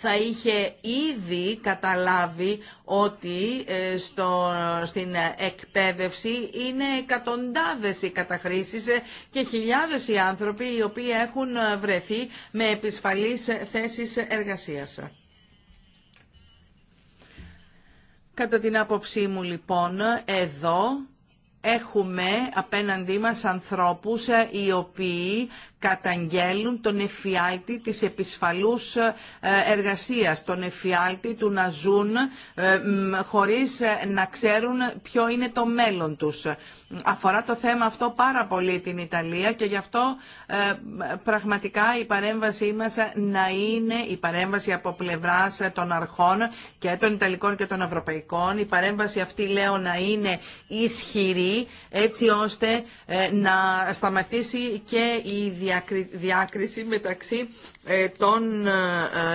θα είχε ήδη καταλάβει ότι ε, στο, στην εκπαίδευση είναι εκατοντάδες οι καταχρήσεις ε, και χιλιάδες οι άνθρωποι οι οποίοι έχουν ε, βρεθεί με επισφαλείς θέσεις εργασίας. Κατά την άποψή μου λοιπόν εδώ έχουμε απέναντί μας ανθρώπους οι οποίοι καταγγέλουν τον εφιάλτη της επισφαλούς ε, εργασίας, τον εφιάλτη του να ζουν ε, χωρίς ε, να ξέρουν ποιο είναι το μέλλον τους. Αφορά το θέμα αυτό πάρα πολύ την Ιταλία και γι' αυτό πραγματικά η παρέμβασή μας να είναι η παρέμβαση από πλευράς των αρχών και των Ιταλικών και των Ευρωπαϊκών. Η παρέμβαση αυτή λέω να είναι ισχυρή έτσι ώστε να σταματήσει και η διάκριση μεταξύ ε, των ε,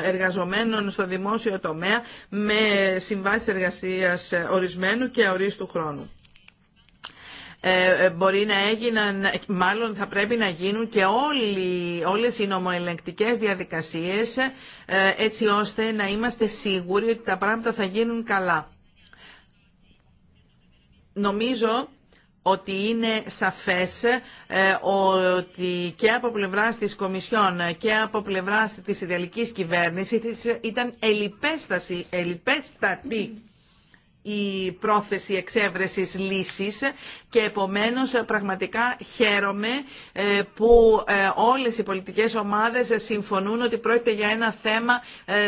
εργαζομένων στο δημόσιο τομέα με συμβάσεις εργασίας ε, ορισμένου και ορίστου χρόνου. μπορεί να έγιναν, μάλλον θα πρέπει να γίνουν και όλοι, όλες οι νομοελεγκτικές διαδικασίες έτσι ώστε να είμαστε σίγουροι ότι τα πράγματα θα γίνουν καλά. Νομίζω ότι είναι σαφές ε, ότι και από πλευρά της Κομισιόν και από πλευρά της ιταλική κυβέρνησης ήταν ελιπέσταση, ελιπέστατη η πρόθεση εξέβρεσης λύσης και επομένως ε, πραγματικά χαίρομαι ε, που όλες οι πολιτικές ομάδες συμφωνούν ότι πρόκειται για ένα θέμα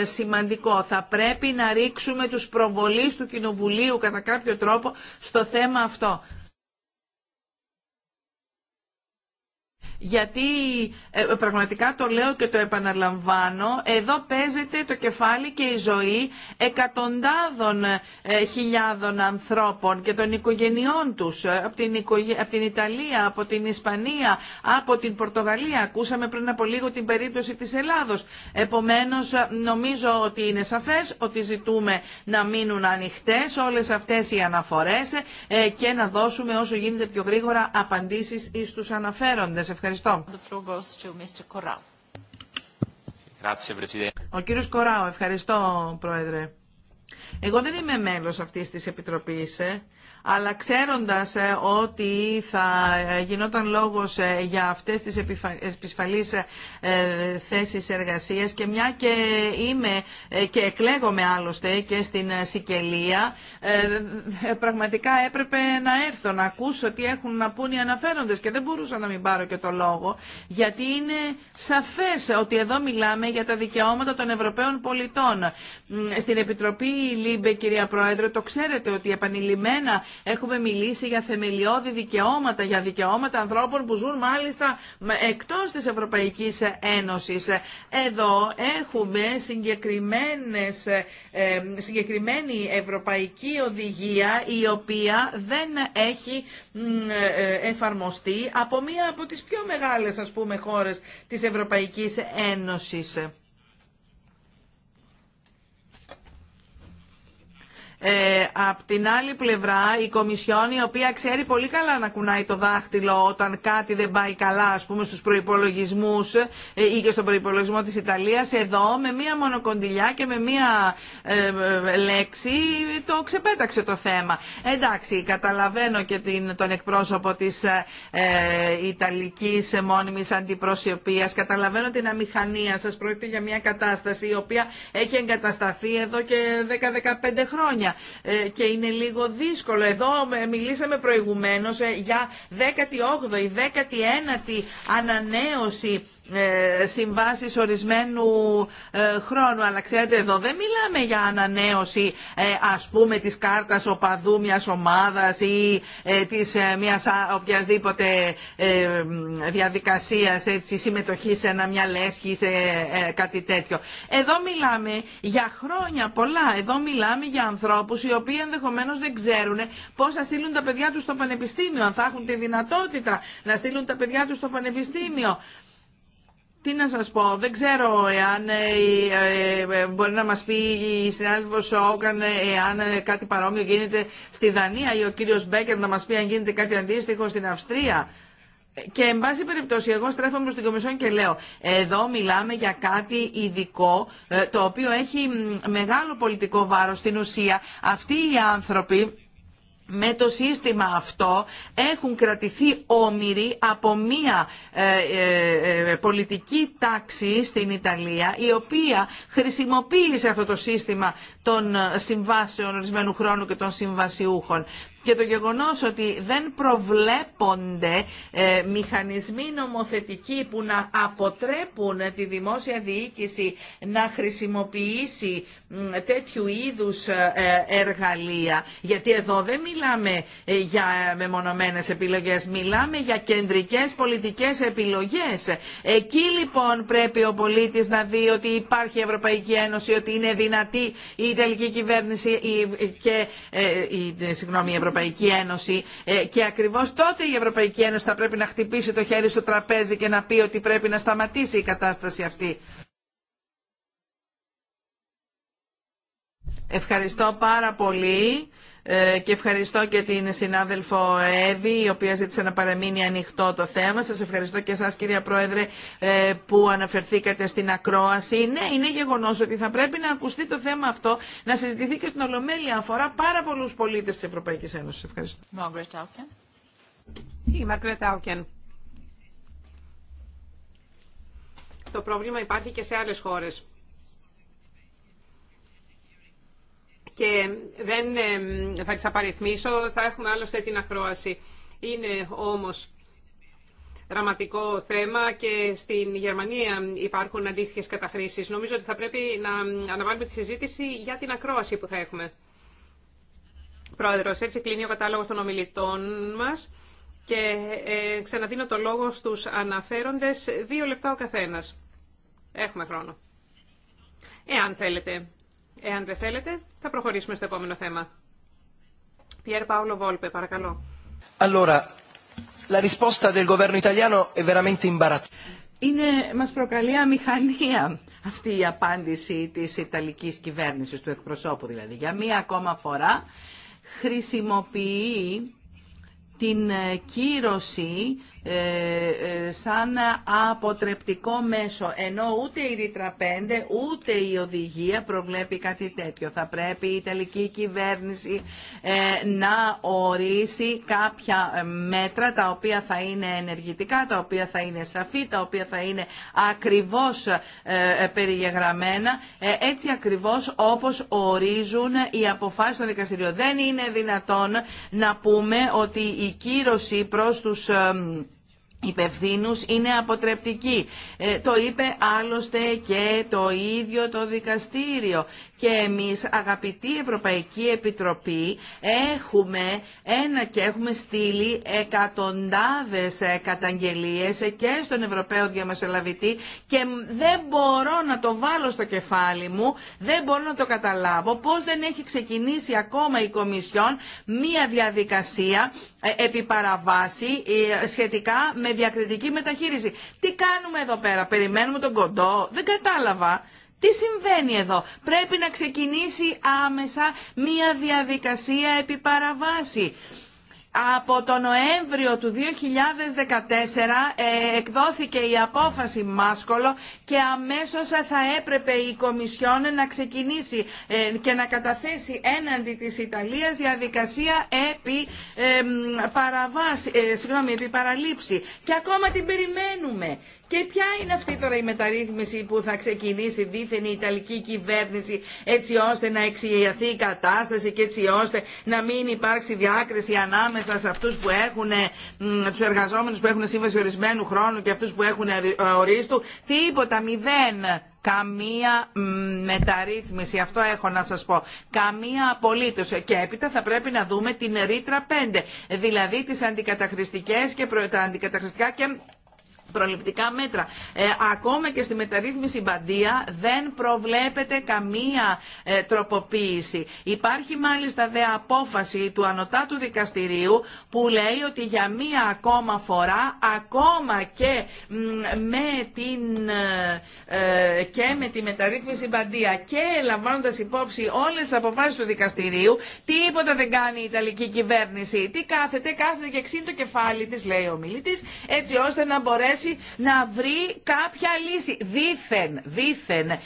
σημαντικό. Θα πρέπει να ρίξουμε τους προβολείς του Κοινοβουλίου κατά κάποιο τρόπο στο θέμα αυτό. γιατί ε, πραγματικά το λέω και το επαναλαμβάνω, εδώ παίζεται το κεφάλι και η ζωή εκατοντάδων ε, χιλιάδων ανθρώπων και των οικογενειών τους, ε, από την, από την Ιταλία, από την Ισπανία, από την Πορτογαλία. Ακούσαμε πριν από λίγο την περίπτωση της Ελλάδος. Επομένως, νομίζω ότι είναι σαφές ότι ζητούμε να μείνουν ανοιχτές όλες αυτές οι αναφορές και να δώσουμε όσο γίνεται πιο γρήγορα απαντήσεις τους αναφέροντες. Ευχαριστώ. Ο κύριος Κοράου, ευχαριστώ πρόεδρε. Εγώ δεν είμαι μέλος αυτής της επιτροπής ε αλλά ξέροντας ε, ότι θα ε, γινόταν λόγος ε, για αυτές τις επισφαλείς θέσεις εργασίας και μια και είμαι και εκλέγομαι άλλωστε και στην Σικελία, πραγματικά έπρεπε να έρθω να ακούσω τι έχουν να πούν οι αναφέροντες και δεν μπορούσα να μην πάρω και το λόγο, γιατί είναι σαφές ότι εδώ μιλάμε για τα δικαιώματα των Ευρωπαίων πολιτών στην Επιτροπή ΛΥΜΠΕ, κυρία Πρόεδρε, το ξέρετε ότι επανειλημμένα έχουμε μιλήσει για θεμελιώδη δικαιώματα, για δικαιώματα ανθρώπων που ζουν μάλιστα εκτός της Ευρωπαϊκής Ένωσης. Εδώ έχουμε συγκεκριμένες, ε, συγκεκριμένη ευρωπαϊκή οδηγία η οποία δεν έχει ε, εφαρμοστεί από μία από τις πιο μεγάλες ας πούμε χώρες της Ευρωπαϊκής Ένωσης. Ε, απ' την άλλη πλευρά η Κομισιόν η οποία ξέρει πολύ καλά να κουνάει το δάχτυλο όταν κάτι δεν πάει καλά ας πούμε στους προπολογισμού ε, ή και στον προπολογισμό τη Ιταλία, εδώ με μία μονοκοντιλιά και με μία ε, λέξη το ξεπέταξε το θέμα. Εντάξει, καταλαβαίνω και τον εκπρόσωπο της ε, Ιταλική μόνιμη αντιπροσωπεία. καταλαβαίνω την αμηχανία σα πρόκειται για μια κατάσταση η οποία έχει εγκατασταθεί εδώ και 10-15 χρόνια. Ε, και είναι λίγο δύσκολο. Εδώ ε, μιλήσαμε προηγουμένως ε, για 18η, 19η ανανέωση ε, συμβάσεις ορισμένου ε, χρόνου. Αλλά ξέρετε εδώ δεν μιλάμε για ανανέωση ε, ας πούμε της κάρτας οπαδού μιας ομάδας ή της μιας οποιασδήποτε διαδικασίας έτσι, συμμετοχή σε ένα, μια λέσχη σε κάτι τέτοιο. Εδώ μιλάμε για χρόνια πολλά. Εδώ μιλάμε για ανθρώπους οι οποίοι ενδεχομένως δεν ξέρουν πώς θα στείλουν τα παιδιά τους στο πανεπιστήμιο, αν θα έχουν τη δυνατότητα να στείλουν τα παιδιά τους στο πανεπιστήμιο. Τι να σας πω, δεν ξέρω εάν ε, ε, μπορεί να μας πει η συνάδελφος Όγκαν ε, εάν κάτι παρόμοιο γίνεται στη Δανία ή ο κύριος Μπέκερ να μας πει αν γίνεται κάτι αντίστοιχο στην Αυστρία. Και εν πάση περιπτώσει εγώ στρέφομαι προς την Κομισιόν και λέω εδώ μιλάμε για κάτι ειδικό το οποίο έχει μεγάλο πολιτικό βάρος στην ουσία. Αυτοί οι άνθρωποι με το σύστημα αυτό έχουν κρατηθεί όμοιροι από μία ε, ε, ε, πολιτική τάξη στην Ιταλία η οποία χρησιμοποίησε αυτό το σύστημα των συμβάσεων ορισμένου χρόνου και των συμβασιούχων και το γεγονός ότι δεν προβλέπονται ε, μηχανισμοί νομοθετικοί που να αποτρέπουν τη δημόσια διοίκηση να χρησιμοποιήσει τέτοιου είδους ε, εργαλεία. Γιατί εδώ δεν μιλάμε ε, για μεμονωμένες επιλογές, μιλάμε για κεντρικές πολιτικές επιλογές. Εκεί λοιπόν πρέπει ο πολίτης να δει ότι υπάρχει η Ευρωπαϊκή Ένωση, ότι είναι δυνατή η τελική κυβέρνηση και η, συγγνώμη, Ευρωπαϊκή Ευρωπαϊκή Ένωση ε, και ακριβώς τότε η Ευρωπαϊκή Ένωση θα πρέπει να χτυπήσει το χέρι στο τραπέζι και να πει ότι πρέπει να σταματήσει η κατάσταση αυτή. Ευχαριστώ πάρα πολύ. Ε, και ευχαριστώ και την συνάδελφο Εύη, η οποία ζήτησε να παραμείνει ανοιχτό το θέμα. Σας ευχαριστώ και εσά, κυρία Πρόεδρε ε, που αναφερθήκατε στην ακρόαση. Ναι, είναι γεγονός ότι θα πρέπει να ακουστεί το θέμα αυτό, να συζητηθεί και στην Ολομέλεια. Αφορά πάρα πολλού πολίτες της Ευρωπαϊκής Ένωσης. Ευχαριστώ. Το πρόβλημα υπάρχει και σε άλλες χώρες. και δεν θα τις απαριθμίσω, θα έχουμε άλλωστε την ακρόαση. Είναι όμως δραματικό θέμα και στην Γερμανία υπάρχουν αντίστοιχε καταχρήσεις. Νομίζω ότι θα πρέπει να αναβάλουμε τη συζήτηση για την ακρόαση που θα έχουμε. Πρόεδρος, έτσι κλείνει ο κατάλογος των ομιλητών μας και ε, ξαναδίνω το λόγο στους αναφέροντες δύο λεπτά ο καθένας. Έχουμε χρόνο. Εάν θέλετε. Εάν δεν θέλετε, θα προχωρήσουμε στο επόμενο θέμα. Πιέρ Παύλο Βόλπε, παρακαλώ. Allora, la Είναι, μας προκαλεί αμηχανία αυτή η απάντηση της Ιταλικής κυβέρνησης, του εκπροσώπου δηλαδή. Για μία ακόμα φορά χρησιμοποιεί την ε, κύρωση ε, ε, σαν αποτρεπτικό μέσο, ενώ ούτε η Ρήτρα ούτε η οδηγία προβλέπει κάτι τέτοιο. Θα πρέπει η τελική κυβέρνηση ε, να ορίσει κάποια μέτρα τα οποία θα είναι ενεργητικά, τα οποία θα είναι σαφή, τα οποία θα είναι ακριβώς περιγεγραμμένα, έτσι ακριβώς όπως ορίζουν οι αποφάσεις των δικαστηριών. Δεν είναι δυνατόν να πούμε ότι η κύρωση προς τους υπευθύνους είναι αποτρεπτική. Ε, το είπε άλλωστε και το ίδιο το δικαστήριο. Και εμείς αγαπητή Ευρωπαϊκή Επιτροπή έχουμε ένα και έχουμε στείλει εκατοντάδες ε, καταγγελίες και στον Ευρωπαίο Διαμεσολαβητή και δεν μπορώ να το βάλω στο κεφάλι μου, δεν μπορώ να το καταλάβω πώς δεν έχει ξεκινήσει ακόμα η Κομισιόν μία διαδικασία ε, επιπαραβάση σχετικά με με διακριτική μεταχείριση. Τι κάνουμε εδώ πέρα, περιμένουμε τον κοντό, δεν κατάλαβα. Τι συμβαίνει εδώ. Πρέπει να ξεκινήσει άμεσα μία διαδικασία επιπαραβάσει. Από τον Νοέμβριο του 2014 ε, εκδόθηκε η απόφαση Μάσκολο και αμέσως θα έπρεπε η Κομισιόν να ξεκινήσει ε, και να καταθέσει έναντι της Ιταλίας διαδικασία επί, παραβάση, ε, συγγνώμη, επί παραλήψη. Και ακόμα την περιμένουμε. Και ποια είναι αυτή τώρα η μεταρρύθμιση που θα ξεκινήσει δίθεν η Ιταλική κυβέρνηση έτσι ώστε να εξηγηθεί η κατάσταση και έτσι ώστε να μην υπάρξει διάκριση ανάμεσα σε αυτούς που έχουν ε, τους εργαζόμενους που έχουν σύμβαση ορισμένου χρόνου και αυτούς που έχουν ε, ορίστου. Τίποτα, μηδέν. Καμία μεταρρύθμιση, αυτό έχω να σας πω. Καμία απολύτως. Και έπειτα θα πρέπει να δούμε την ρήτρα 5, δηλαδή τις αντικαταχρηστικές και προ... τα αντικαταχρηστικά προληπτικά μέτρα. Ε, ακόμα και στη μεταρρύθμιση Μπαντία δεν προβλέπεται καμία ε, τροποποίηση. Υπάρχει μάλιστα δε απόφαση του Ανωτάτου Δικαστηρίου που λέει ότι για μία ακόμα φορά, ακόμα και με την ε, και με τη μεταρρύθμιση Μπαντία και λαμβάνοντα υπόψη όλες τις αποφάσεις του δικαστηρίου, τίποτα δεν κάνει η Ιταλική κυβέρνηση. Τι κάθεται, κάθεται και ξύνει το κεφάλι της, λέει ο μιλήτης, έτσι ώστε να μπορέσει να βρει κάποια λύση. Δήθεν, δήθεν. Ε,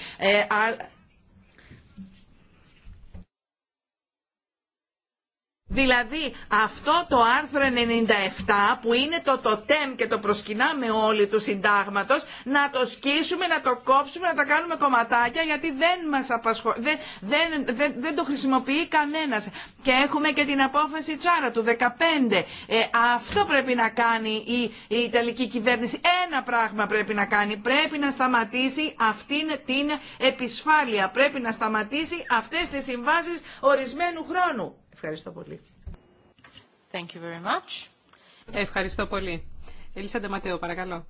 Δηλαδή αυτό το άρθρο 97 που είναι το τοτέμ και το προσκυνάμε όλοι του συντάγματος να το σκίσουμε, να το κόψουμε, να τα κάνουμε κομματάκια γιατί δεν μας δεν, δεν, δεν, το χρησιμοποιεί κανένας. Και έχουμε και την απόφαση Τσάρα του 15. Ε, αυτό πρέπει να κάνει η, η Ιταλική κυβέρνηση. Ένα πράγμα πρέπει να κάνει. Πρέπει να σταματήσει αυτήν την επισφάλεια. Πρέπει να σταματήσει αυτές τις συμβάσεις ορισμένου χρόνου. Ευχαριστώ πολύ. Thank you very much. Ευχαριστώ πολύ. Ελίσαντε Ματέο, παρακαλώ.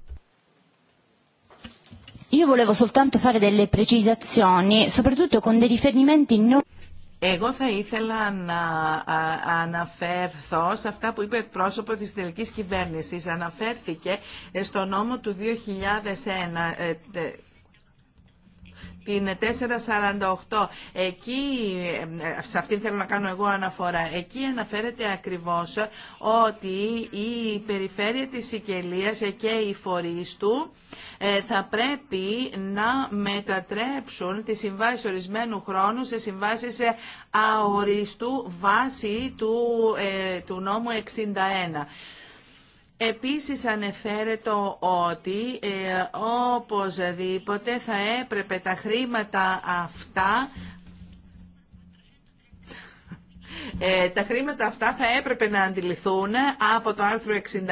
Io volevo soltanto fare delle precisazioni, soprattutto con dei riferimenti non... Εγώ θα ήθελα να αναφέρθω σε αυτά που είπε ο εκπρόσωπο της τελικής κυβέρνησης. Αναφέρθηκε στο νόμο του 2001 την 448. Εκεί, ε, σε αυτήν θέλω να κάνω εγώ αναφορά, εκεί αναφέρεται ακριβώς ότι η περιφέρεια της Σικελίας και οι φορείς του ε, θα πρέπει να μετατρέψουν τις συμβάσεις ορισμένου χρόνου σε συμβάσεις αορίστου βάση του, ε, του νόμου 61. Επίσης ανεφέρετο ότι ε, οπωσδήποτε θα έπρεπε τα χρήματα αυτά ε, τα χρήματα αυτά θα έπρεπε να αντιληθούν από το άρθρο 61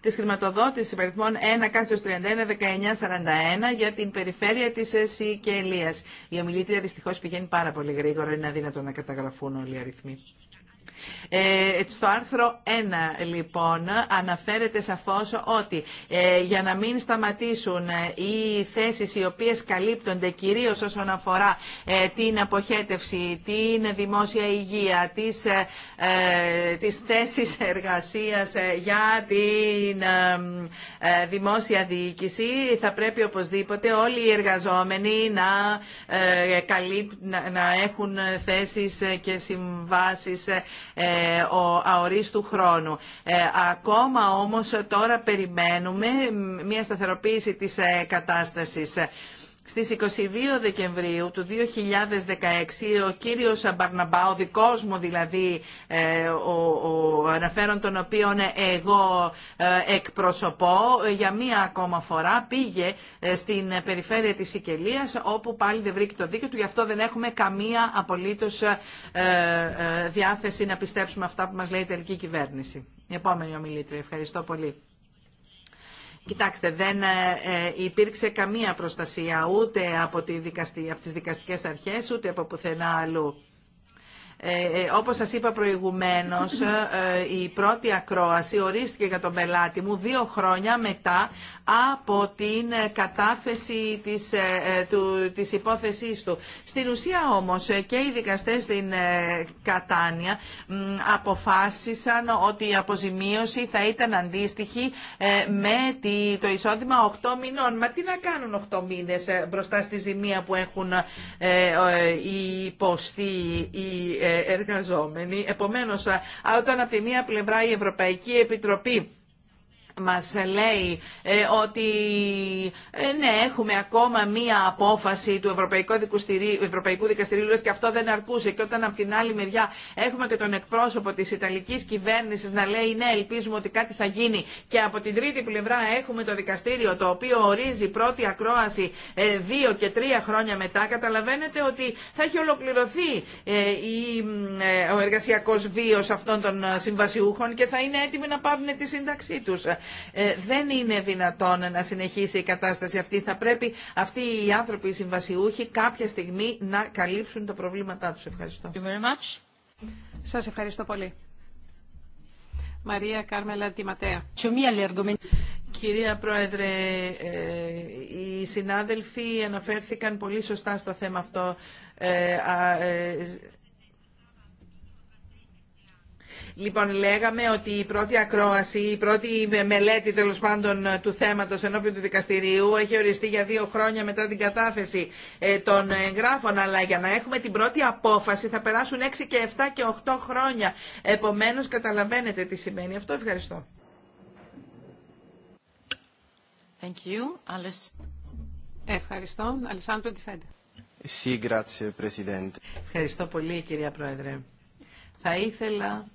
της χρηματοδότησης υπεριθμών 1 31 31 1941 για την περιφέρεια της ΕΣΥ και Ελίας. Η ομιλήτρια δυστυχώς πηγαίνει πάρα πολύ γρήγορα, είναι αδύνατο να καταγραφούν όλοι οι αριθμοί. Ε, στο άρθρο 1 λοιπόν αναφέρεται σαφώς ότι ε, για να μην σταματήσουν ε, οι θέσεις οι οποίες καλύπτονται κυρίως όσον αφορά ε, την αποχέτευση, την δημόσια υγεία, τις, τις θέσεις εργασίας για την δημόσια διοίκηση θα πρέπει οπωσδήποτε όλοι οι εργαζόμενοι να, καλύπ, να, έχουν θέσεις και συμβάσεις ε, ο αορίστου χρόνου. Ε, ακόμα όμως τώρα περιμένουμε μια σταθεροποίηση της ε, κατάστασης. Στις 22 Δεκεμβρίου του 2016 ο κύριος Μπαρναμπά, ο δικός μου δηλαδή, ε, ο, ο αναφέρον τον οποίον εγώ ε, εκπροσωπώ, ε, για μία ακόμα φορά πήγε στην περιφέρεια της Σικελίας όπου πάλι δεν βρήκε το δίκιο του, γι' αυτό δεν έχουμε καμία απολύτως διάθεση να πιστέψουμε αυτά που μας λέει η τελική κυβέρνηση. Η επόμενη ομιλήτρια. Ευχαριστώ πολύ. Κοιτάξτε, δεν ε, ε, υπήρξε καμία προστασία ούτε από, τη δικαστή, από τις δικαστικές αρχές, ούτε από πουθενά αλλού. Ε, ε, όπως σας είπα προηγουμένως, ε, η πρώτη ακρόαση ορίστηκε για τον πελάτη μου δύο χρόνια μετά από την κατάθεση της, του, της υπόθεσής του. Στην ουσία όμως και οι δικαστές στην Κατάνια αποφάσισαν ότι η αποζημίωση θα ήταν αντίστοιχη με το εισόδημα 8 μηνών. Μα τι να κάνουν 8 μήνες μπροστά στη ζημία που έχουν υποστεί οι εργαζόμενοι. Επομένως, όταν από τη μία πλευρά η Ευρωπαϊκή Επιτροπή μας λέει ε, ότι ε, ναι, έχουμε ακόμα μία απόφαση του Ευρωπαϊκού Δικαστηρίου, και αυτό δεν αρκούσε. Και όταν από την άλλη μεριά έχουμε και τον εκπρόσωπο της Ιταλικής κυβέρνησης να λέει ναι, ελπίζουμε ότι κάτι θα γίνει. Και από την τρίτη πλευρά έχουμε το δικαστήριο το οποίο ορίζει πρώτη ακρόαση ε, δύο και τρία χρόνια μετά. Καταλαβαίνετε ότι θα έχει ολοκληρωθεί η, ο εργασιακός βίος αυτών των συμβασιούχων και θα είναι έτοιμοι να πάρουν τη σύνταξή τους. Ε, δεν είναι δυνατόν να συνεχίσει η κατάσταση αυτή. Θα πρέπει αυτοί οι άνθρωποι, οι συμβασιούχοι, κάποια στιγμή να καλύψουν τα προβλήματά τους. Ευχαριστώ. Σας ευχαριστώ πολύ. Μαρία Κάρμελα Τιματέα. Κυρία Πρόεδρε, ε, οι συνάδελφοι αναφέρθηκαν πολύ σωστά στο θέμα αυτό. Ε, Λοιπόν, λέγαμε ότι η πρώτη ακρόαση, η πρώτη μελέτη τέλο πάντων του θέματο ενώπιον του δικαστηρίου έχει οριστεί για δύο χρόνια μετά την κατάθεση ε, των εγγράφων. Αλλά για να έχουμε την πρώτη απόφαση θα περάσουν έξι και 7 και 8 χρόνια. Επομένω, καταλαβαίνετε τι σημαίνει αυτό. Ευχαριστώ. Thank you. Ευχαριστώ. Ευχαριστώ πολύ κυρία Πρόεδρε. Θα ήθελα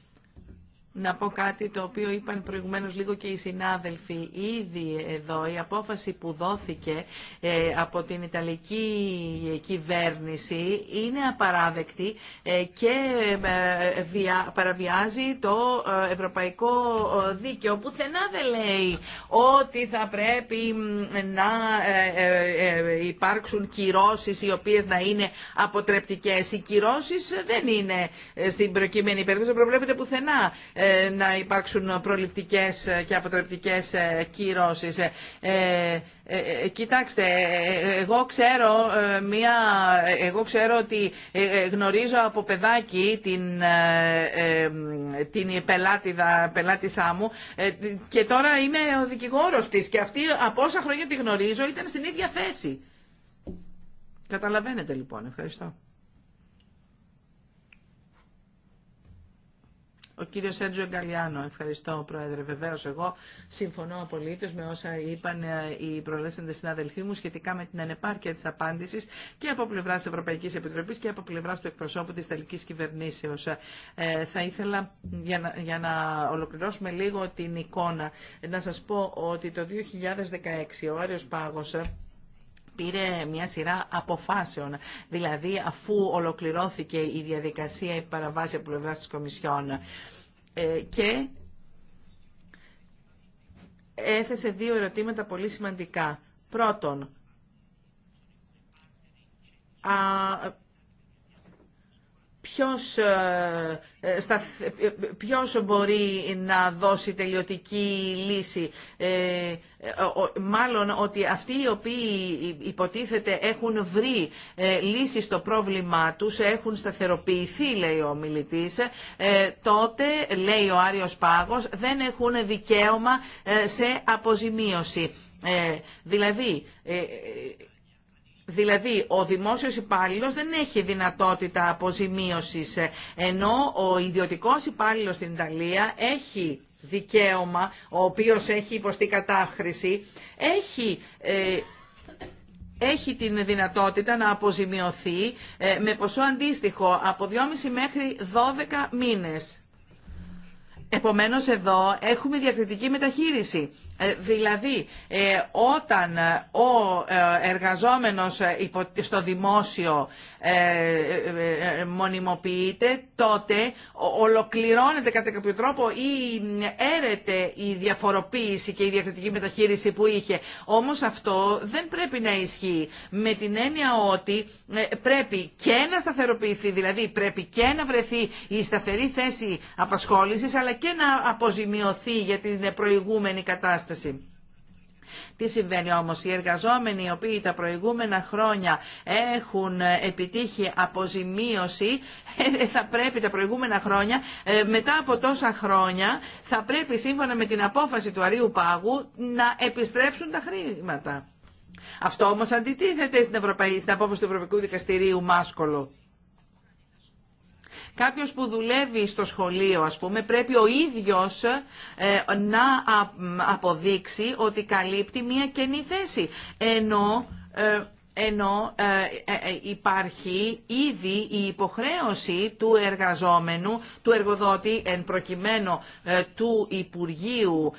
να πω κάτι το οποίο είπαν προηγουμένως λίγο και οι συνάδελφοι. Ήδη εδώ η απόφαση που δόθηκε ε, από την Ιταλική κυβέρνηση είναι απαράδεκτη ε, και ε, παραβιάζει το ευρωπαϊκό δίκαιο. Πουθενά δεν λέει ότι θα πρέπει να υπάρξουν κυρώσεις οι οποίες να είναι αποτρεπτικές. Οι κυρώσεις δεν είναι στην προκειμένη περίπτωση, προβλέπεται πουθενά ε, να υπάρξουν προληπτικές και αποτρεπτικές ε, κυρώσεις. Ε, ε κοιτάξτε, εγώ ξέρω, μια, εγώ ξέρω ότι γνωρίζω από παιδάκι την, την πελάτηδα, πελάτησά μου και τώρα είμαι ο δικηγόρος της και αυτή από όσα χρόνια τη γνωρίζω ήταν στην ίδια θέση. Καταλαβαίνετε λοιπόν, ευχαριστώ. Ο κύριο Σέρτζο Γκαλιάνο, ευχαριστώ Πρόεδρε. Βεβαίω εγώ συμφωνώ απολύτω με όσα είπαν ε, οι στην συναδελφοί μου σχετικά με την ανεπάρκεια της απάντησης και από πλευράς Ευρωπαϊκής Επιτροπής και από πλευρά του εκπροσώπου της τελική κυβερνήσεω. Ε, θα ήθελα για να, για να ολοκληρώσουμε λίγο την εικόνα να σα πω ότι το 2016 ο Άριος Πάγος ε, πήρε μια σειρά αποφάσεων. Δηλαδή, αφού ολοκληρώθηκε η διαδικασία η παραβάση από πλευρά τη Κομισιόν ε, και έθεσε δύο ερωτήματα πολύ σημαντικά. Πρώτον, α, ποιος ε, ε, ε, ε, ποιος μπορεί να δώσει τελειωτική λύση. Μάλλον ότι αυτοί οι οποίοι υποτίθεται έχουν βρει λύση στο πρόβλημά τους, έχουν σταθεροποιηθεί λέει ο μιλητής, τότε λέει ο Άριος Πάγος δεν έχουν δικαίωμα σε αποζημίωση. Δηλαδή Δηλαδή, ο δημόσιος υπάλληλος δεν έχει δυνατότητα αποζημίωσης, ε, ενώ ο ιδιωτικός υπάλληλος στην Ιταλία έχει δικαίωμα, ο οποίος έχει υποστεί κατάχρηση, έχει... Ε, έχει την δυνατότητα να αποζημιωθεί ε, με ποσό αντίστοιχο από 2,5 μέχρι 12 μήνες. Επομένως εδώ έχουμε διακριτική μεταχείριση. Ε, δηλαδή, ε, όταν ε, ο εργαζόμενος στο δημόσιο μονιμοποιείται, τότε ολοκληρώνεται κατά κάποιο τρόπο ή έρεται η διαφοροποίηση και η διακριτική μεταχείριση που είχε. Όμως αυτό δεν πρέπει να ισχύει με την έννοια ότι πρέπει και να σταθεροποιηθεί, δηλαδή πρέπει και να βρεθεί η σταθερή θέση απασχόλησης, αλλά και να αποζημιωθεί για την προηγούμενη κατάσταση. Τι συμβαίνει όμως, οι εργαζόμενοι οι οποίοι τα προηγούμενα χρόνια έχουν ε, επιτύχει αποζημίωση ε, ε, θα πρέπει τα προηγούμενα χρόνια, μετά από τόσα χρόνια θα πρέπει σύμφωνα με την απόφαση του Αρίου Πάγου να επιστρέψουν τα χρήματα. Αυτό όμως αντιτίθεται στην, Ευρωπαϊ... στην απόφαση του Ευρωπαϊκού Δικαστηρίου Μάσκολο. Κάποιος που δουλεύει στο σχολείο, ας πούμε, πρέπει ο ίδιος ε, να αποδείξει ότι καλύπτει μία καινή θέση. Ενώ ε, ενώ ε, υπάρχει ήδη η υποχρέωση του εργαζόμενου, του εργοδότη, εν προκειμένου του Υπουργείου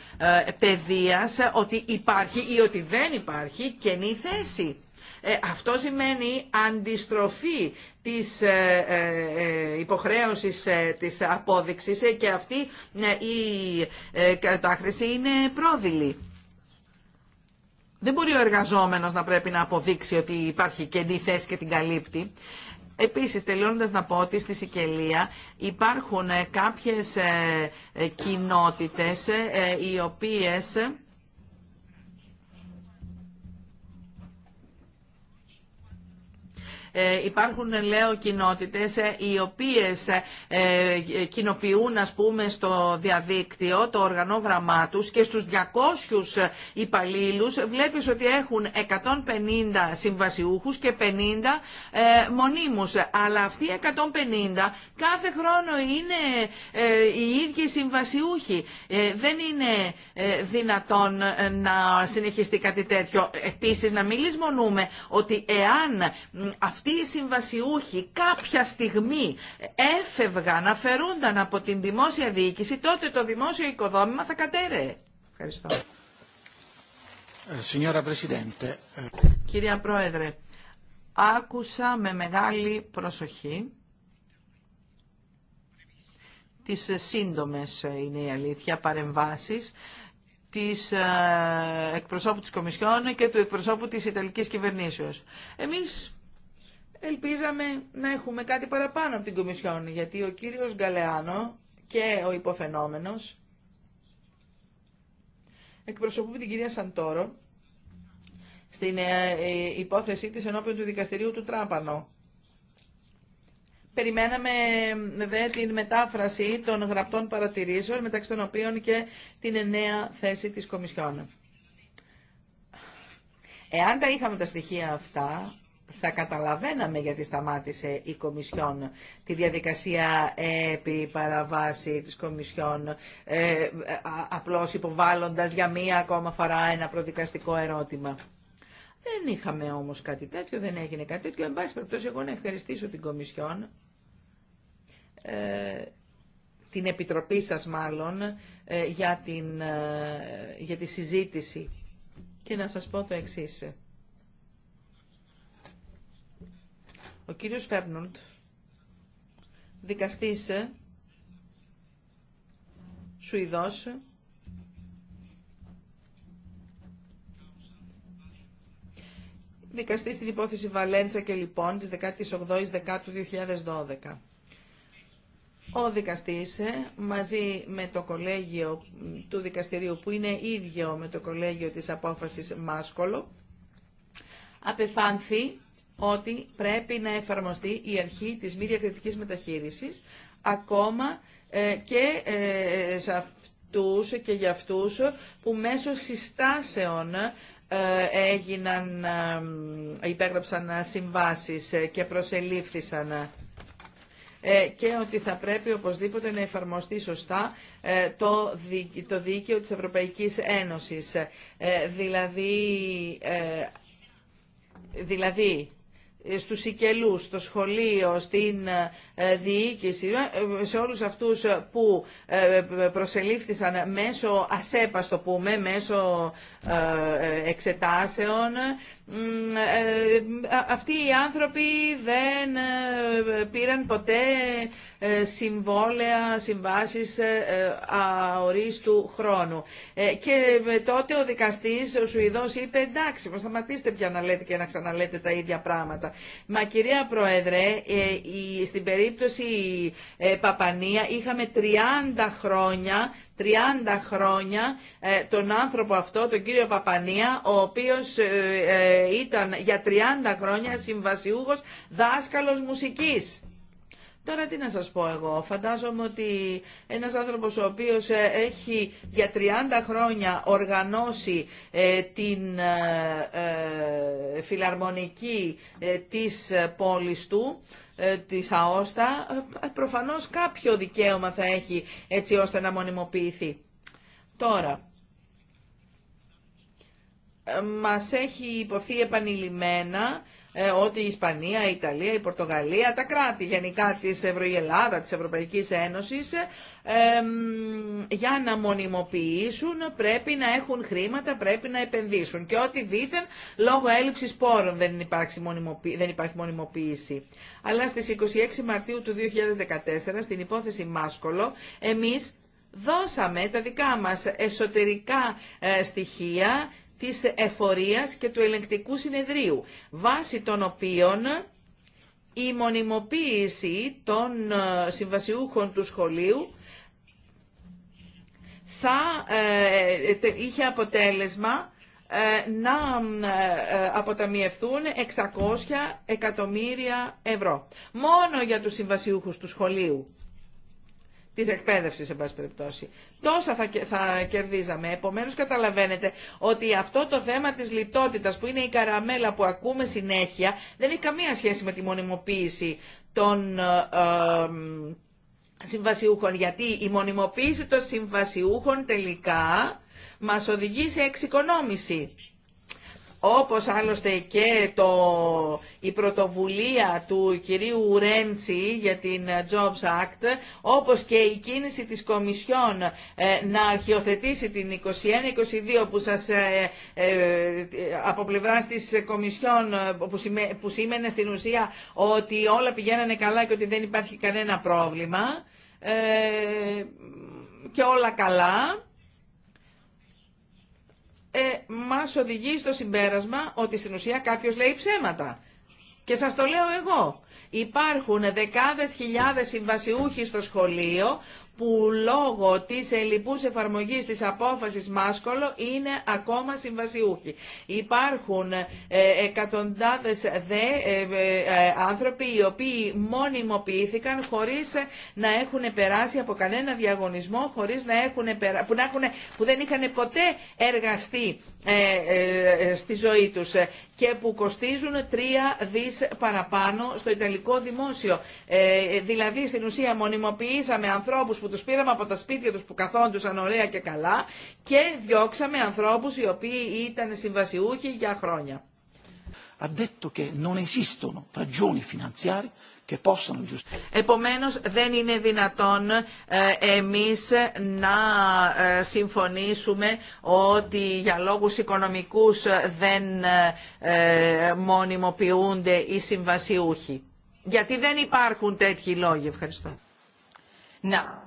Παιδείας, ότι υπάρχει ή ότι δεν υπάρχει καινή θέση. Ε, αυτό σημαίνει αντιστροφή της ε, ε, υποχρέωσης της απόδειξης και αυτή η κατάχρηση είναι πρόδειλη. Δεν μπορεί ο εργαζόμενος να πρέπει να αποδείξει ότι υπάρχει κενή θέση και την καλύπτει. Επίσης, τελειώνοντας να πω ότι στη Σικελία υπάρχουν κάποιες κοινότητες οι οποίες Ε, υπάρχουν, λέω, κοινότητες ε, οι οποίες ε, κοινοποιούν, ας πούμε, στο διαδίκτυο το οργανόγραμμά τους και στους 200 υπαλλήλους βλέπεις ότι έχουν 150 συμβασιούχους και 50 μονίμους. Αλλά αυτοί οι 150 κάθε χρόνο είναι οι ίδιοι συμβασιούχοι. Δεν είναι δυνατόν να συνεχιστεί κάτι τέτοιο. Επίσης, να μην λησμονούμε ότι εάν αυτοί οι συμβασιούχοι κάποια στιγμή έφευγαν, αφαιρούνταν από την δημόσια διοίκηση, τότε το δημόσιο οικοδόμημα θα κατέρεε. Ευχαριστώ. Ε, ε, Κυρία Πρόεδρε, άκουσα με μεγάλη προσοχή τις σύντομες ε, είναι η αλήθεια παρεμβάσεις της εκπροσώπου της Κομισιόν και του εκπροσώπου της Ιταλικής Κυβερνήσεως. Εμείς Ελπίζαμε να έχουμε κάτι παραπάνω από την Κομισιόν, γιατί ο κύριος Γκαλεάνο και ο υποφαινόμενος εκπροσωπούν την κυρία Σαντόρο στην ε, ε, υπόθεσή της ενώπιον του δικαστηρίου του Τράπανο. Περιμέναμε δε την μετάφραση των γραπτών παρατηρήσεων, μεταξύ των οποίων και την νέα θέση της Κομισιόν. Εάν τα είχαμε τα στοιχεία αυτά, θα καταλαβαίναμε γιατί σταμάτησε η Κομισιόν τη διαδικασία επί παραβάση της Κομισιόν, ε, απλώς υποβάλλοντας για μία ακόμα φορά ένα προδικαστικό ερώτημα. Δεν είχαμε όμως κάτι τέτοιο, δεν έγινε κάτι τέτοιο. Εν πάση περιπτώσει, εγώ να ευχαριστήσω την Κομισιόν, ε, την Επιτροπή σας μάλλον, ε, για, την, ε, για τη συζήτηση. Και να σας πω το εξής. Ο κύριος Φέρνοντ, δικαστής Σουηδός, δικαστή στην υπόθεση Βαλέντσα και λοιπόν της 18ης Δεκάτου 2012. Ο δικαστής μαζί με το κολέγιο του δικαστηρίου που είναι ίδιο με το κολέγιο της απόφασης Μάσκολο απεφάνθη ότι πρέπει να εφαρμοστεί η αρχή της μη διακριτικής μεταχείρισης ακόμα ε, και ε, σε αυτούς και για αυτούς που μέσω συστάσεων ε, έγιναν, υπέγραψαν συμβάσεις και προσελήφθησαν και ότι θα πρέπει οπωσδήποτε να εφαρμοστεί σωστά το, το δίκαιο της Ευρωπαϊκής Ένωσης. Δηλαδή, δηλαδή στους Σικελούς, στο σχολείο, στην ε, διοίκηση, ε, σε όλους αυτούς που ε, προσελήφθησαν μέσω ασέπα, το πούμε, μέσω ε, εξετάσεων. Ε, ε, αυτοί οι άνθρωποι δεν πήραν ποτέ συμβόλαια, συμβάσεις αορίστου χρόνου. Και τότε ο δικαστής, ο Σουηδός, είπε εντάξει, μα σταματήστε πια να λέτε και να ξαναλέτε τα ίδια πράγματα. Μα κυρία Πρόεδρε, στην περίπτωση Παπανία είχαμε 30 χρόνια 30 χρόνια ε, τον άνθρωπο αυτό, τον κύριο Παπανία, ο οποίος ε, ε, ήταν για 30 χρόνια συμβασιούχος δάσκαλος μουσικής. Τώρα τι να σας πω εγώ. Φαντάζομαι ότι ένας άνθρωπος ο οποίος ε, έχει για 30 χρόνια οργανώσει ε, την ε, φιλαρμονική της πόλης του, της ΑΟΣΤΑ, προφανώς κάποιο δικαίωμα θα έχει έτσι ώστε να μονιμοποιηθεί. Τώρα, μας έχει υποθεί επανειλημμένα ε, ότι η Ισπανία, η Ιταλία, η Πορτογαλία, τα κράτη γενικά της Ευρωελάδα, της Ευρωπαϊκής Ένωσης, για να μονιμοποιήσουν πρέπει να έχουν χρήματα, πρέπει να επενδύσουν. Και ό,τι δήθεν λόγω έλλειψης πόρων δεν, δεν υπάρχει μονιμοποίηση. Αλλά στις 26 Μαρτίου του 2014, στην υπόθεση Μάσκολο, εμείς δώσαμε τα δικά μας εσωτερικά ε, στοιχεία της εφορίας και του ελεγκτικού συνεδρίου, βάσει των οποίων η μονιμοποίηση των ε, συμβασιούχων του σχολείου θα ε, είχε αποτέλεσμα ε, να αποταμιευθούν 600 εκατομμύρια ευρώ. Μόνο για τους συμβασιούχους του σχολείου. Τη εκπαίδευση εν πάση περιπτώσει. Τόσα θα, θα κερδίζαμε. Επομένως, καταλαβαίνετε ότι αυτό το θέμα της λιτότητας, που είναι η καραμέλα που ακούμε συνέχεια, δεν έχει καμία σχέση με τη μονιμοποίηση των... Ε, συμβασιούχων, γιατί η μονιμοποίηση των συμβασιούχων τελικά μας οδηγεί σε εξοικονόμηση όπως άλλωστε και το, η πρωτοβουλία του κυρίου Ρέντσι για την Jobs Act, όπως και η κίνηση της Κομισιόν ε, να αρχιοθετήσει την 21-22 που σας ε, ε, από της Κομισιόν ε, που, σημα, που σήμαινε στην ουσία ότι όλα πηγαίνανε καλά και ότι δεν υπάρχει κανένα πρόβλημα ε, και όλα καλά ε, μας οδηγεί στο συμπέρασμα ότι στην ουσία κάποιος λέει ψέματα. Και σας το λέω εγώ. Υπάρχουν δεκάδες χιλιάδες συμβασιούχοι στο σχολείο που λόγω της ελλειπούς εφαρμογής της απόφασης Μάσκολο είναι ακόμα συμβασιούχοι. Υπάρχουν ε, εκατοντάδες δε ε, ε, άνθρωποι οι οποίοι μονιμοποιήθηκαν χωρίς να έχουν περάσει από κανένα διαγωνισμό, χωρίς να έχουν που, να δεν είχαν ποτέ εργαστεί στη ζωή τους και που κοστίζουν τρία δις παραπάνω στο Ιταλικό Δημόσιο. Δηλαδή στην ουσία μονιμοποιήσαμε ανθρώπους που τους πήραμε από τα σπίτια τους που καθόντουσαν ωραία και καλά και διώξαμε ανθρώπους οι οποίοι ήταν συμβασιούχοι για χρόνια. Επομένως δεν είναι δυνατόν ε, εμείς να ε, συμφωνήσουμε ότι για λόγους οικονομικούς ε, δεν μονιμοποιούνται οι συμβασιούχοι. Γιατί δεν υπάρχουν τέτοιοι λόγοι. Ευχαριστώ. Να.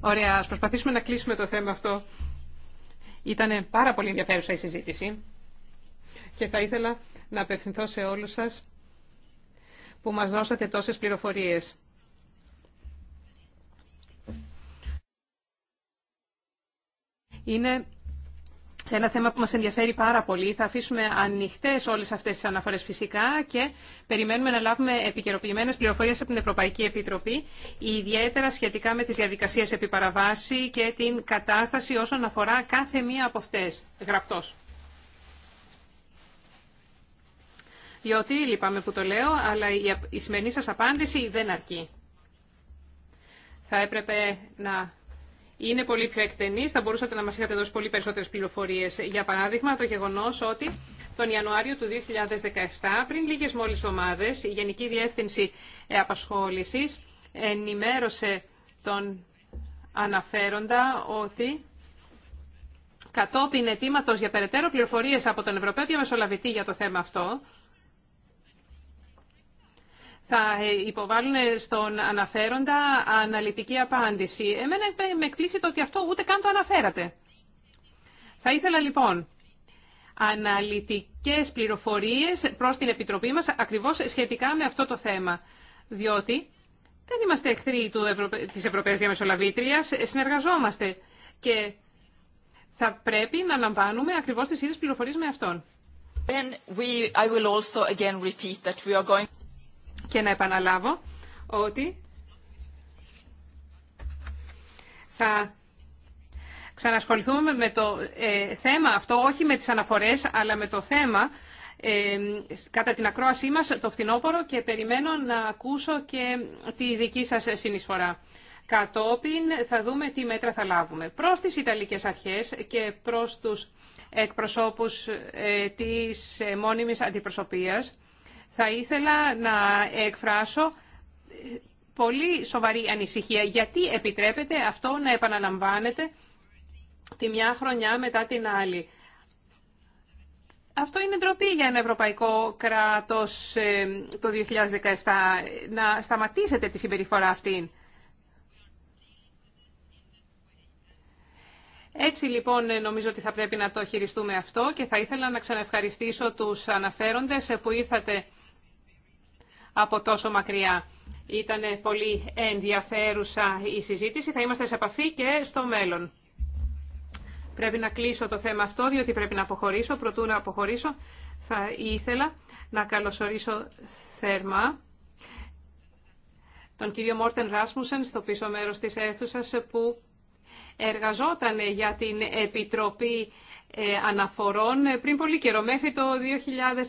Ωραία, ας προσπαθήσουμε να κλείσουμε το θέμα αυτό. Ήταν πάρα πολύ ενδιαφέρουσα η συζήτηση και θα ήθελα να απευθυνθώ σε όλους σας που μας δώσατε τόσες πληροφορίες. Είναι ένα θέμα που μας ενδιαφέρει πάρα πολύ. Θα αφήσουμε ανοιχτές όλες αυτές τις αναφορές φυσικά και περιμένουμε να λάβουμε επικαιροποιημένες πληροφορίες από την Ευρωπαϊκή Επιτροπή, ιδιαίτερα σχετικά με τις διαδικασίες επιπαραβάση και την κατάσταση όσον αφορά κάθε μία από αυτές, γραπτός. Διότι, λυπάμαι που το λέω, αλλά η σημερινή σας απάντηση δεν αρκεί. Θα έπρεπε να είναι πολύ πιο εκτενής. Θα μπορούσατε να μας είχατε δώσει πολύ περισσότερες πληροφορίες. Για παράδειγμα, το γεγονό ότι τον Ιανουάριο του 2017, πριν λίγες μόλις εβδομάδες, η Γενική Διεύθυνση απασχόληση ενημέρωσε τον αναφέροντα ότι κατόπιν αιτήματο για περαιτέρω πληροφορίες από τον Ευρωπαίο Διαμεσολαβητή για το θέμα αυτό, θα ε, υποβάλουν στον αναφέροντα αναλυτική απάντηση. Εμένα με εκπλήσει το ότι αυτό ούτε καν το αναφέρατε. Θα ήθελα λοιπόν αναλυτικές πληροφορίες προς την Επιτροπή μας ακριβώς σχετικά με αυτό το θέμα. Διότι δεν είμαστε εχθροί του Ευρωπα... της Ευρωπαϊκής Διαμεσολαβήτριας, ε, συνεργαζόμαστε και θα πρέπει να λαμβάνουμε ακριβώς τις ίδιες πληροφορίες με αυτόν και να επαναλάβω ότι θα ξανασχοληθούμε με το ε, θέμα αυτό, όχι με τις αναφορές, αλλά με το θέμα ε, κατά την ακρόασή μας το φθινόπωρο και περιμένω να ακούσω και τη δική σας συνεισφορά. Κατόπιν θα δούμε τι μέτρα θα λάβουμε. Προς τις Ιταλικές αρχές και προς τους εκπροσώπους ε, της ε, μόνιμης αντιπροσωπείας, θα ήθελα να εκφράσω πολύ σοβαρή ανησυχία γιατί επιτρέπεται αυτό να επαναλαμβάνεται τη μια χρονιά μετά την άλλη. Αυτό είναι ντροπή για ένα ευρωπαϊκό κράτος ε, το 2017 να σταματήσετε τη συμπεριφορά αυτή. Έτσι λοιπόν νομίζω ότι θα πρέπει να το χειριστούμε αυτό και θα ήθελα να ξαναευχαριστήσω τους αναφέροντες που ήρθατε από τόσο μακριά. Ήταν πολύ ενδιαφέρουσα η συζήτηση. Θα είμαστε σε επαφή και στο μέλλον. Πρέπει να κλείσω το θέμα αυτό, διότι πρέπει να αποχωρήσω. Προτού να αποχωρήσω, θα ήθελα να καλωσορίσω θέρμα τον κύριο Μόρτεν Ράσμουσεν στο πίσω μέρος της αίθουσας που εργαζόταν για την Επιτροπή ε, αναφορών ε, πριν πολύ καιρό, μέχρι το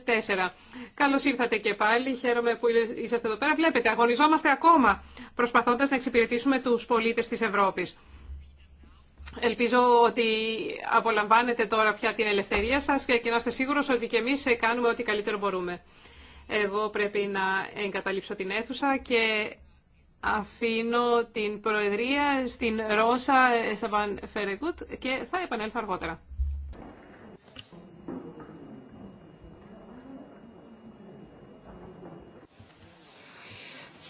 2004. Καλώς ήρθατε και πάλι, χαίρομαι που είσαστε εδώ πέρα. Βλέπετε, αγωνιζόμαστε ακόμα, προσπαθώντας να εξυπηρετήσουμε τους πολίτες της Ευρώπης. Ελπίζω ότι απολαμβάνετε τώρα πια την ελευθερία σας και να είστε σίγουρος ότι και εμείς ε, κάνουμε ό,τι καλύτερο μπορούμε. Εγώ πρέπει να εγκαταλείψω την αίθουσα και αφήνω την Προεδρία στην Ρώσα Σαβαν Φερεκούτ και θα επανέλθω αργότερα.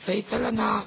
Θα ήθελα να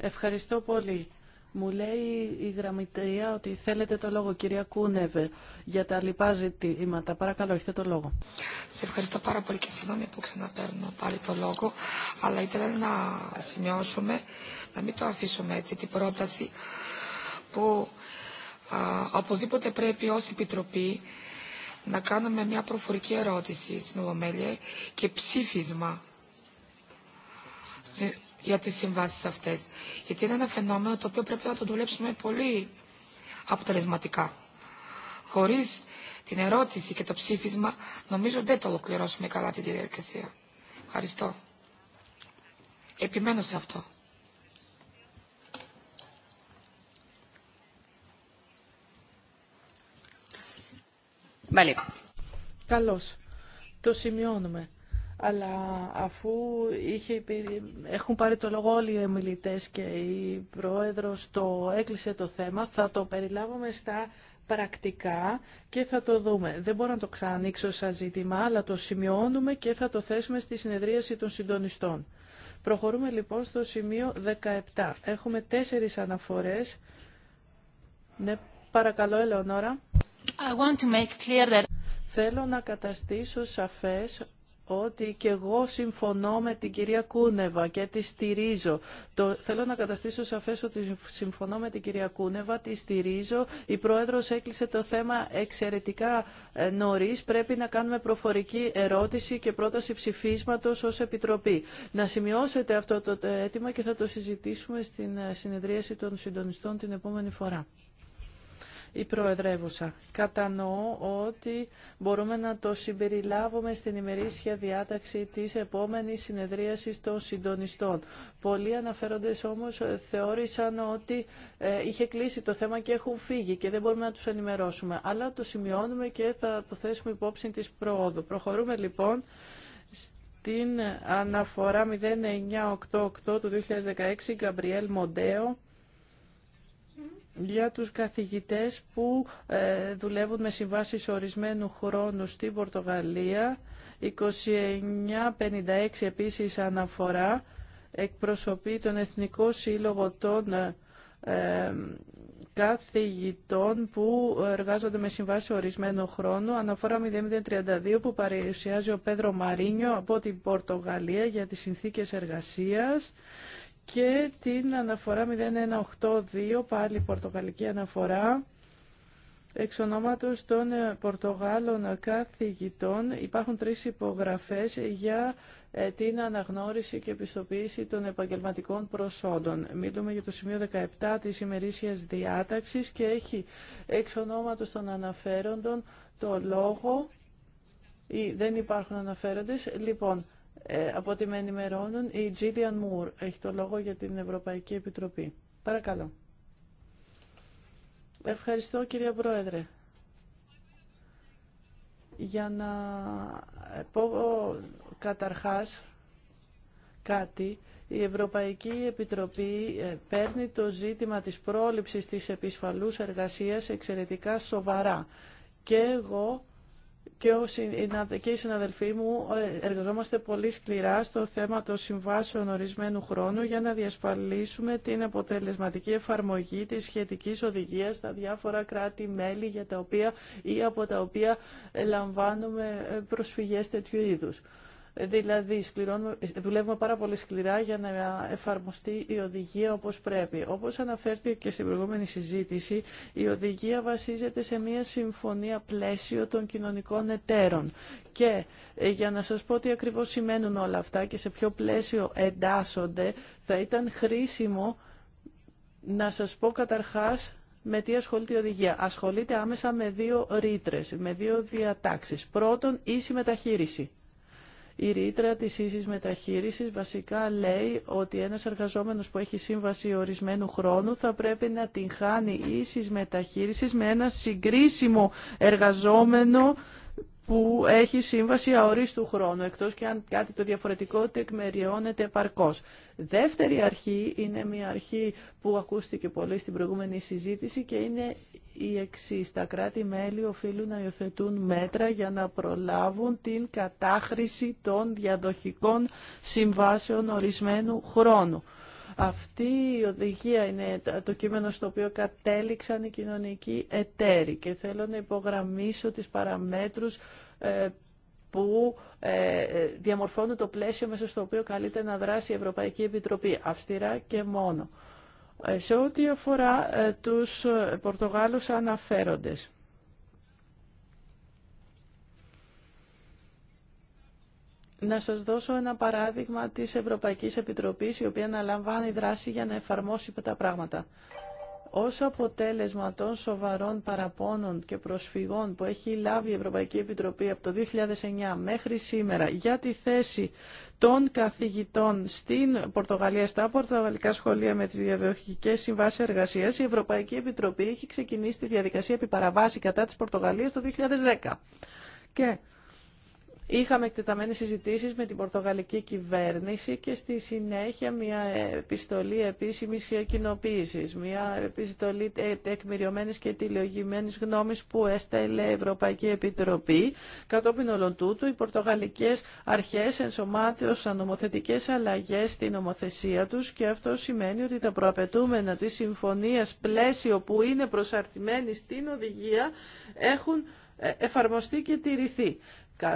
Ευχαριστώ πολύ. Μου λέει η γραμματεία ότι θέλετε το λόγο, κυρία Κούνεβε, για τα λοιπά ζητήματα. Παρακαλώ, έχετε το λόγο. Σε ευχαριστώ πάρα πολύ και συγγνώμη που ξαναπέρνω πάλι το λόγο, αλλά ήθελα να σημειώσουμε, να μην το αφήσουμε έτσι, την πρόταση που α, οπωσδήποτε πρέπει ως Επιτροπή να κάνουμε μια προφορική ερώτηση στην Ολομέλεια και ψήφισμα για τις συμβάσεις αυτές. Γιατί είναι ένα φαινόμενο το οποίο πρέπει να το δουλέψουμε πολύ αποτελεσματικά. Χωρίς την ερώτηση και το ψήφισμα νομίζω δεν το ολοκληρώσουμε καλά την διαδικασία. Ευχαριστώ. Επιμένω σε αυτό. Καλώ Καλώς. Το σημειώνουμε αλλά αφού είχε, έχουν πάρει το λόγο όλοι οι ομιλητέ και η Πρόεδρος το έκλεισε το θέμα, θα το περιλάβουμε στα πρακτικά και θα το δούμε. Δεν μπορώ να το ξανανοίξω σαν ζήτημα, αλλά το σημειώνουμε και θα το θέσουμε στη συνεδρίαση των συντονιστών. Προχωρούμε λοιπόν στο σημείο 17. Έχουμε τέσσερις αναφορές. Ναι, παρακαλώ, Ελεονόρα. Θέλω να καταστήσω σαφές ότι και εγώ συμφωνώ με την κυρία Κούνεβα και τη στηρίζω. Το, θέλω να καταστήσω σαφές ότι συμφωνώ με την κυρία Κούνεβα, τη στηρίζω. Η Πρόεδρος έκλεισε το θέμα εξαιρετικά ε, νωρίς. Πρέπει να κάνουμε προφορική ερώτηση και πρόταση ψηφίσματος ως Επιτροπή. Να σημειώσετε αυτό το αίτημα και θα το συζητήσουμε στην ε, συνεδρίαση των συντονιστών την επόμενη φορά η Προεδρεύουσα. Κατανοώ ότι μπορούμε να το συμπεριλάβουμε στην ημερήσια διάταξη της επόμενης συνεδρίασης των συντονιστών. Πολλοί αναφέροντες όμως θεώρησαν ότι ε, είχε κλείσει το θέμα και έχουν φύγει και δεν μπορούμε να τους ενημερώσουμε. Αλλά το σημειώνουμε και θα το θέσουμε υπόψη της προόδου. Προχωρούμε λοιπόν στην αναφορά 0988 του 2016 Γκαμπριέλ Μοντέο για τους καθηγητές που ε, δουλεύουν με συμβάσεις ορισμένου χρόνου στην Πορτογαλία. 2956 επίσης αναφορά εκπροσωπεί τον Εθνικό Σύλλογο των ε, καθηγητών που εργάζονται με συμβάση ορισμένου χρόνου. Αναφορά 032 που παρουσιάζει ο Πέδρο Μαρίνιο από την Πορτογαλία για τις συνθήκες εργασίας και την αναφορά 0182, πάλι πορτογαλική αναφορά, εξ ονόματος των ε, Πορτογάλων καθηγητών. Υπάρχουν τρεις υπογραφές για ε, την αναγνώριση και επιστοποίηση των επαγγελματικών προσόντων. Μιλούμε για το σημείο 17 της ημερήσιας διάταξης και έχει εξ ονόματος των αναφέροντων το λόγο ή δεν υπάρχουν αναφέροντες. Λοιπόν, ε, από ό,τι με ενημερώνουν, η Τζίλιαν Μουρ έχει το λόγο για την Ευρωπαϊκή Επιτροπή. Παρακαλώ. Ευχαριστώ κυρία Πρόεδρε. Για να πω καταρχάς κάτι, η Ευρωπαϊκή Επιτροπή ε, παίρνει το ζήτημα της πρόληψης της επισφαλούς εργασίας εξαιρετικά σοβαρά. Και εγώ και, ο, και οι συναδελφοί μου ε, εργαζόμαστε πολύ σκληρά στο θέμα των συμβάσεων ορισμένου χρόνου για να διασφαλίσουμε την αποτελεσματική εφαρμογή της σχετικής οδηγίας στα διάφορα κράτη-μέλη για τα οποία ή από τα οποία λαμβάνουμε ε, προσφυγές τέτοιου είδους. Δηλαδή, δουλεύουμε πάρα πολύ σκληρά για να εφαρμοστεί η οδηγία όπως πρέπει. Όπως αναφέρθηκε και στην προηγούμενη συζήτηση, η οδηγία βασίζεται σε μια συμφωνία πλαίσιο των κοινωνικών εταίρων. Και ε, για να σας πω τι ακριβώς σημαίνουν όλα αυτά και σε ποιο πλαίσιο εντάσσονται, θα ήταν χρήσιμο να σας πω καταρχάς με τι ασχολείται η οδηγία. Ασχολείται άμεσα με δύο ρήτρε, με δύο διατάξεις. Πρώτον, ίση μεταχείριση η ρήτρα της ίσης μεταχείρισης βασικά λέει ότι ένας εργαζόμενος που έχει σύμβαση ορισμένου χρόνου θα πρέπει να την χάνει ίσης μεταχείρισης με ένα συγκρίσιμο εργαζόμενο που έχει σύμβαση αορίστου χρόνου, εκτός και αν κάτι το διαφορετικό τεκμεριώνεται επαρκώς. Δεύτερη αρχή είναι μια αρχή που ακούστηκε πολύ στην προηγούμενη συζήτηση και είναι η εξή. Τα κράτη-μέλη οφείλουν να υιοθετούν μέτρα για να προλάβουν την κατάχρηση των διαδοχικών συμβάσεων ορισμένου χρόνου. Αυτή η οδηγία είναι το κείμενο στο οποίο κατέληξαν οι κοινωνικοί εταίροι και θέλω να υπογραμμίσω τις παραμέτρους ε, που ε, ε, διαμορφώνουν το πλαίσιο μέσα στο οποίο καλείται να δράσει η Ευρωπαϊκή Επιτροπή, αυστηρά και μόνο. Σε ό,τι αφορά τους Πορτογάλους αναφέροντες, Να σας δώσω ένα παράδειγμα της Ευρωπαϊκής Επιτροπής, η οποία αναλαμβάνει δράση για να εφαρμόσει τα πράγματα. Ως αποτέλεσμα των σοβαρών παραπώνων και προσφυγών που έχει λάβει η Ευρωπαϊκή Επιτροπή από το 2009 μέχρι σήμερα για τη θέση των καθηγητών στην Πορτογαλία, στα πορτογαλικά σχολεία με τις διαδοχικές συμβάσεις εργασίας, η Ευρωπαϊκή Επιτροπή έχει ξεκινήσει τη διαδικασία επιπαραβάση κατά της Πορτογαλίας το 2010. Και Είχαμε εκτεταμένες συζητήσεις με την Πορτογαλική κυβέρνηση και στη συνέχεια μια επιστολή επίσημης κοινοποίηση, μια επιστολή τεκμηριωμένης και τηλεογημένης γνώμης που έστελε η Ευρωπαϊκή Επιτροπή. Κατόπιν όλων τούτου, οι πορτογαλικές αρχές ενσωμάτωσαν νομοθετικές αλλαγές στην νομοθεσία τους και αυτό σημαίνει ότι τα προαπαιτούμενα της συμφωνίας πλαίσιο που είναι προσαρτημένη στην οδηγία έχουν ε, εφαρμοστεί και τηρηθεί.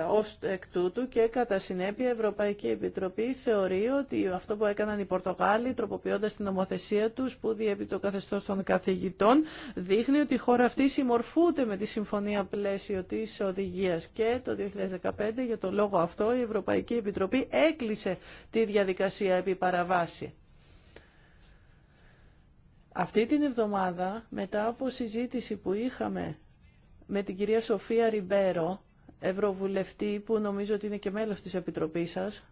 Ω εκ τούτου και κατά συνέπεια η Ευρωπαϊκή Επιτροπή θεωρεί ότι αυτό που έκαναν οι Πορτογάλοι τροποποιώντας την νομοθεσία τους που διέπει το Καθεστώ των καθηγητών δείχνει ότι η χώρα αυτή συμμορφούνται με τη Συμφωνία Πλαίσιο τη οδηγία και το 2015 για τον λόγο αυτό η Ευρωπαϊκή Επιτροπή έκλεισε τη διαδικασία επί παραβάση. Αυτή την εβδομάδα μετά από συζήτηση που είχαμε με την κυρία Σοφία Ριμπέρο Ευρωβουλευτή που νομίζω ότι είναι και μέλος της Επιτροπής σας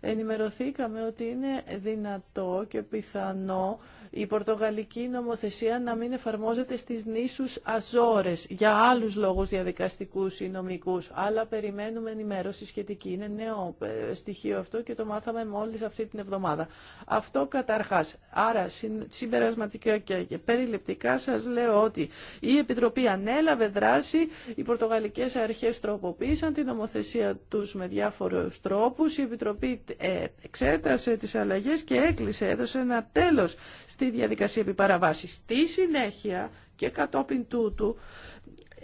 ενημερωθήκαμε ότι είναι δυνατό και πιθανό η πορτογαλική νομοθεσία να μην εφαρμόζεται στις νήσους Αζόρες για άλλους λόγους διαδικαστικούς ή νομικούς, αλλά περιμένουμε ενημέρωση σχετική. Είναι νέο ε, στοιχείο αυτό και το μάθαμε μόλις αυτή την εβδομάδα. Αυτό καταρχάς. Άρα συμπερασματικά και περιληπτικά σας λέω ότι η Επιτροπή ανέλαβε δράση, οι πορτογαλικές αρχές τροποποίησαν την νομοθεσία τους με διάφορους τρόπους, η Επιτροπή ε, εξέτασε τις αλλαγές και έκλεισε, έδωσε ένα τέλος στη διαδικασία επιπαραβάσης. Στη συνέχεια και κατόπιν τούτου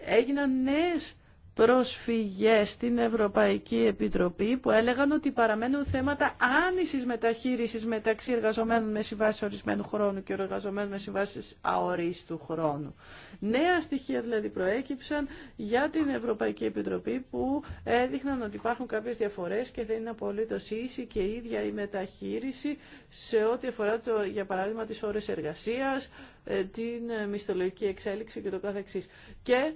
έγιναν νέες πρόσφυγες στην Ευρωπαϊκή Επιτροπή που έλεγαν ότι παραμένουν θέματα άνησης μεταχείρισης μεταξύ εργαζομένων με συμβάσεις ορισμένου χρόνου και εργαζομένων με συμβάσεις αορίστου χρόνου. Νέα στοιχεία δηλαδή προέκυψαν για την Ευρωπαϊκή Επιτροπή που έδειχναν ότι υπάρχουν κάποιες διαφορές και δεν είναι απολύτως ίση και ίδια η μεταχείριση σε ό,τι αφορά το, για παράδειγμα τις ώρες εργασίας, ε, την μισθολογική εξέλιξη και το καθεξής. Και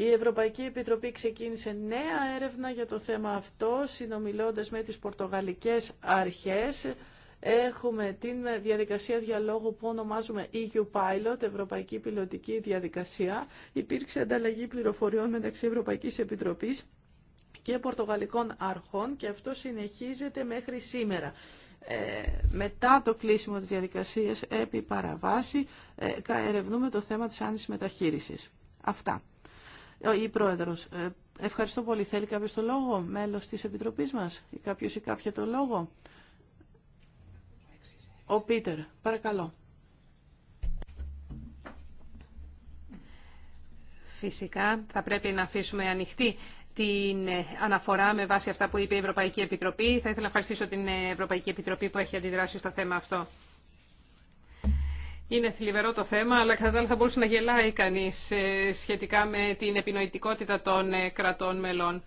η Ευρωπαϊκή Επιτροπή ξεκίνησε νέα έρευνα για το θέμα αυτό, συνομιλώντας με τις πορτογαλικές αρχές. Έχουμε την διαδικασία διαλόγου που ονομάζουμε EU Pilot, Ευρωπαϊκή Πιλωτική Διαδικασία. Υπήρξε ανταλλαγή πληροφοριών μεταξύ Ευρωπαϊκής Επιτροπής και Πορτογαλικών Αρχών και αυτό συνεχίζεται μέχρι σήμερα. Ε, μετά το κλείσιμο της διαδικασίας επί παραβάση ε, ερευνούμε το θέμα της άνησης μεταχείρισης. Αυτά ή ε, πρόεδρος. Ε, ευχαριστώ πολύ. Θέλει κάποιος το λόγο, μέλος της Επιτροπής μας ή κάποιος ή κάποια το λόγο. Ο Πίτερ, παρακαλώ. Φυσικά θα πρέπει να αφήσουμε ανοιχτή την ε, αναφορά με βάση αυτά που είπε η προεδρο ευχαριστω πολυ θελει κάποιο το λογο μέλο τη επιτροπης μας Επιτροπή. Θα ήθελα να ευχαριστήσω την Ευρωπαϊκή Επιτροπή που έχει αντιδράσει στο θέμα αυτό. Είναι θλιβερό το θέμα, αλλά κατά τα άλλα θα μπορούσε να γελάει κανείς ε, σχετικά με την επινοητικότητα των ε, κρατών μελών.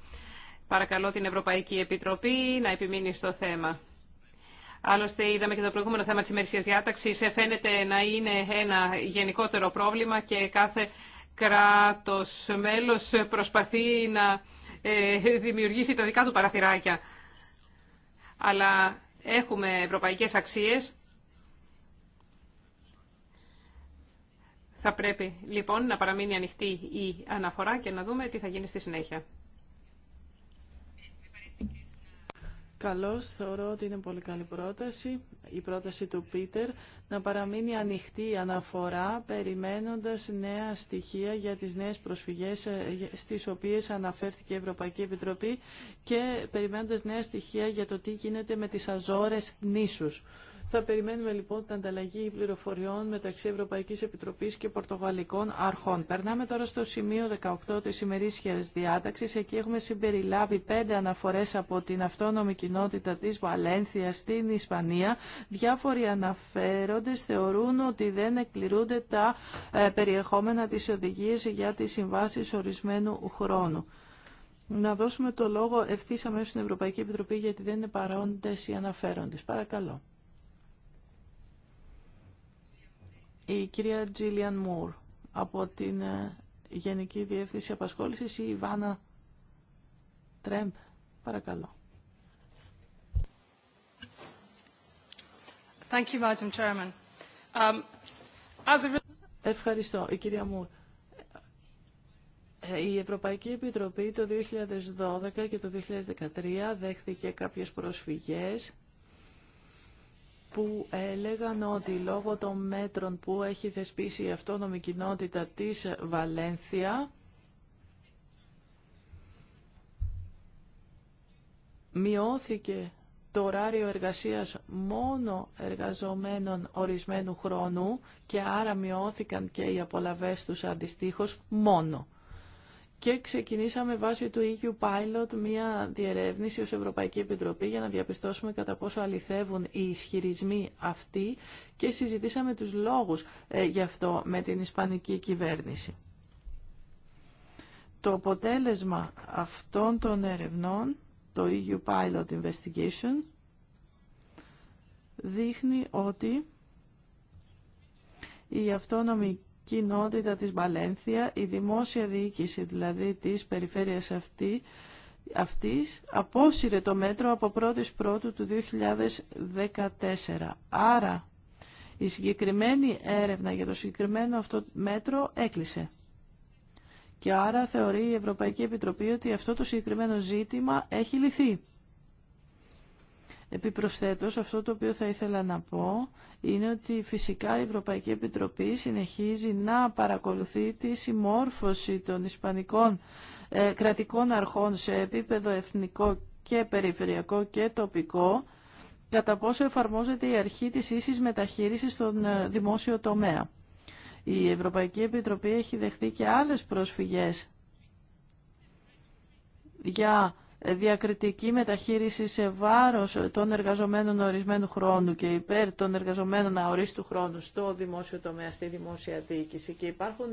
Παρακαλώ την Ευρωπαϊκή Επιτροπή να επιμείνει στο θέμα. Άλλωστε είδαμε και το προηγούμενο θέμα της ημερησίας διάταξης. Ε, φαίνεται να είναι ένα γενικότερο πρόβλημα και κάθε κράτος μέλος προσπαθεί να δημιουργήσει τα δικά του παραθυράκια. Αλλά έχουμε ευρωπαϊκές αξίες Θα πρέπει λοιπόν να παραμείνει ανοιχτή η αναφορά και να δούμε τι θα γίνει στη συνέχεια. Καλώς, θεωρώ ότι είναι πολύ καλή πρόταση, η πρόταση του Πίτερ, να παραμείνει ανοιχτή η αναφορά, περιμένοντας νέα στοιχεία για τις νέες προσφυγές ε, στις οποίες αναφέρθηκε η Ευρωπαϊκή Επιτροπή και περιμένοντας νέα στοιχεία για το τι γίνεται με τις αζόρες νήσους. Θα περιμένουμε λοιπόν την ανταλλαγή πληροφοριών μεταξύ Ευρωπαϊκή Επιτροπής και Πορτογαλικών Αρχών. Περνάμε τώρα στο σημείο 18 τη ημερήσια διάταξη. Εκεί έχουμε συμπεριλάβει πέντε αναφορέ από την αυτόνομη κοινότητα τη Βαλένθια στην Ισπανία. Διάφοροι αναφέροντες θεωρούν ότι δεν εκπληρούνται τα ε, περιεχόμενα τη οδηγίας για τι συμβάσει ορισμένου χρόνου. Να δώσουμε το λόγο ευθύ αμέσω στην Ευρωπαϊκή Επιτροπή, γιατί δεν είναι παρόντε οι αναφέροντε. Παρακαλώ. η κυρία Τζίλιαν Μουρ από την ε, Γενική Διεύθυνση Απασχόλησης, η Ιβάνα Τρέμπ. Παρακαλώ. Thank you, Madam Um, as a... Ευχαριστώ, η κυρία Μουρ. Ε, η Ευρωπαϊκή Επιτροπή το 2012 και το 2013 δέχθηκε κάποιες προσφυγές που έλεγαν ότι λόγω των μέτρων που έχει θεσπίσει η αυτόνομη κοινότητα της Βαλένθια μειώθηκε το ωράριο εργασίας μόνο εργαζομένων ορισμένου χρόνου και άρα μειώθηκαν και οι απολαβές τους αντιστοίχως μόνο και ξεκινήσαμε βάσει του EU Pilot μία διερεύνηση ως Ευρωπαϊκή Επιτροπή για να διαπιστώσουμε κατά πόσο αληθεύουν οι ισχυρισμοί αυτοί και συζητήσαμε τους λόγους ε, γι' αυτό με την Ισπανική κυβέρνηση. Το αποτέλεσμα αυτών των ερευνών, το EU Pilot Investigation, δείχνει ότι η αυτόνομη κοινότητα της Μπαλένθια, η δημόσια διοίκηση δηλαδή της περιφέρειας αυτή, αυτής απόσυρε το μέτρο από 1η Πρώτου του 2014. Άρα η συγκεκριμένη έρευνα για το συγκεκριμένο αυτό μέτρο έκλεισε. Και άρα θεωρεί η Ευρωπαϊκή Επιτροπή ότι αυτό το συγκεκριμένο ζήτημα έχει λυθεί. Επιπροσθέτως, αυτό το οποίο θα ήθελα να πω είναι ότι φυσικά η Ευρωπαϊκή Επιτροπή συνεχίζει να παρακολουθεί τη συμμόρφωση των Ισπανικών ε, κρατικών αρχών σε επίπεδο εθνικό και περιφερειακό και τοπικό κατά πόσο εφαρμόζεται η αρχή της ίσης μεταχείρισης στον ε, δημόσιο τομέα. Η Ευρωπαϊκή Επιτροπή έχει δεχτεί και άλλες προσφυγές για διακριτική μεταχείριση σε βάρος των εργαζομένων ορισμένου χρόνου και υπέρ των εργαζομένων αορίστου χρόνου στο δημόσιο τομέα, στη δημόσια διοίκηση. Και υπάρχουν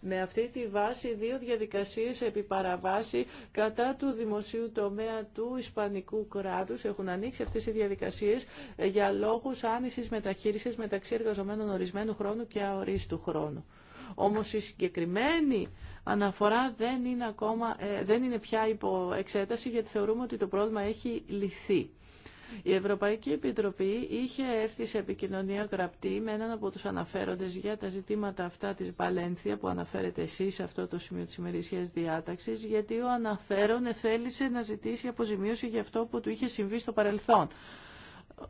με αυτή τη βάση δύο διαδικασίες επί παραβάση κατά του δημοσίου τομέα του Ισπανικού κράτους. Έχουν ανοίξει αυτές οι διαδικασίες για λόγους άνησης μεταχείρισης μεταξύ εργαζομένων ορισμένου χρόνου και αορίστου χρόνου. Όμως η συγκεκριμένη αναφορά δεν είναι, ακόμα, ε, δεν είναι πια υπό εξέταση γιατί θεωρούμε ότι το πρόβλημα έχει λυθεί. Η Ευρωπαϊκή Επιτροπή είχε έρθει σε επικοινωνία γραπτή με έναν από τους αναφέροντες για τα ζητήματα αυτά της Βαλένθια που αναφέρετε εσείς σε αυτό το σημείο της ημερήσιας διάταξης γιατί ο αναφέρον θέλησε να ζητήσει αποζημίωση για αυτό που του είχε συμβεί στο παρελθόν.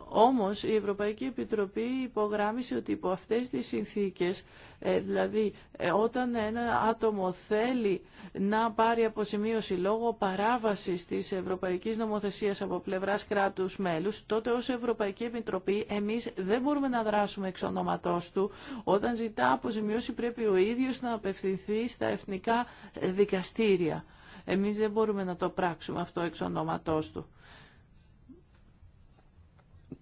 Όμως η Ευρωπαϊκή Επιτροπή υπογράμμισε ότι υπό αυτές τις συνθήκες, ε, δηλαδή ε, όταν ένα άτομο θέλει να πάρει αποσημείωση λόγω παράβασης της Ευρωπαϊκής Νομοθεσίας από πλευράς κράτους μέλους, τότε ως Ευρωπαϊκή Επιτροπή εμείς δεν μπορούμε να δράσουμε εξ ονόματός του. Όταν ζητά αποσημείωση πρέπει ο ίδιος να απευθυνθεί στα εθνικά δικαστήρια. Εμείς δεν μπορούμε να το πράξουμε αυτό εξ ονόματός του.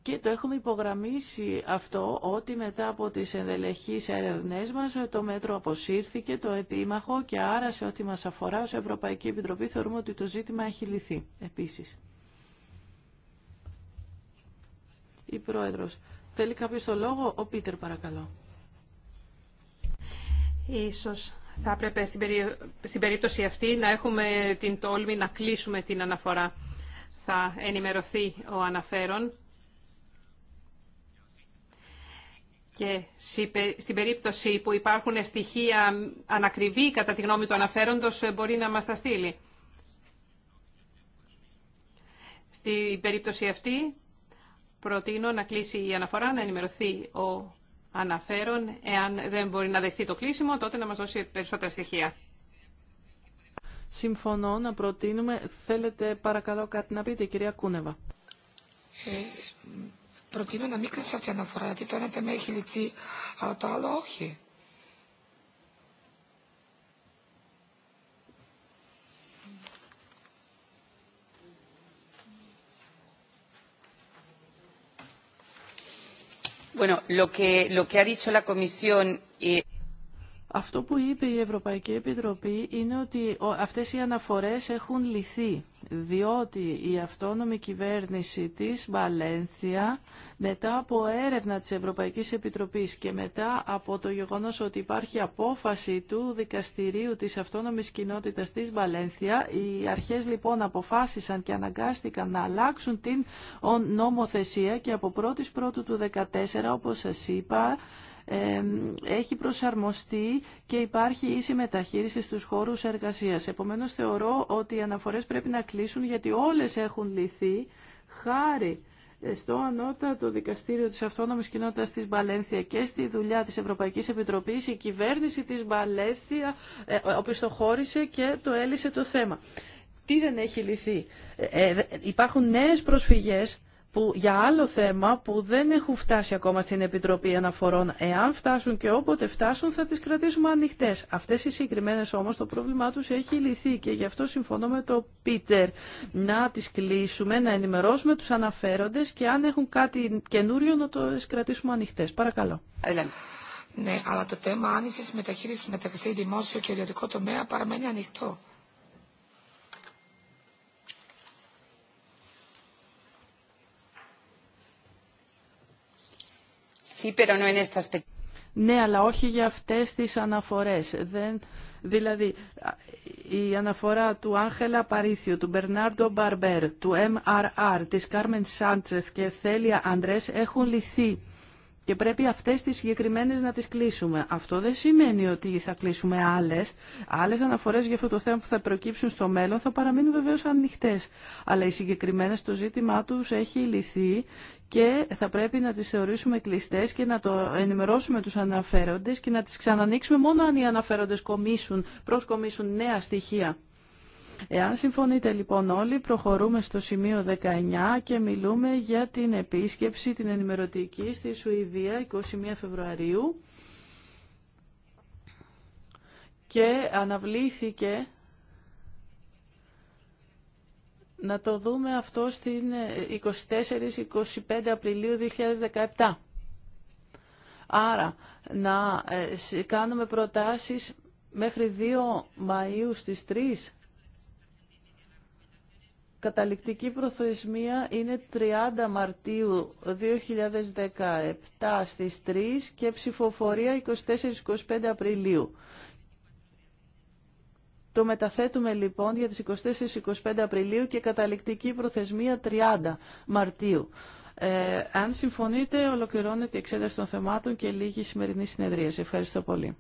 Και το έχουμε υπογραμμίσει αυτό ότι μετά από τις ενδελεχείς έρευνές μας το μέτρο αποσύρθηκε, το επίμαχο και άρα σε ό,τι μας αφορά ως Ευρωπαϊκή Επιτροπή θεωρούμε ότι το ζήτημα έχει λυθεί επίσης. Η Πρόεδρος. Θέλει κάποιος το λόγο. Ο Πίτερ παρακαλώ. Ίσως θα έπρεπε στην, περί... στην περίπτωση αυτή να έχουμε την τόλμη να κλείσουμε την αναφορά. Θα ενημερωθεί ο αναφέρον Και στην περίπτωση που υπάρχουν στοιχεία ανακριβή κατά τη γνώμη του αναφέροντος μπορεί να μας τα στείλει. Στην περίπτωση αυτή προτείνω να κλείσει η αναφορά, να ενημερωθεί ο αναφέρον. Εάν δεν μπορεί να δεχθεί το κλείσιμο, τότε να μας δώσει περισσότερα στοιχεία. Συμφωνώ να προτείνουμε. Θέλετε παρακαλώ κάτι να πείτε, κυρία Κούνεβα. Ε, προτείνω να μην κλείσει αυτή η αναφορά, γιατί το ένα θέμα έχει λυθεί, αλλά το άλλο όχι. Bueno, lo que, lo que ha dicho la Comisión. Eh... Αυτό που είπε η Ευρωπαϊκή Επιτροπή είναι ότι αυτές οι αναφορές έχουν λυθεί, διότι η αυτόνομη κυβέρνηση της Βαλένθια, μετά από έρευνα της Ευρωπαϊκής Επιτροπής και μετά από το γεγονός ότι υπάρχει απόφαση του Δικαστηρίου της Αυτόνομης Κοινότητας της Βαλένθια, οι αρχές λοιπόν αποφάσισαν και αναγκάστηκαν να αλλάξουν την νομοθεσία και από 1ης πρώτου του 2014, όπως σας είπα, έχει προσαρμοστεί και υπάρχει ίση μεταχείριση στους χώρους εργασίας. Επομένως θεωρώ ότι οι αναφορές πρέπει να κλείσουν γιατί όλες έχουν λυθεί χάρη στο ανώτατο δικαστήριο της Αυτόνομης Κοινότητας της Μπαλένθια και στη δουλειά της Ευρωπαϊκής Επιτροπής η κυβέρνηση της Μπαλένθια ε, οπισθοχώρησε και το έλυσε το θέμα. Τι δεν έχει λυθεί. Ε, ε, υπάρχουν νέες προσφυγές που, για άλλο θέμα που δεν έχουν φτάσει ακόμα στην Επιτροπή Αναφορών. Εάν φτάσουν και όποτε φτάσουν θα τις κρατήσουμε ανοιχτές. Αυτές οι συγκεκριμένες όμως το πρόβλημά τους έχει λυθεί και γι' αυτό συμφωνώ με το Πίτερ να τις κλείσουμε, να ενημερώσουμε τους αναφέροντες και αν έχουν κάτι καινούριο να το κρατήσουμε ανοιχτές. Παρακαλώ. Ναι, αλλά το θέμα άνησης μεταχείρισης μεταξύ δημόσιο και ιδιωτικό τομέα παραμένει ανοιχτό. ναι, αλλά όχι για αυτές τις αναφορές. Δεν... Δηλαδή, η αναφορά του Άγχελα Παρίθιου, του Μπερνάρντο Μπαρμπέρ, του MRR, της Κάρμεν Σάντσεθ και Θέλια Αντρές έχουν λυθεί και πρέπει αυτές τις συγκεκριμένες να τις κλείσουμε. Αυτό δεν σημαίνει ότι θα κλείσουμε άλλες. Άλλες αναφορές για αυτό το θέμα που θα προκύψουν στο μέλλον θα παραμείνουν βεβαίως ανοιχτές. Αλλά οι συγκεκριμένη το ζήτημά τους έχει λυθεί και θα πρέπει να τις θεωρήσουμε κλειστές και να το ενημερώσουμε τους αναφέροντες και να τις ξανανοίξουμε μόνο αν οι αναφέροντες κομίσουν, προσκομίσουν νέα στοιχεία. Εάν συμφωνείτε λοιπόν όλοι, προχωρούμε στο σημείο 19 και μιλούμε για την επίσκεψη, την ενημερωτική στη Σουηδία 21 Φεβρουαρίου και αναβλήθηκε να το δούμε αυτό στην 24-25 ε, Απριλίου 2017. Άρα, να ε, κάνουμε προτάσεις μέχρι 2 Μαΐου στις 3 Καταληκτική προθεσμία είναι 30 Μαρτίου 2017 στις 3 και ψηφοφορία 24-25 Απριλίου. Το μεταθέτουμε λοιπόν για τις 24-25 Απριλίου και καταληκτική προθεσμία 30 Μαρτίου. Ε, αν συμφωνείτε, ολοκληρώνεται η εξέταση των θεμάτων και λίγη σημερινή συνεδρία. Ευχαριστώ πολύ.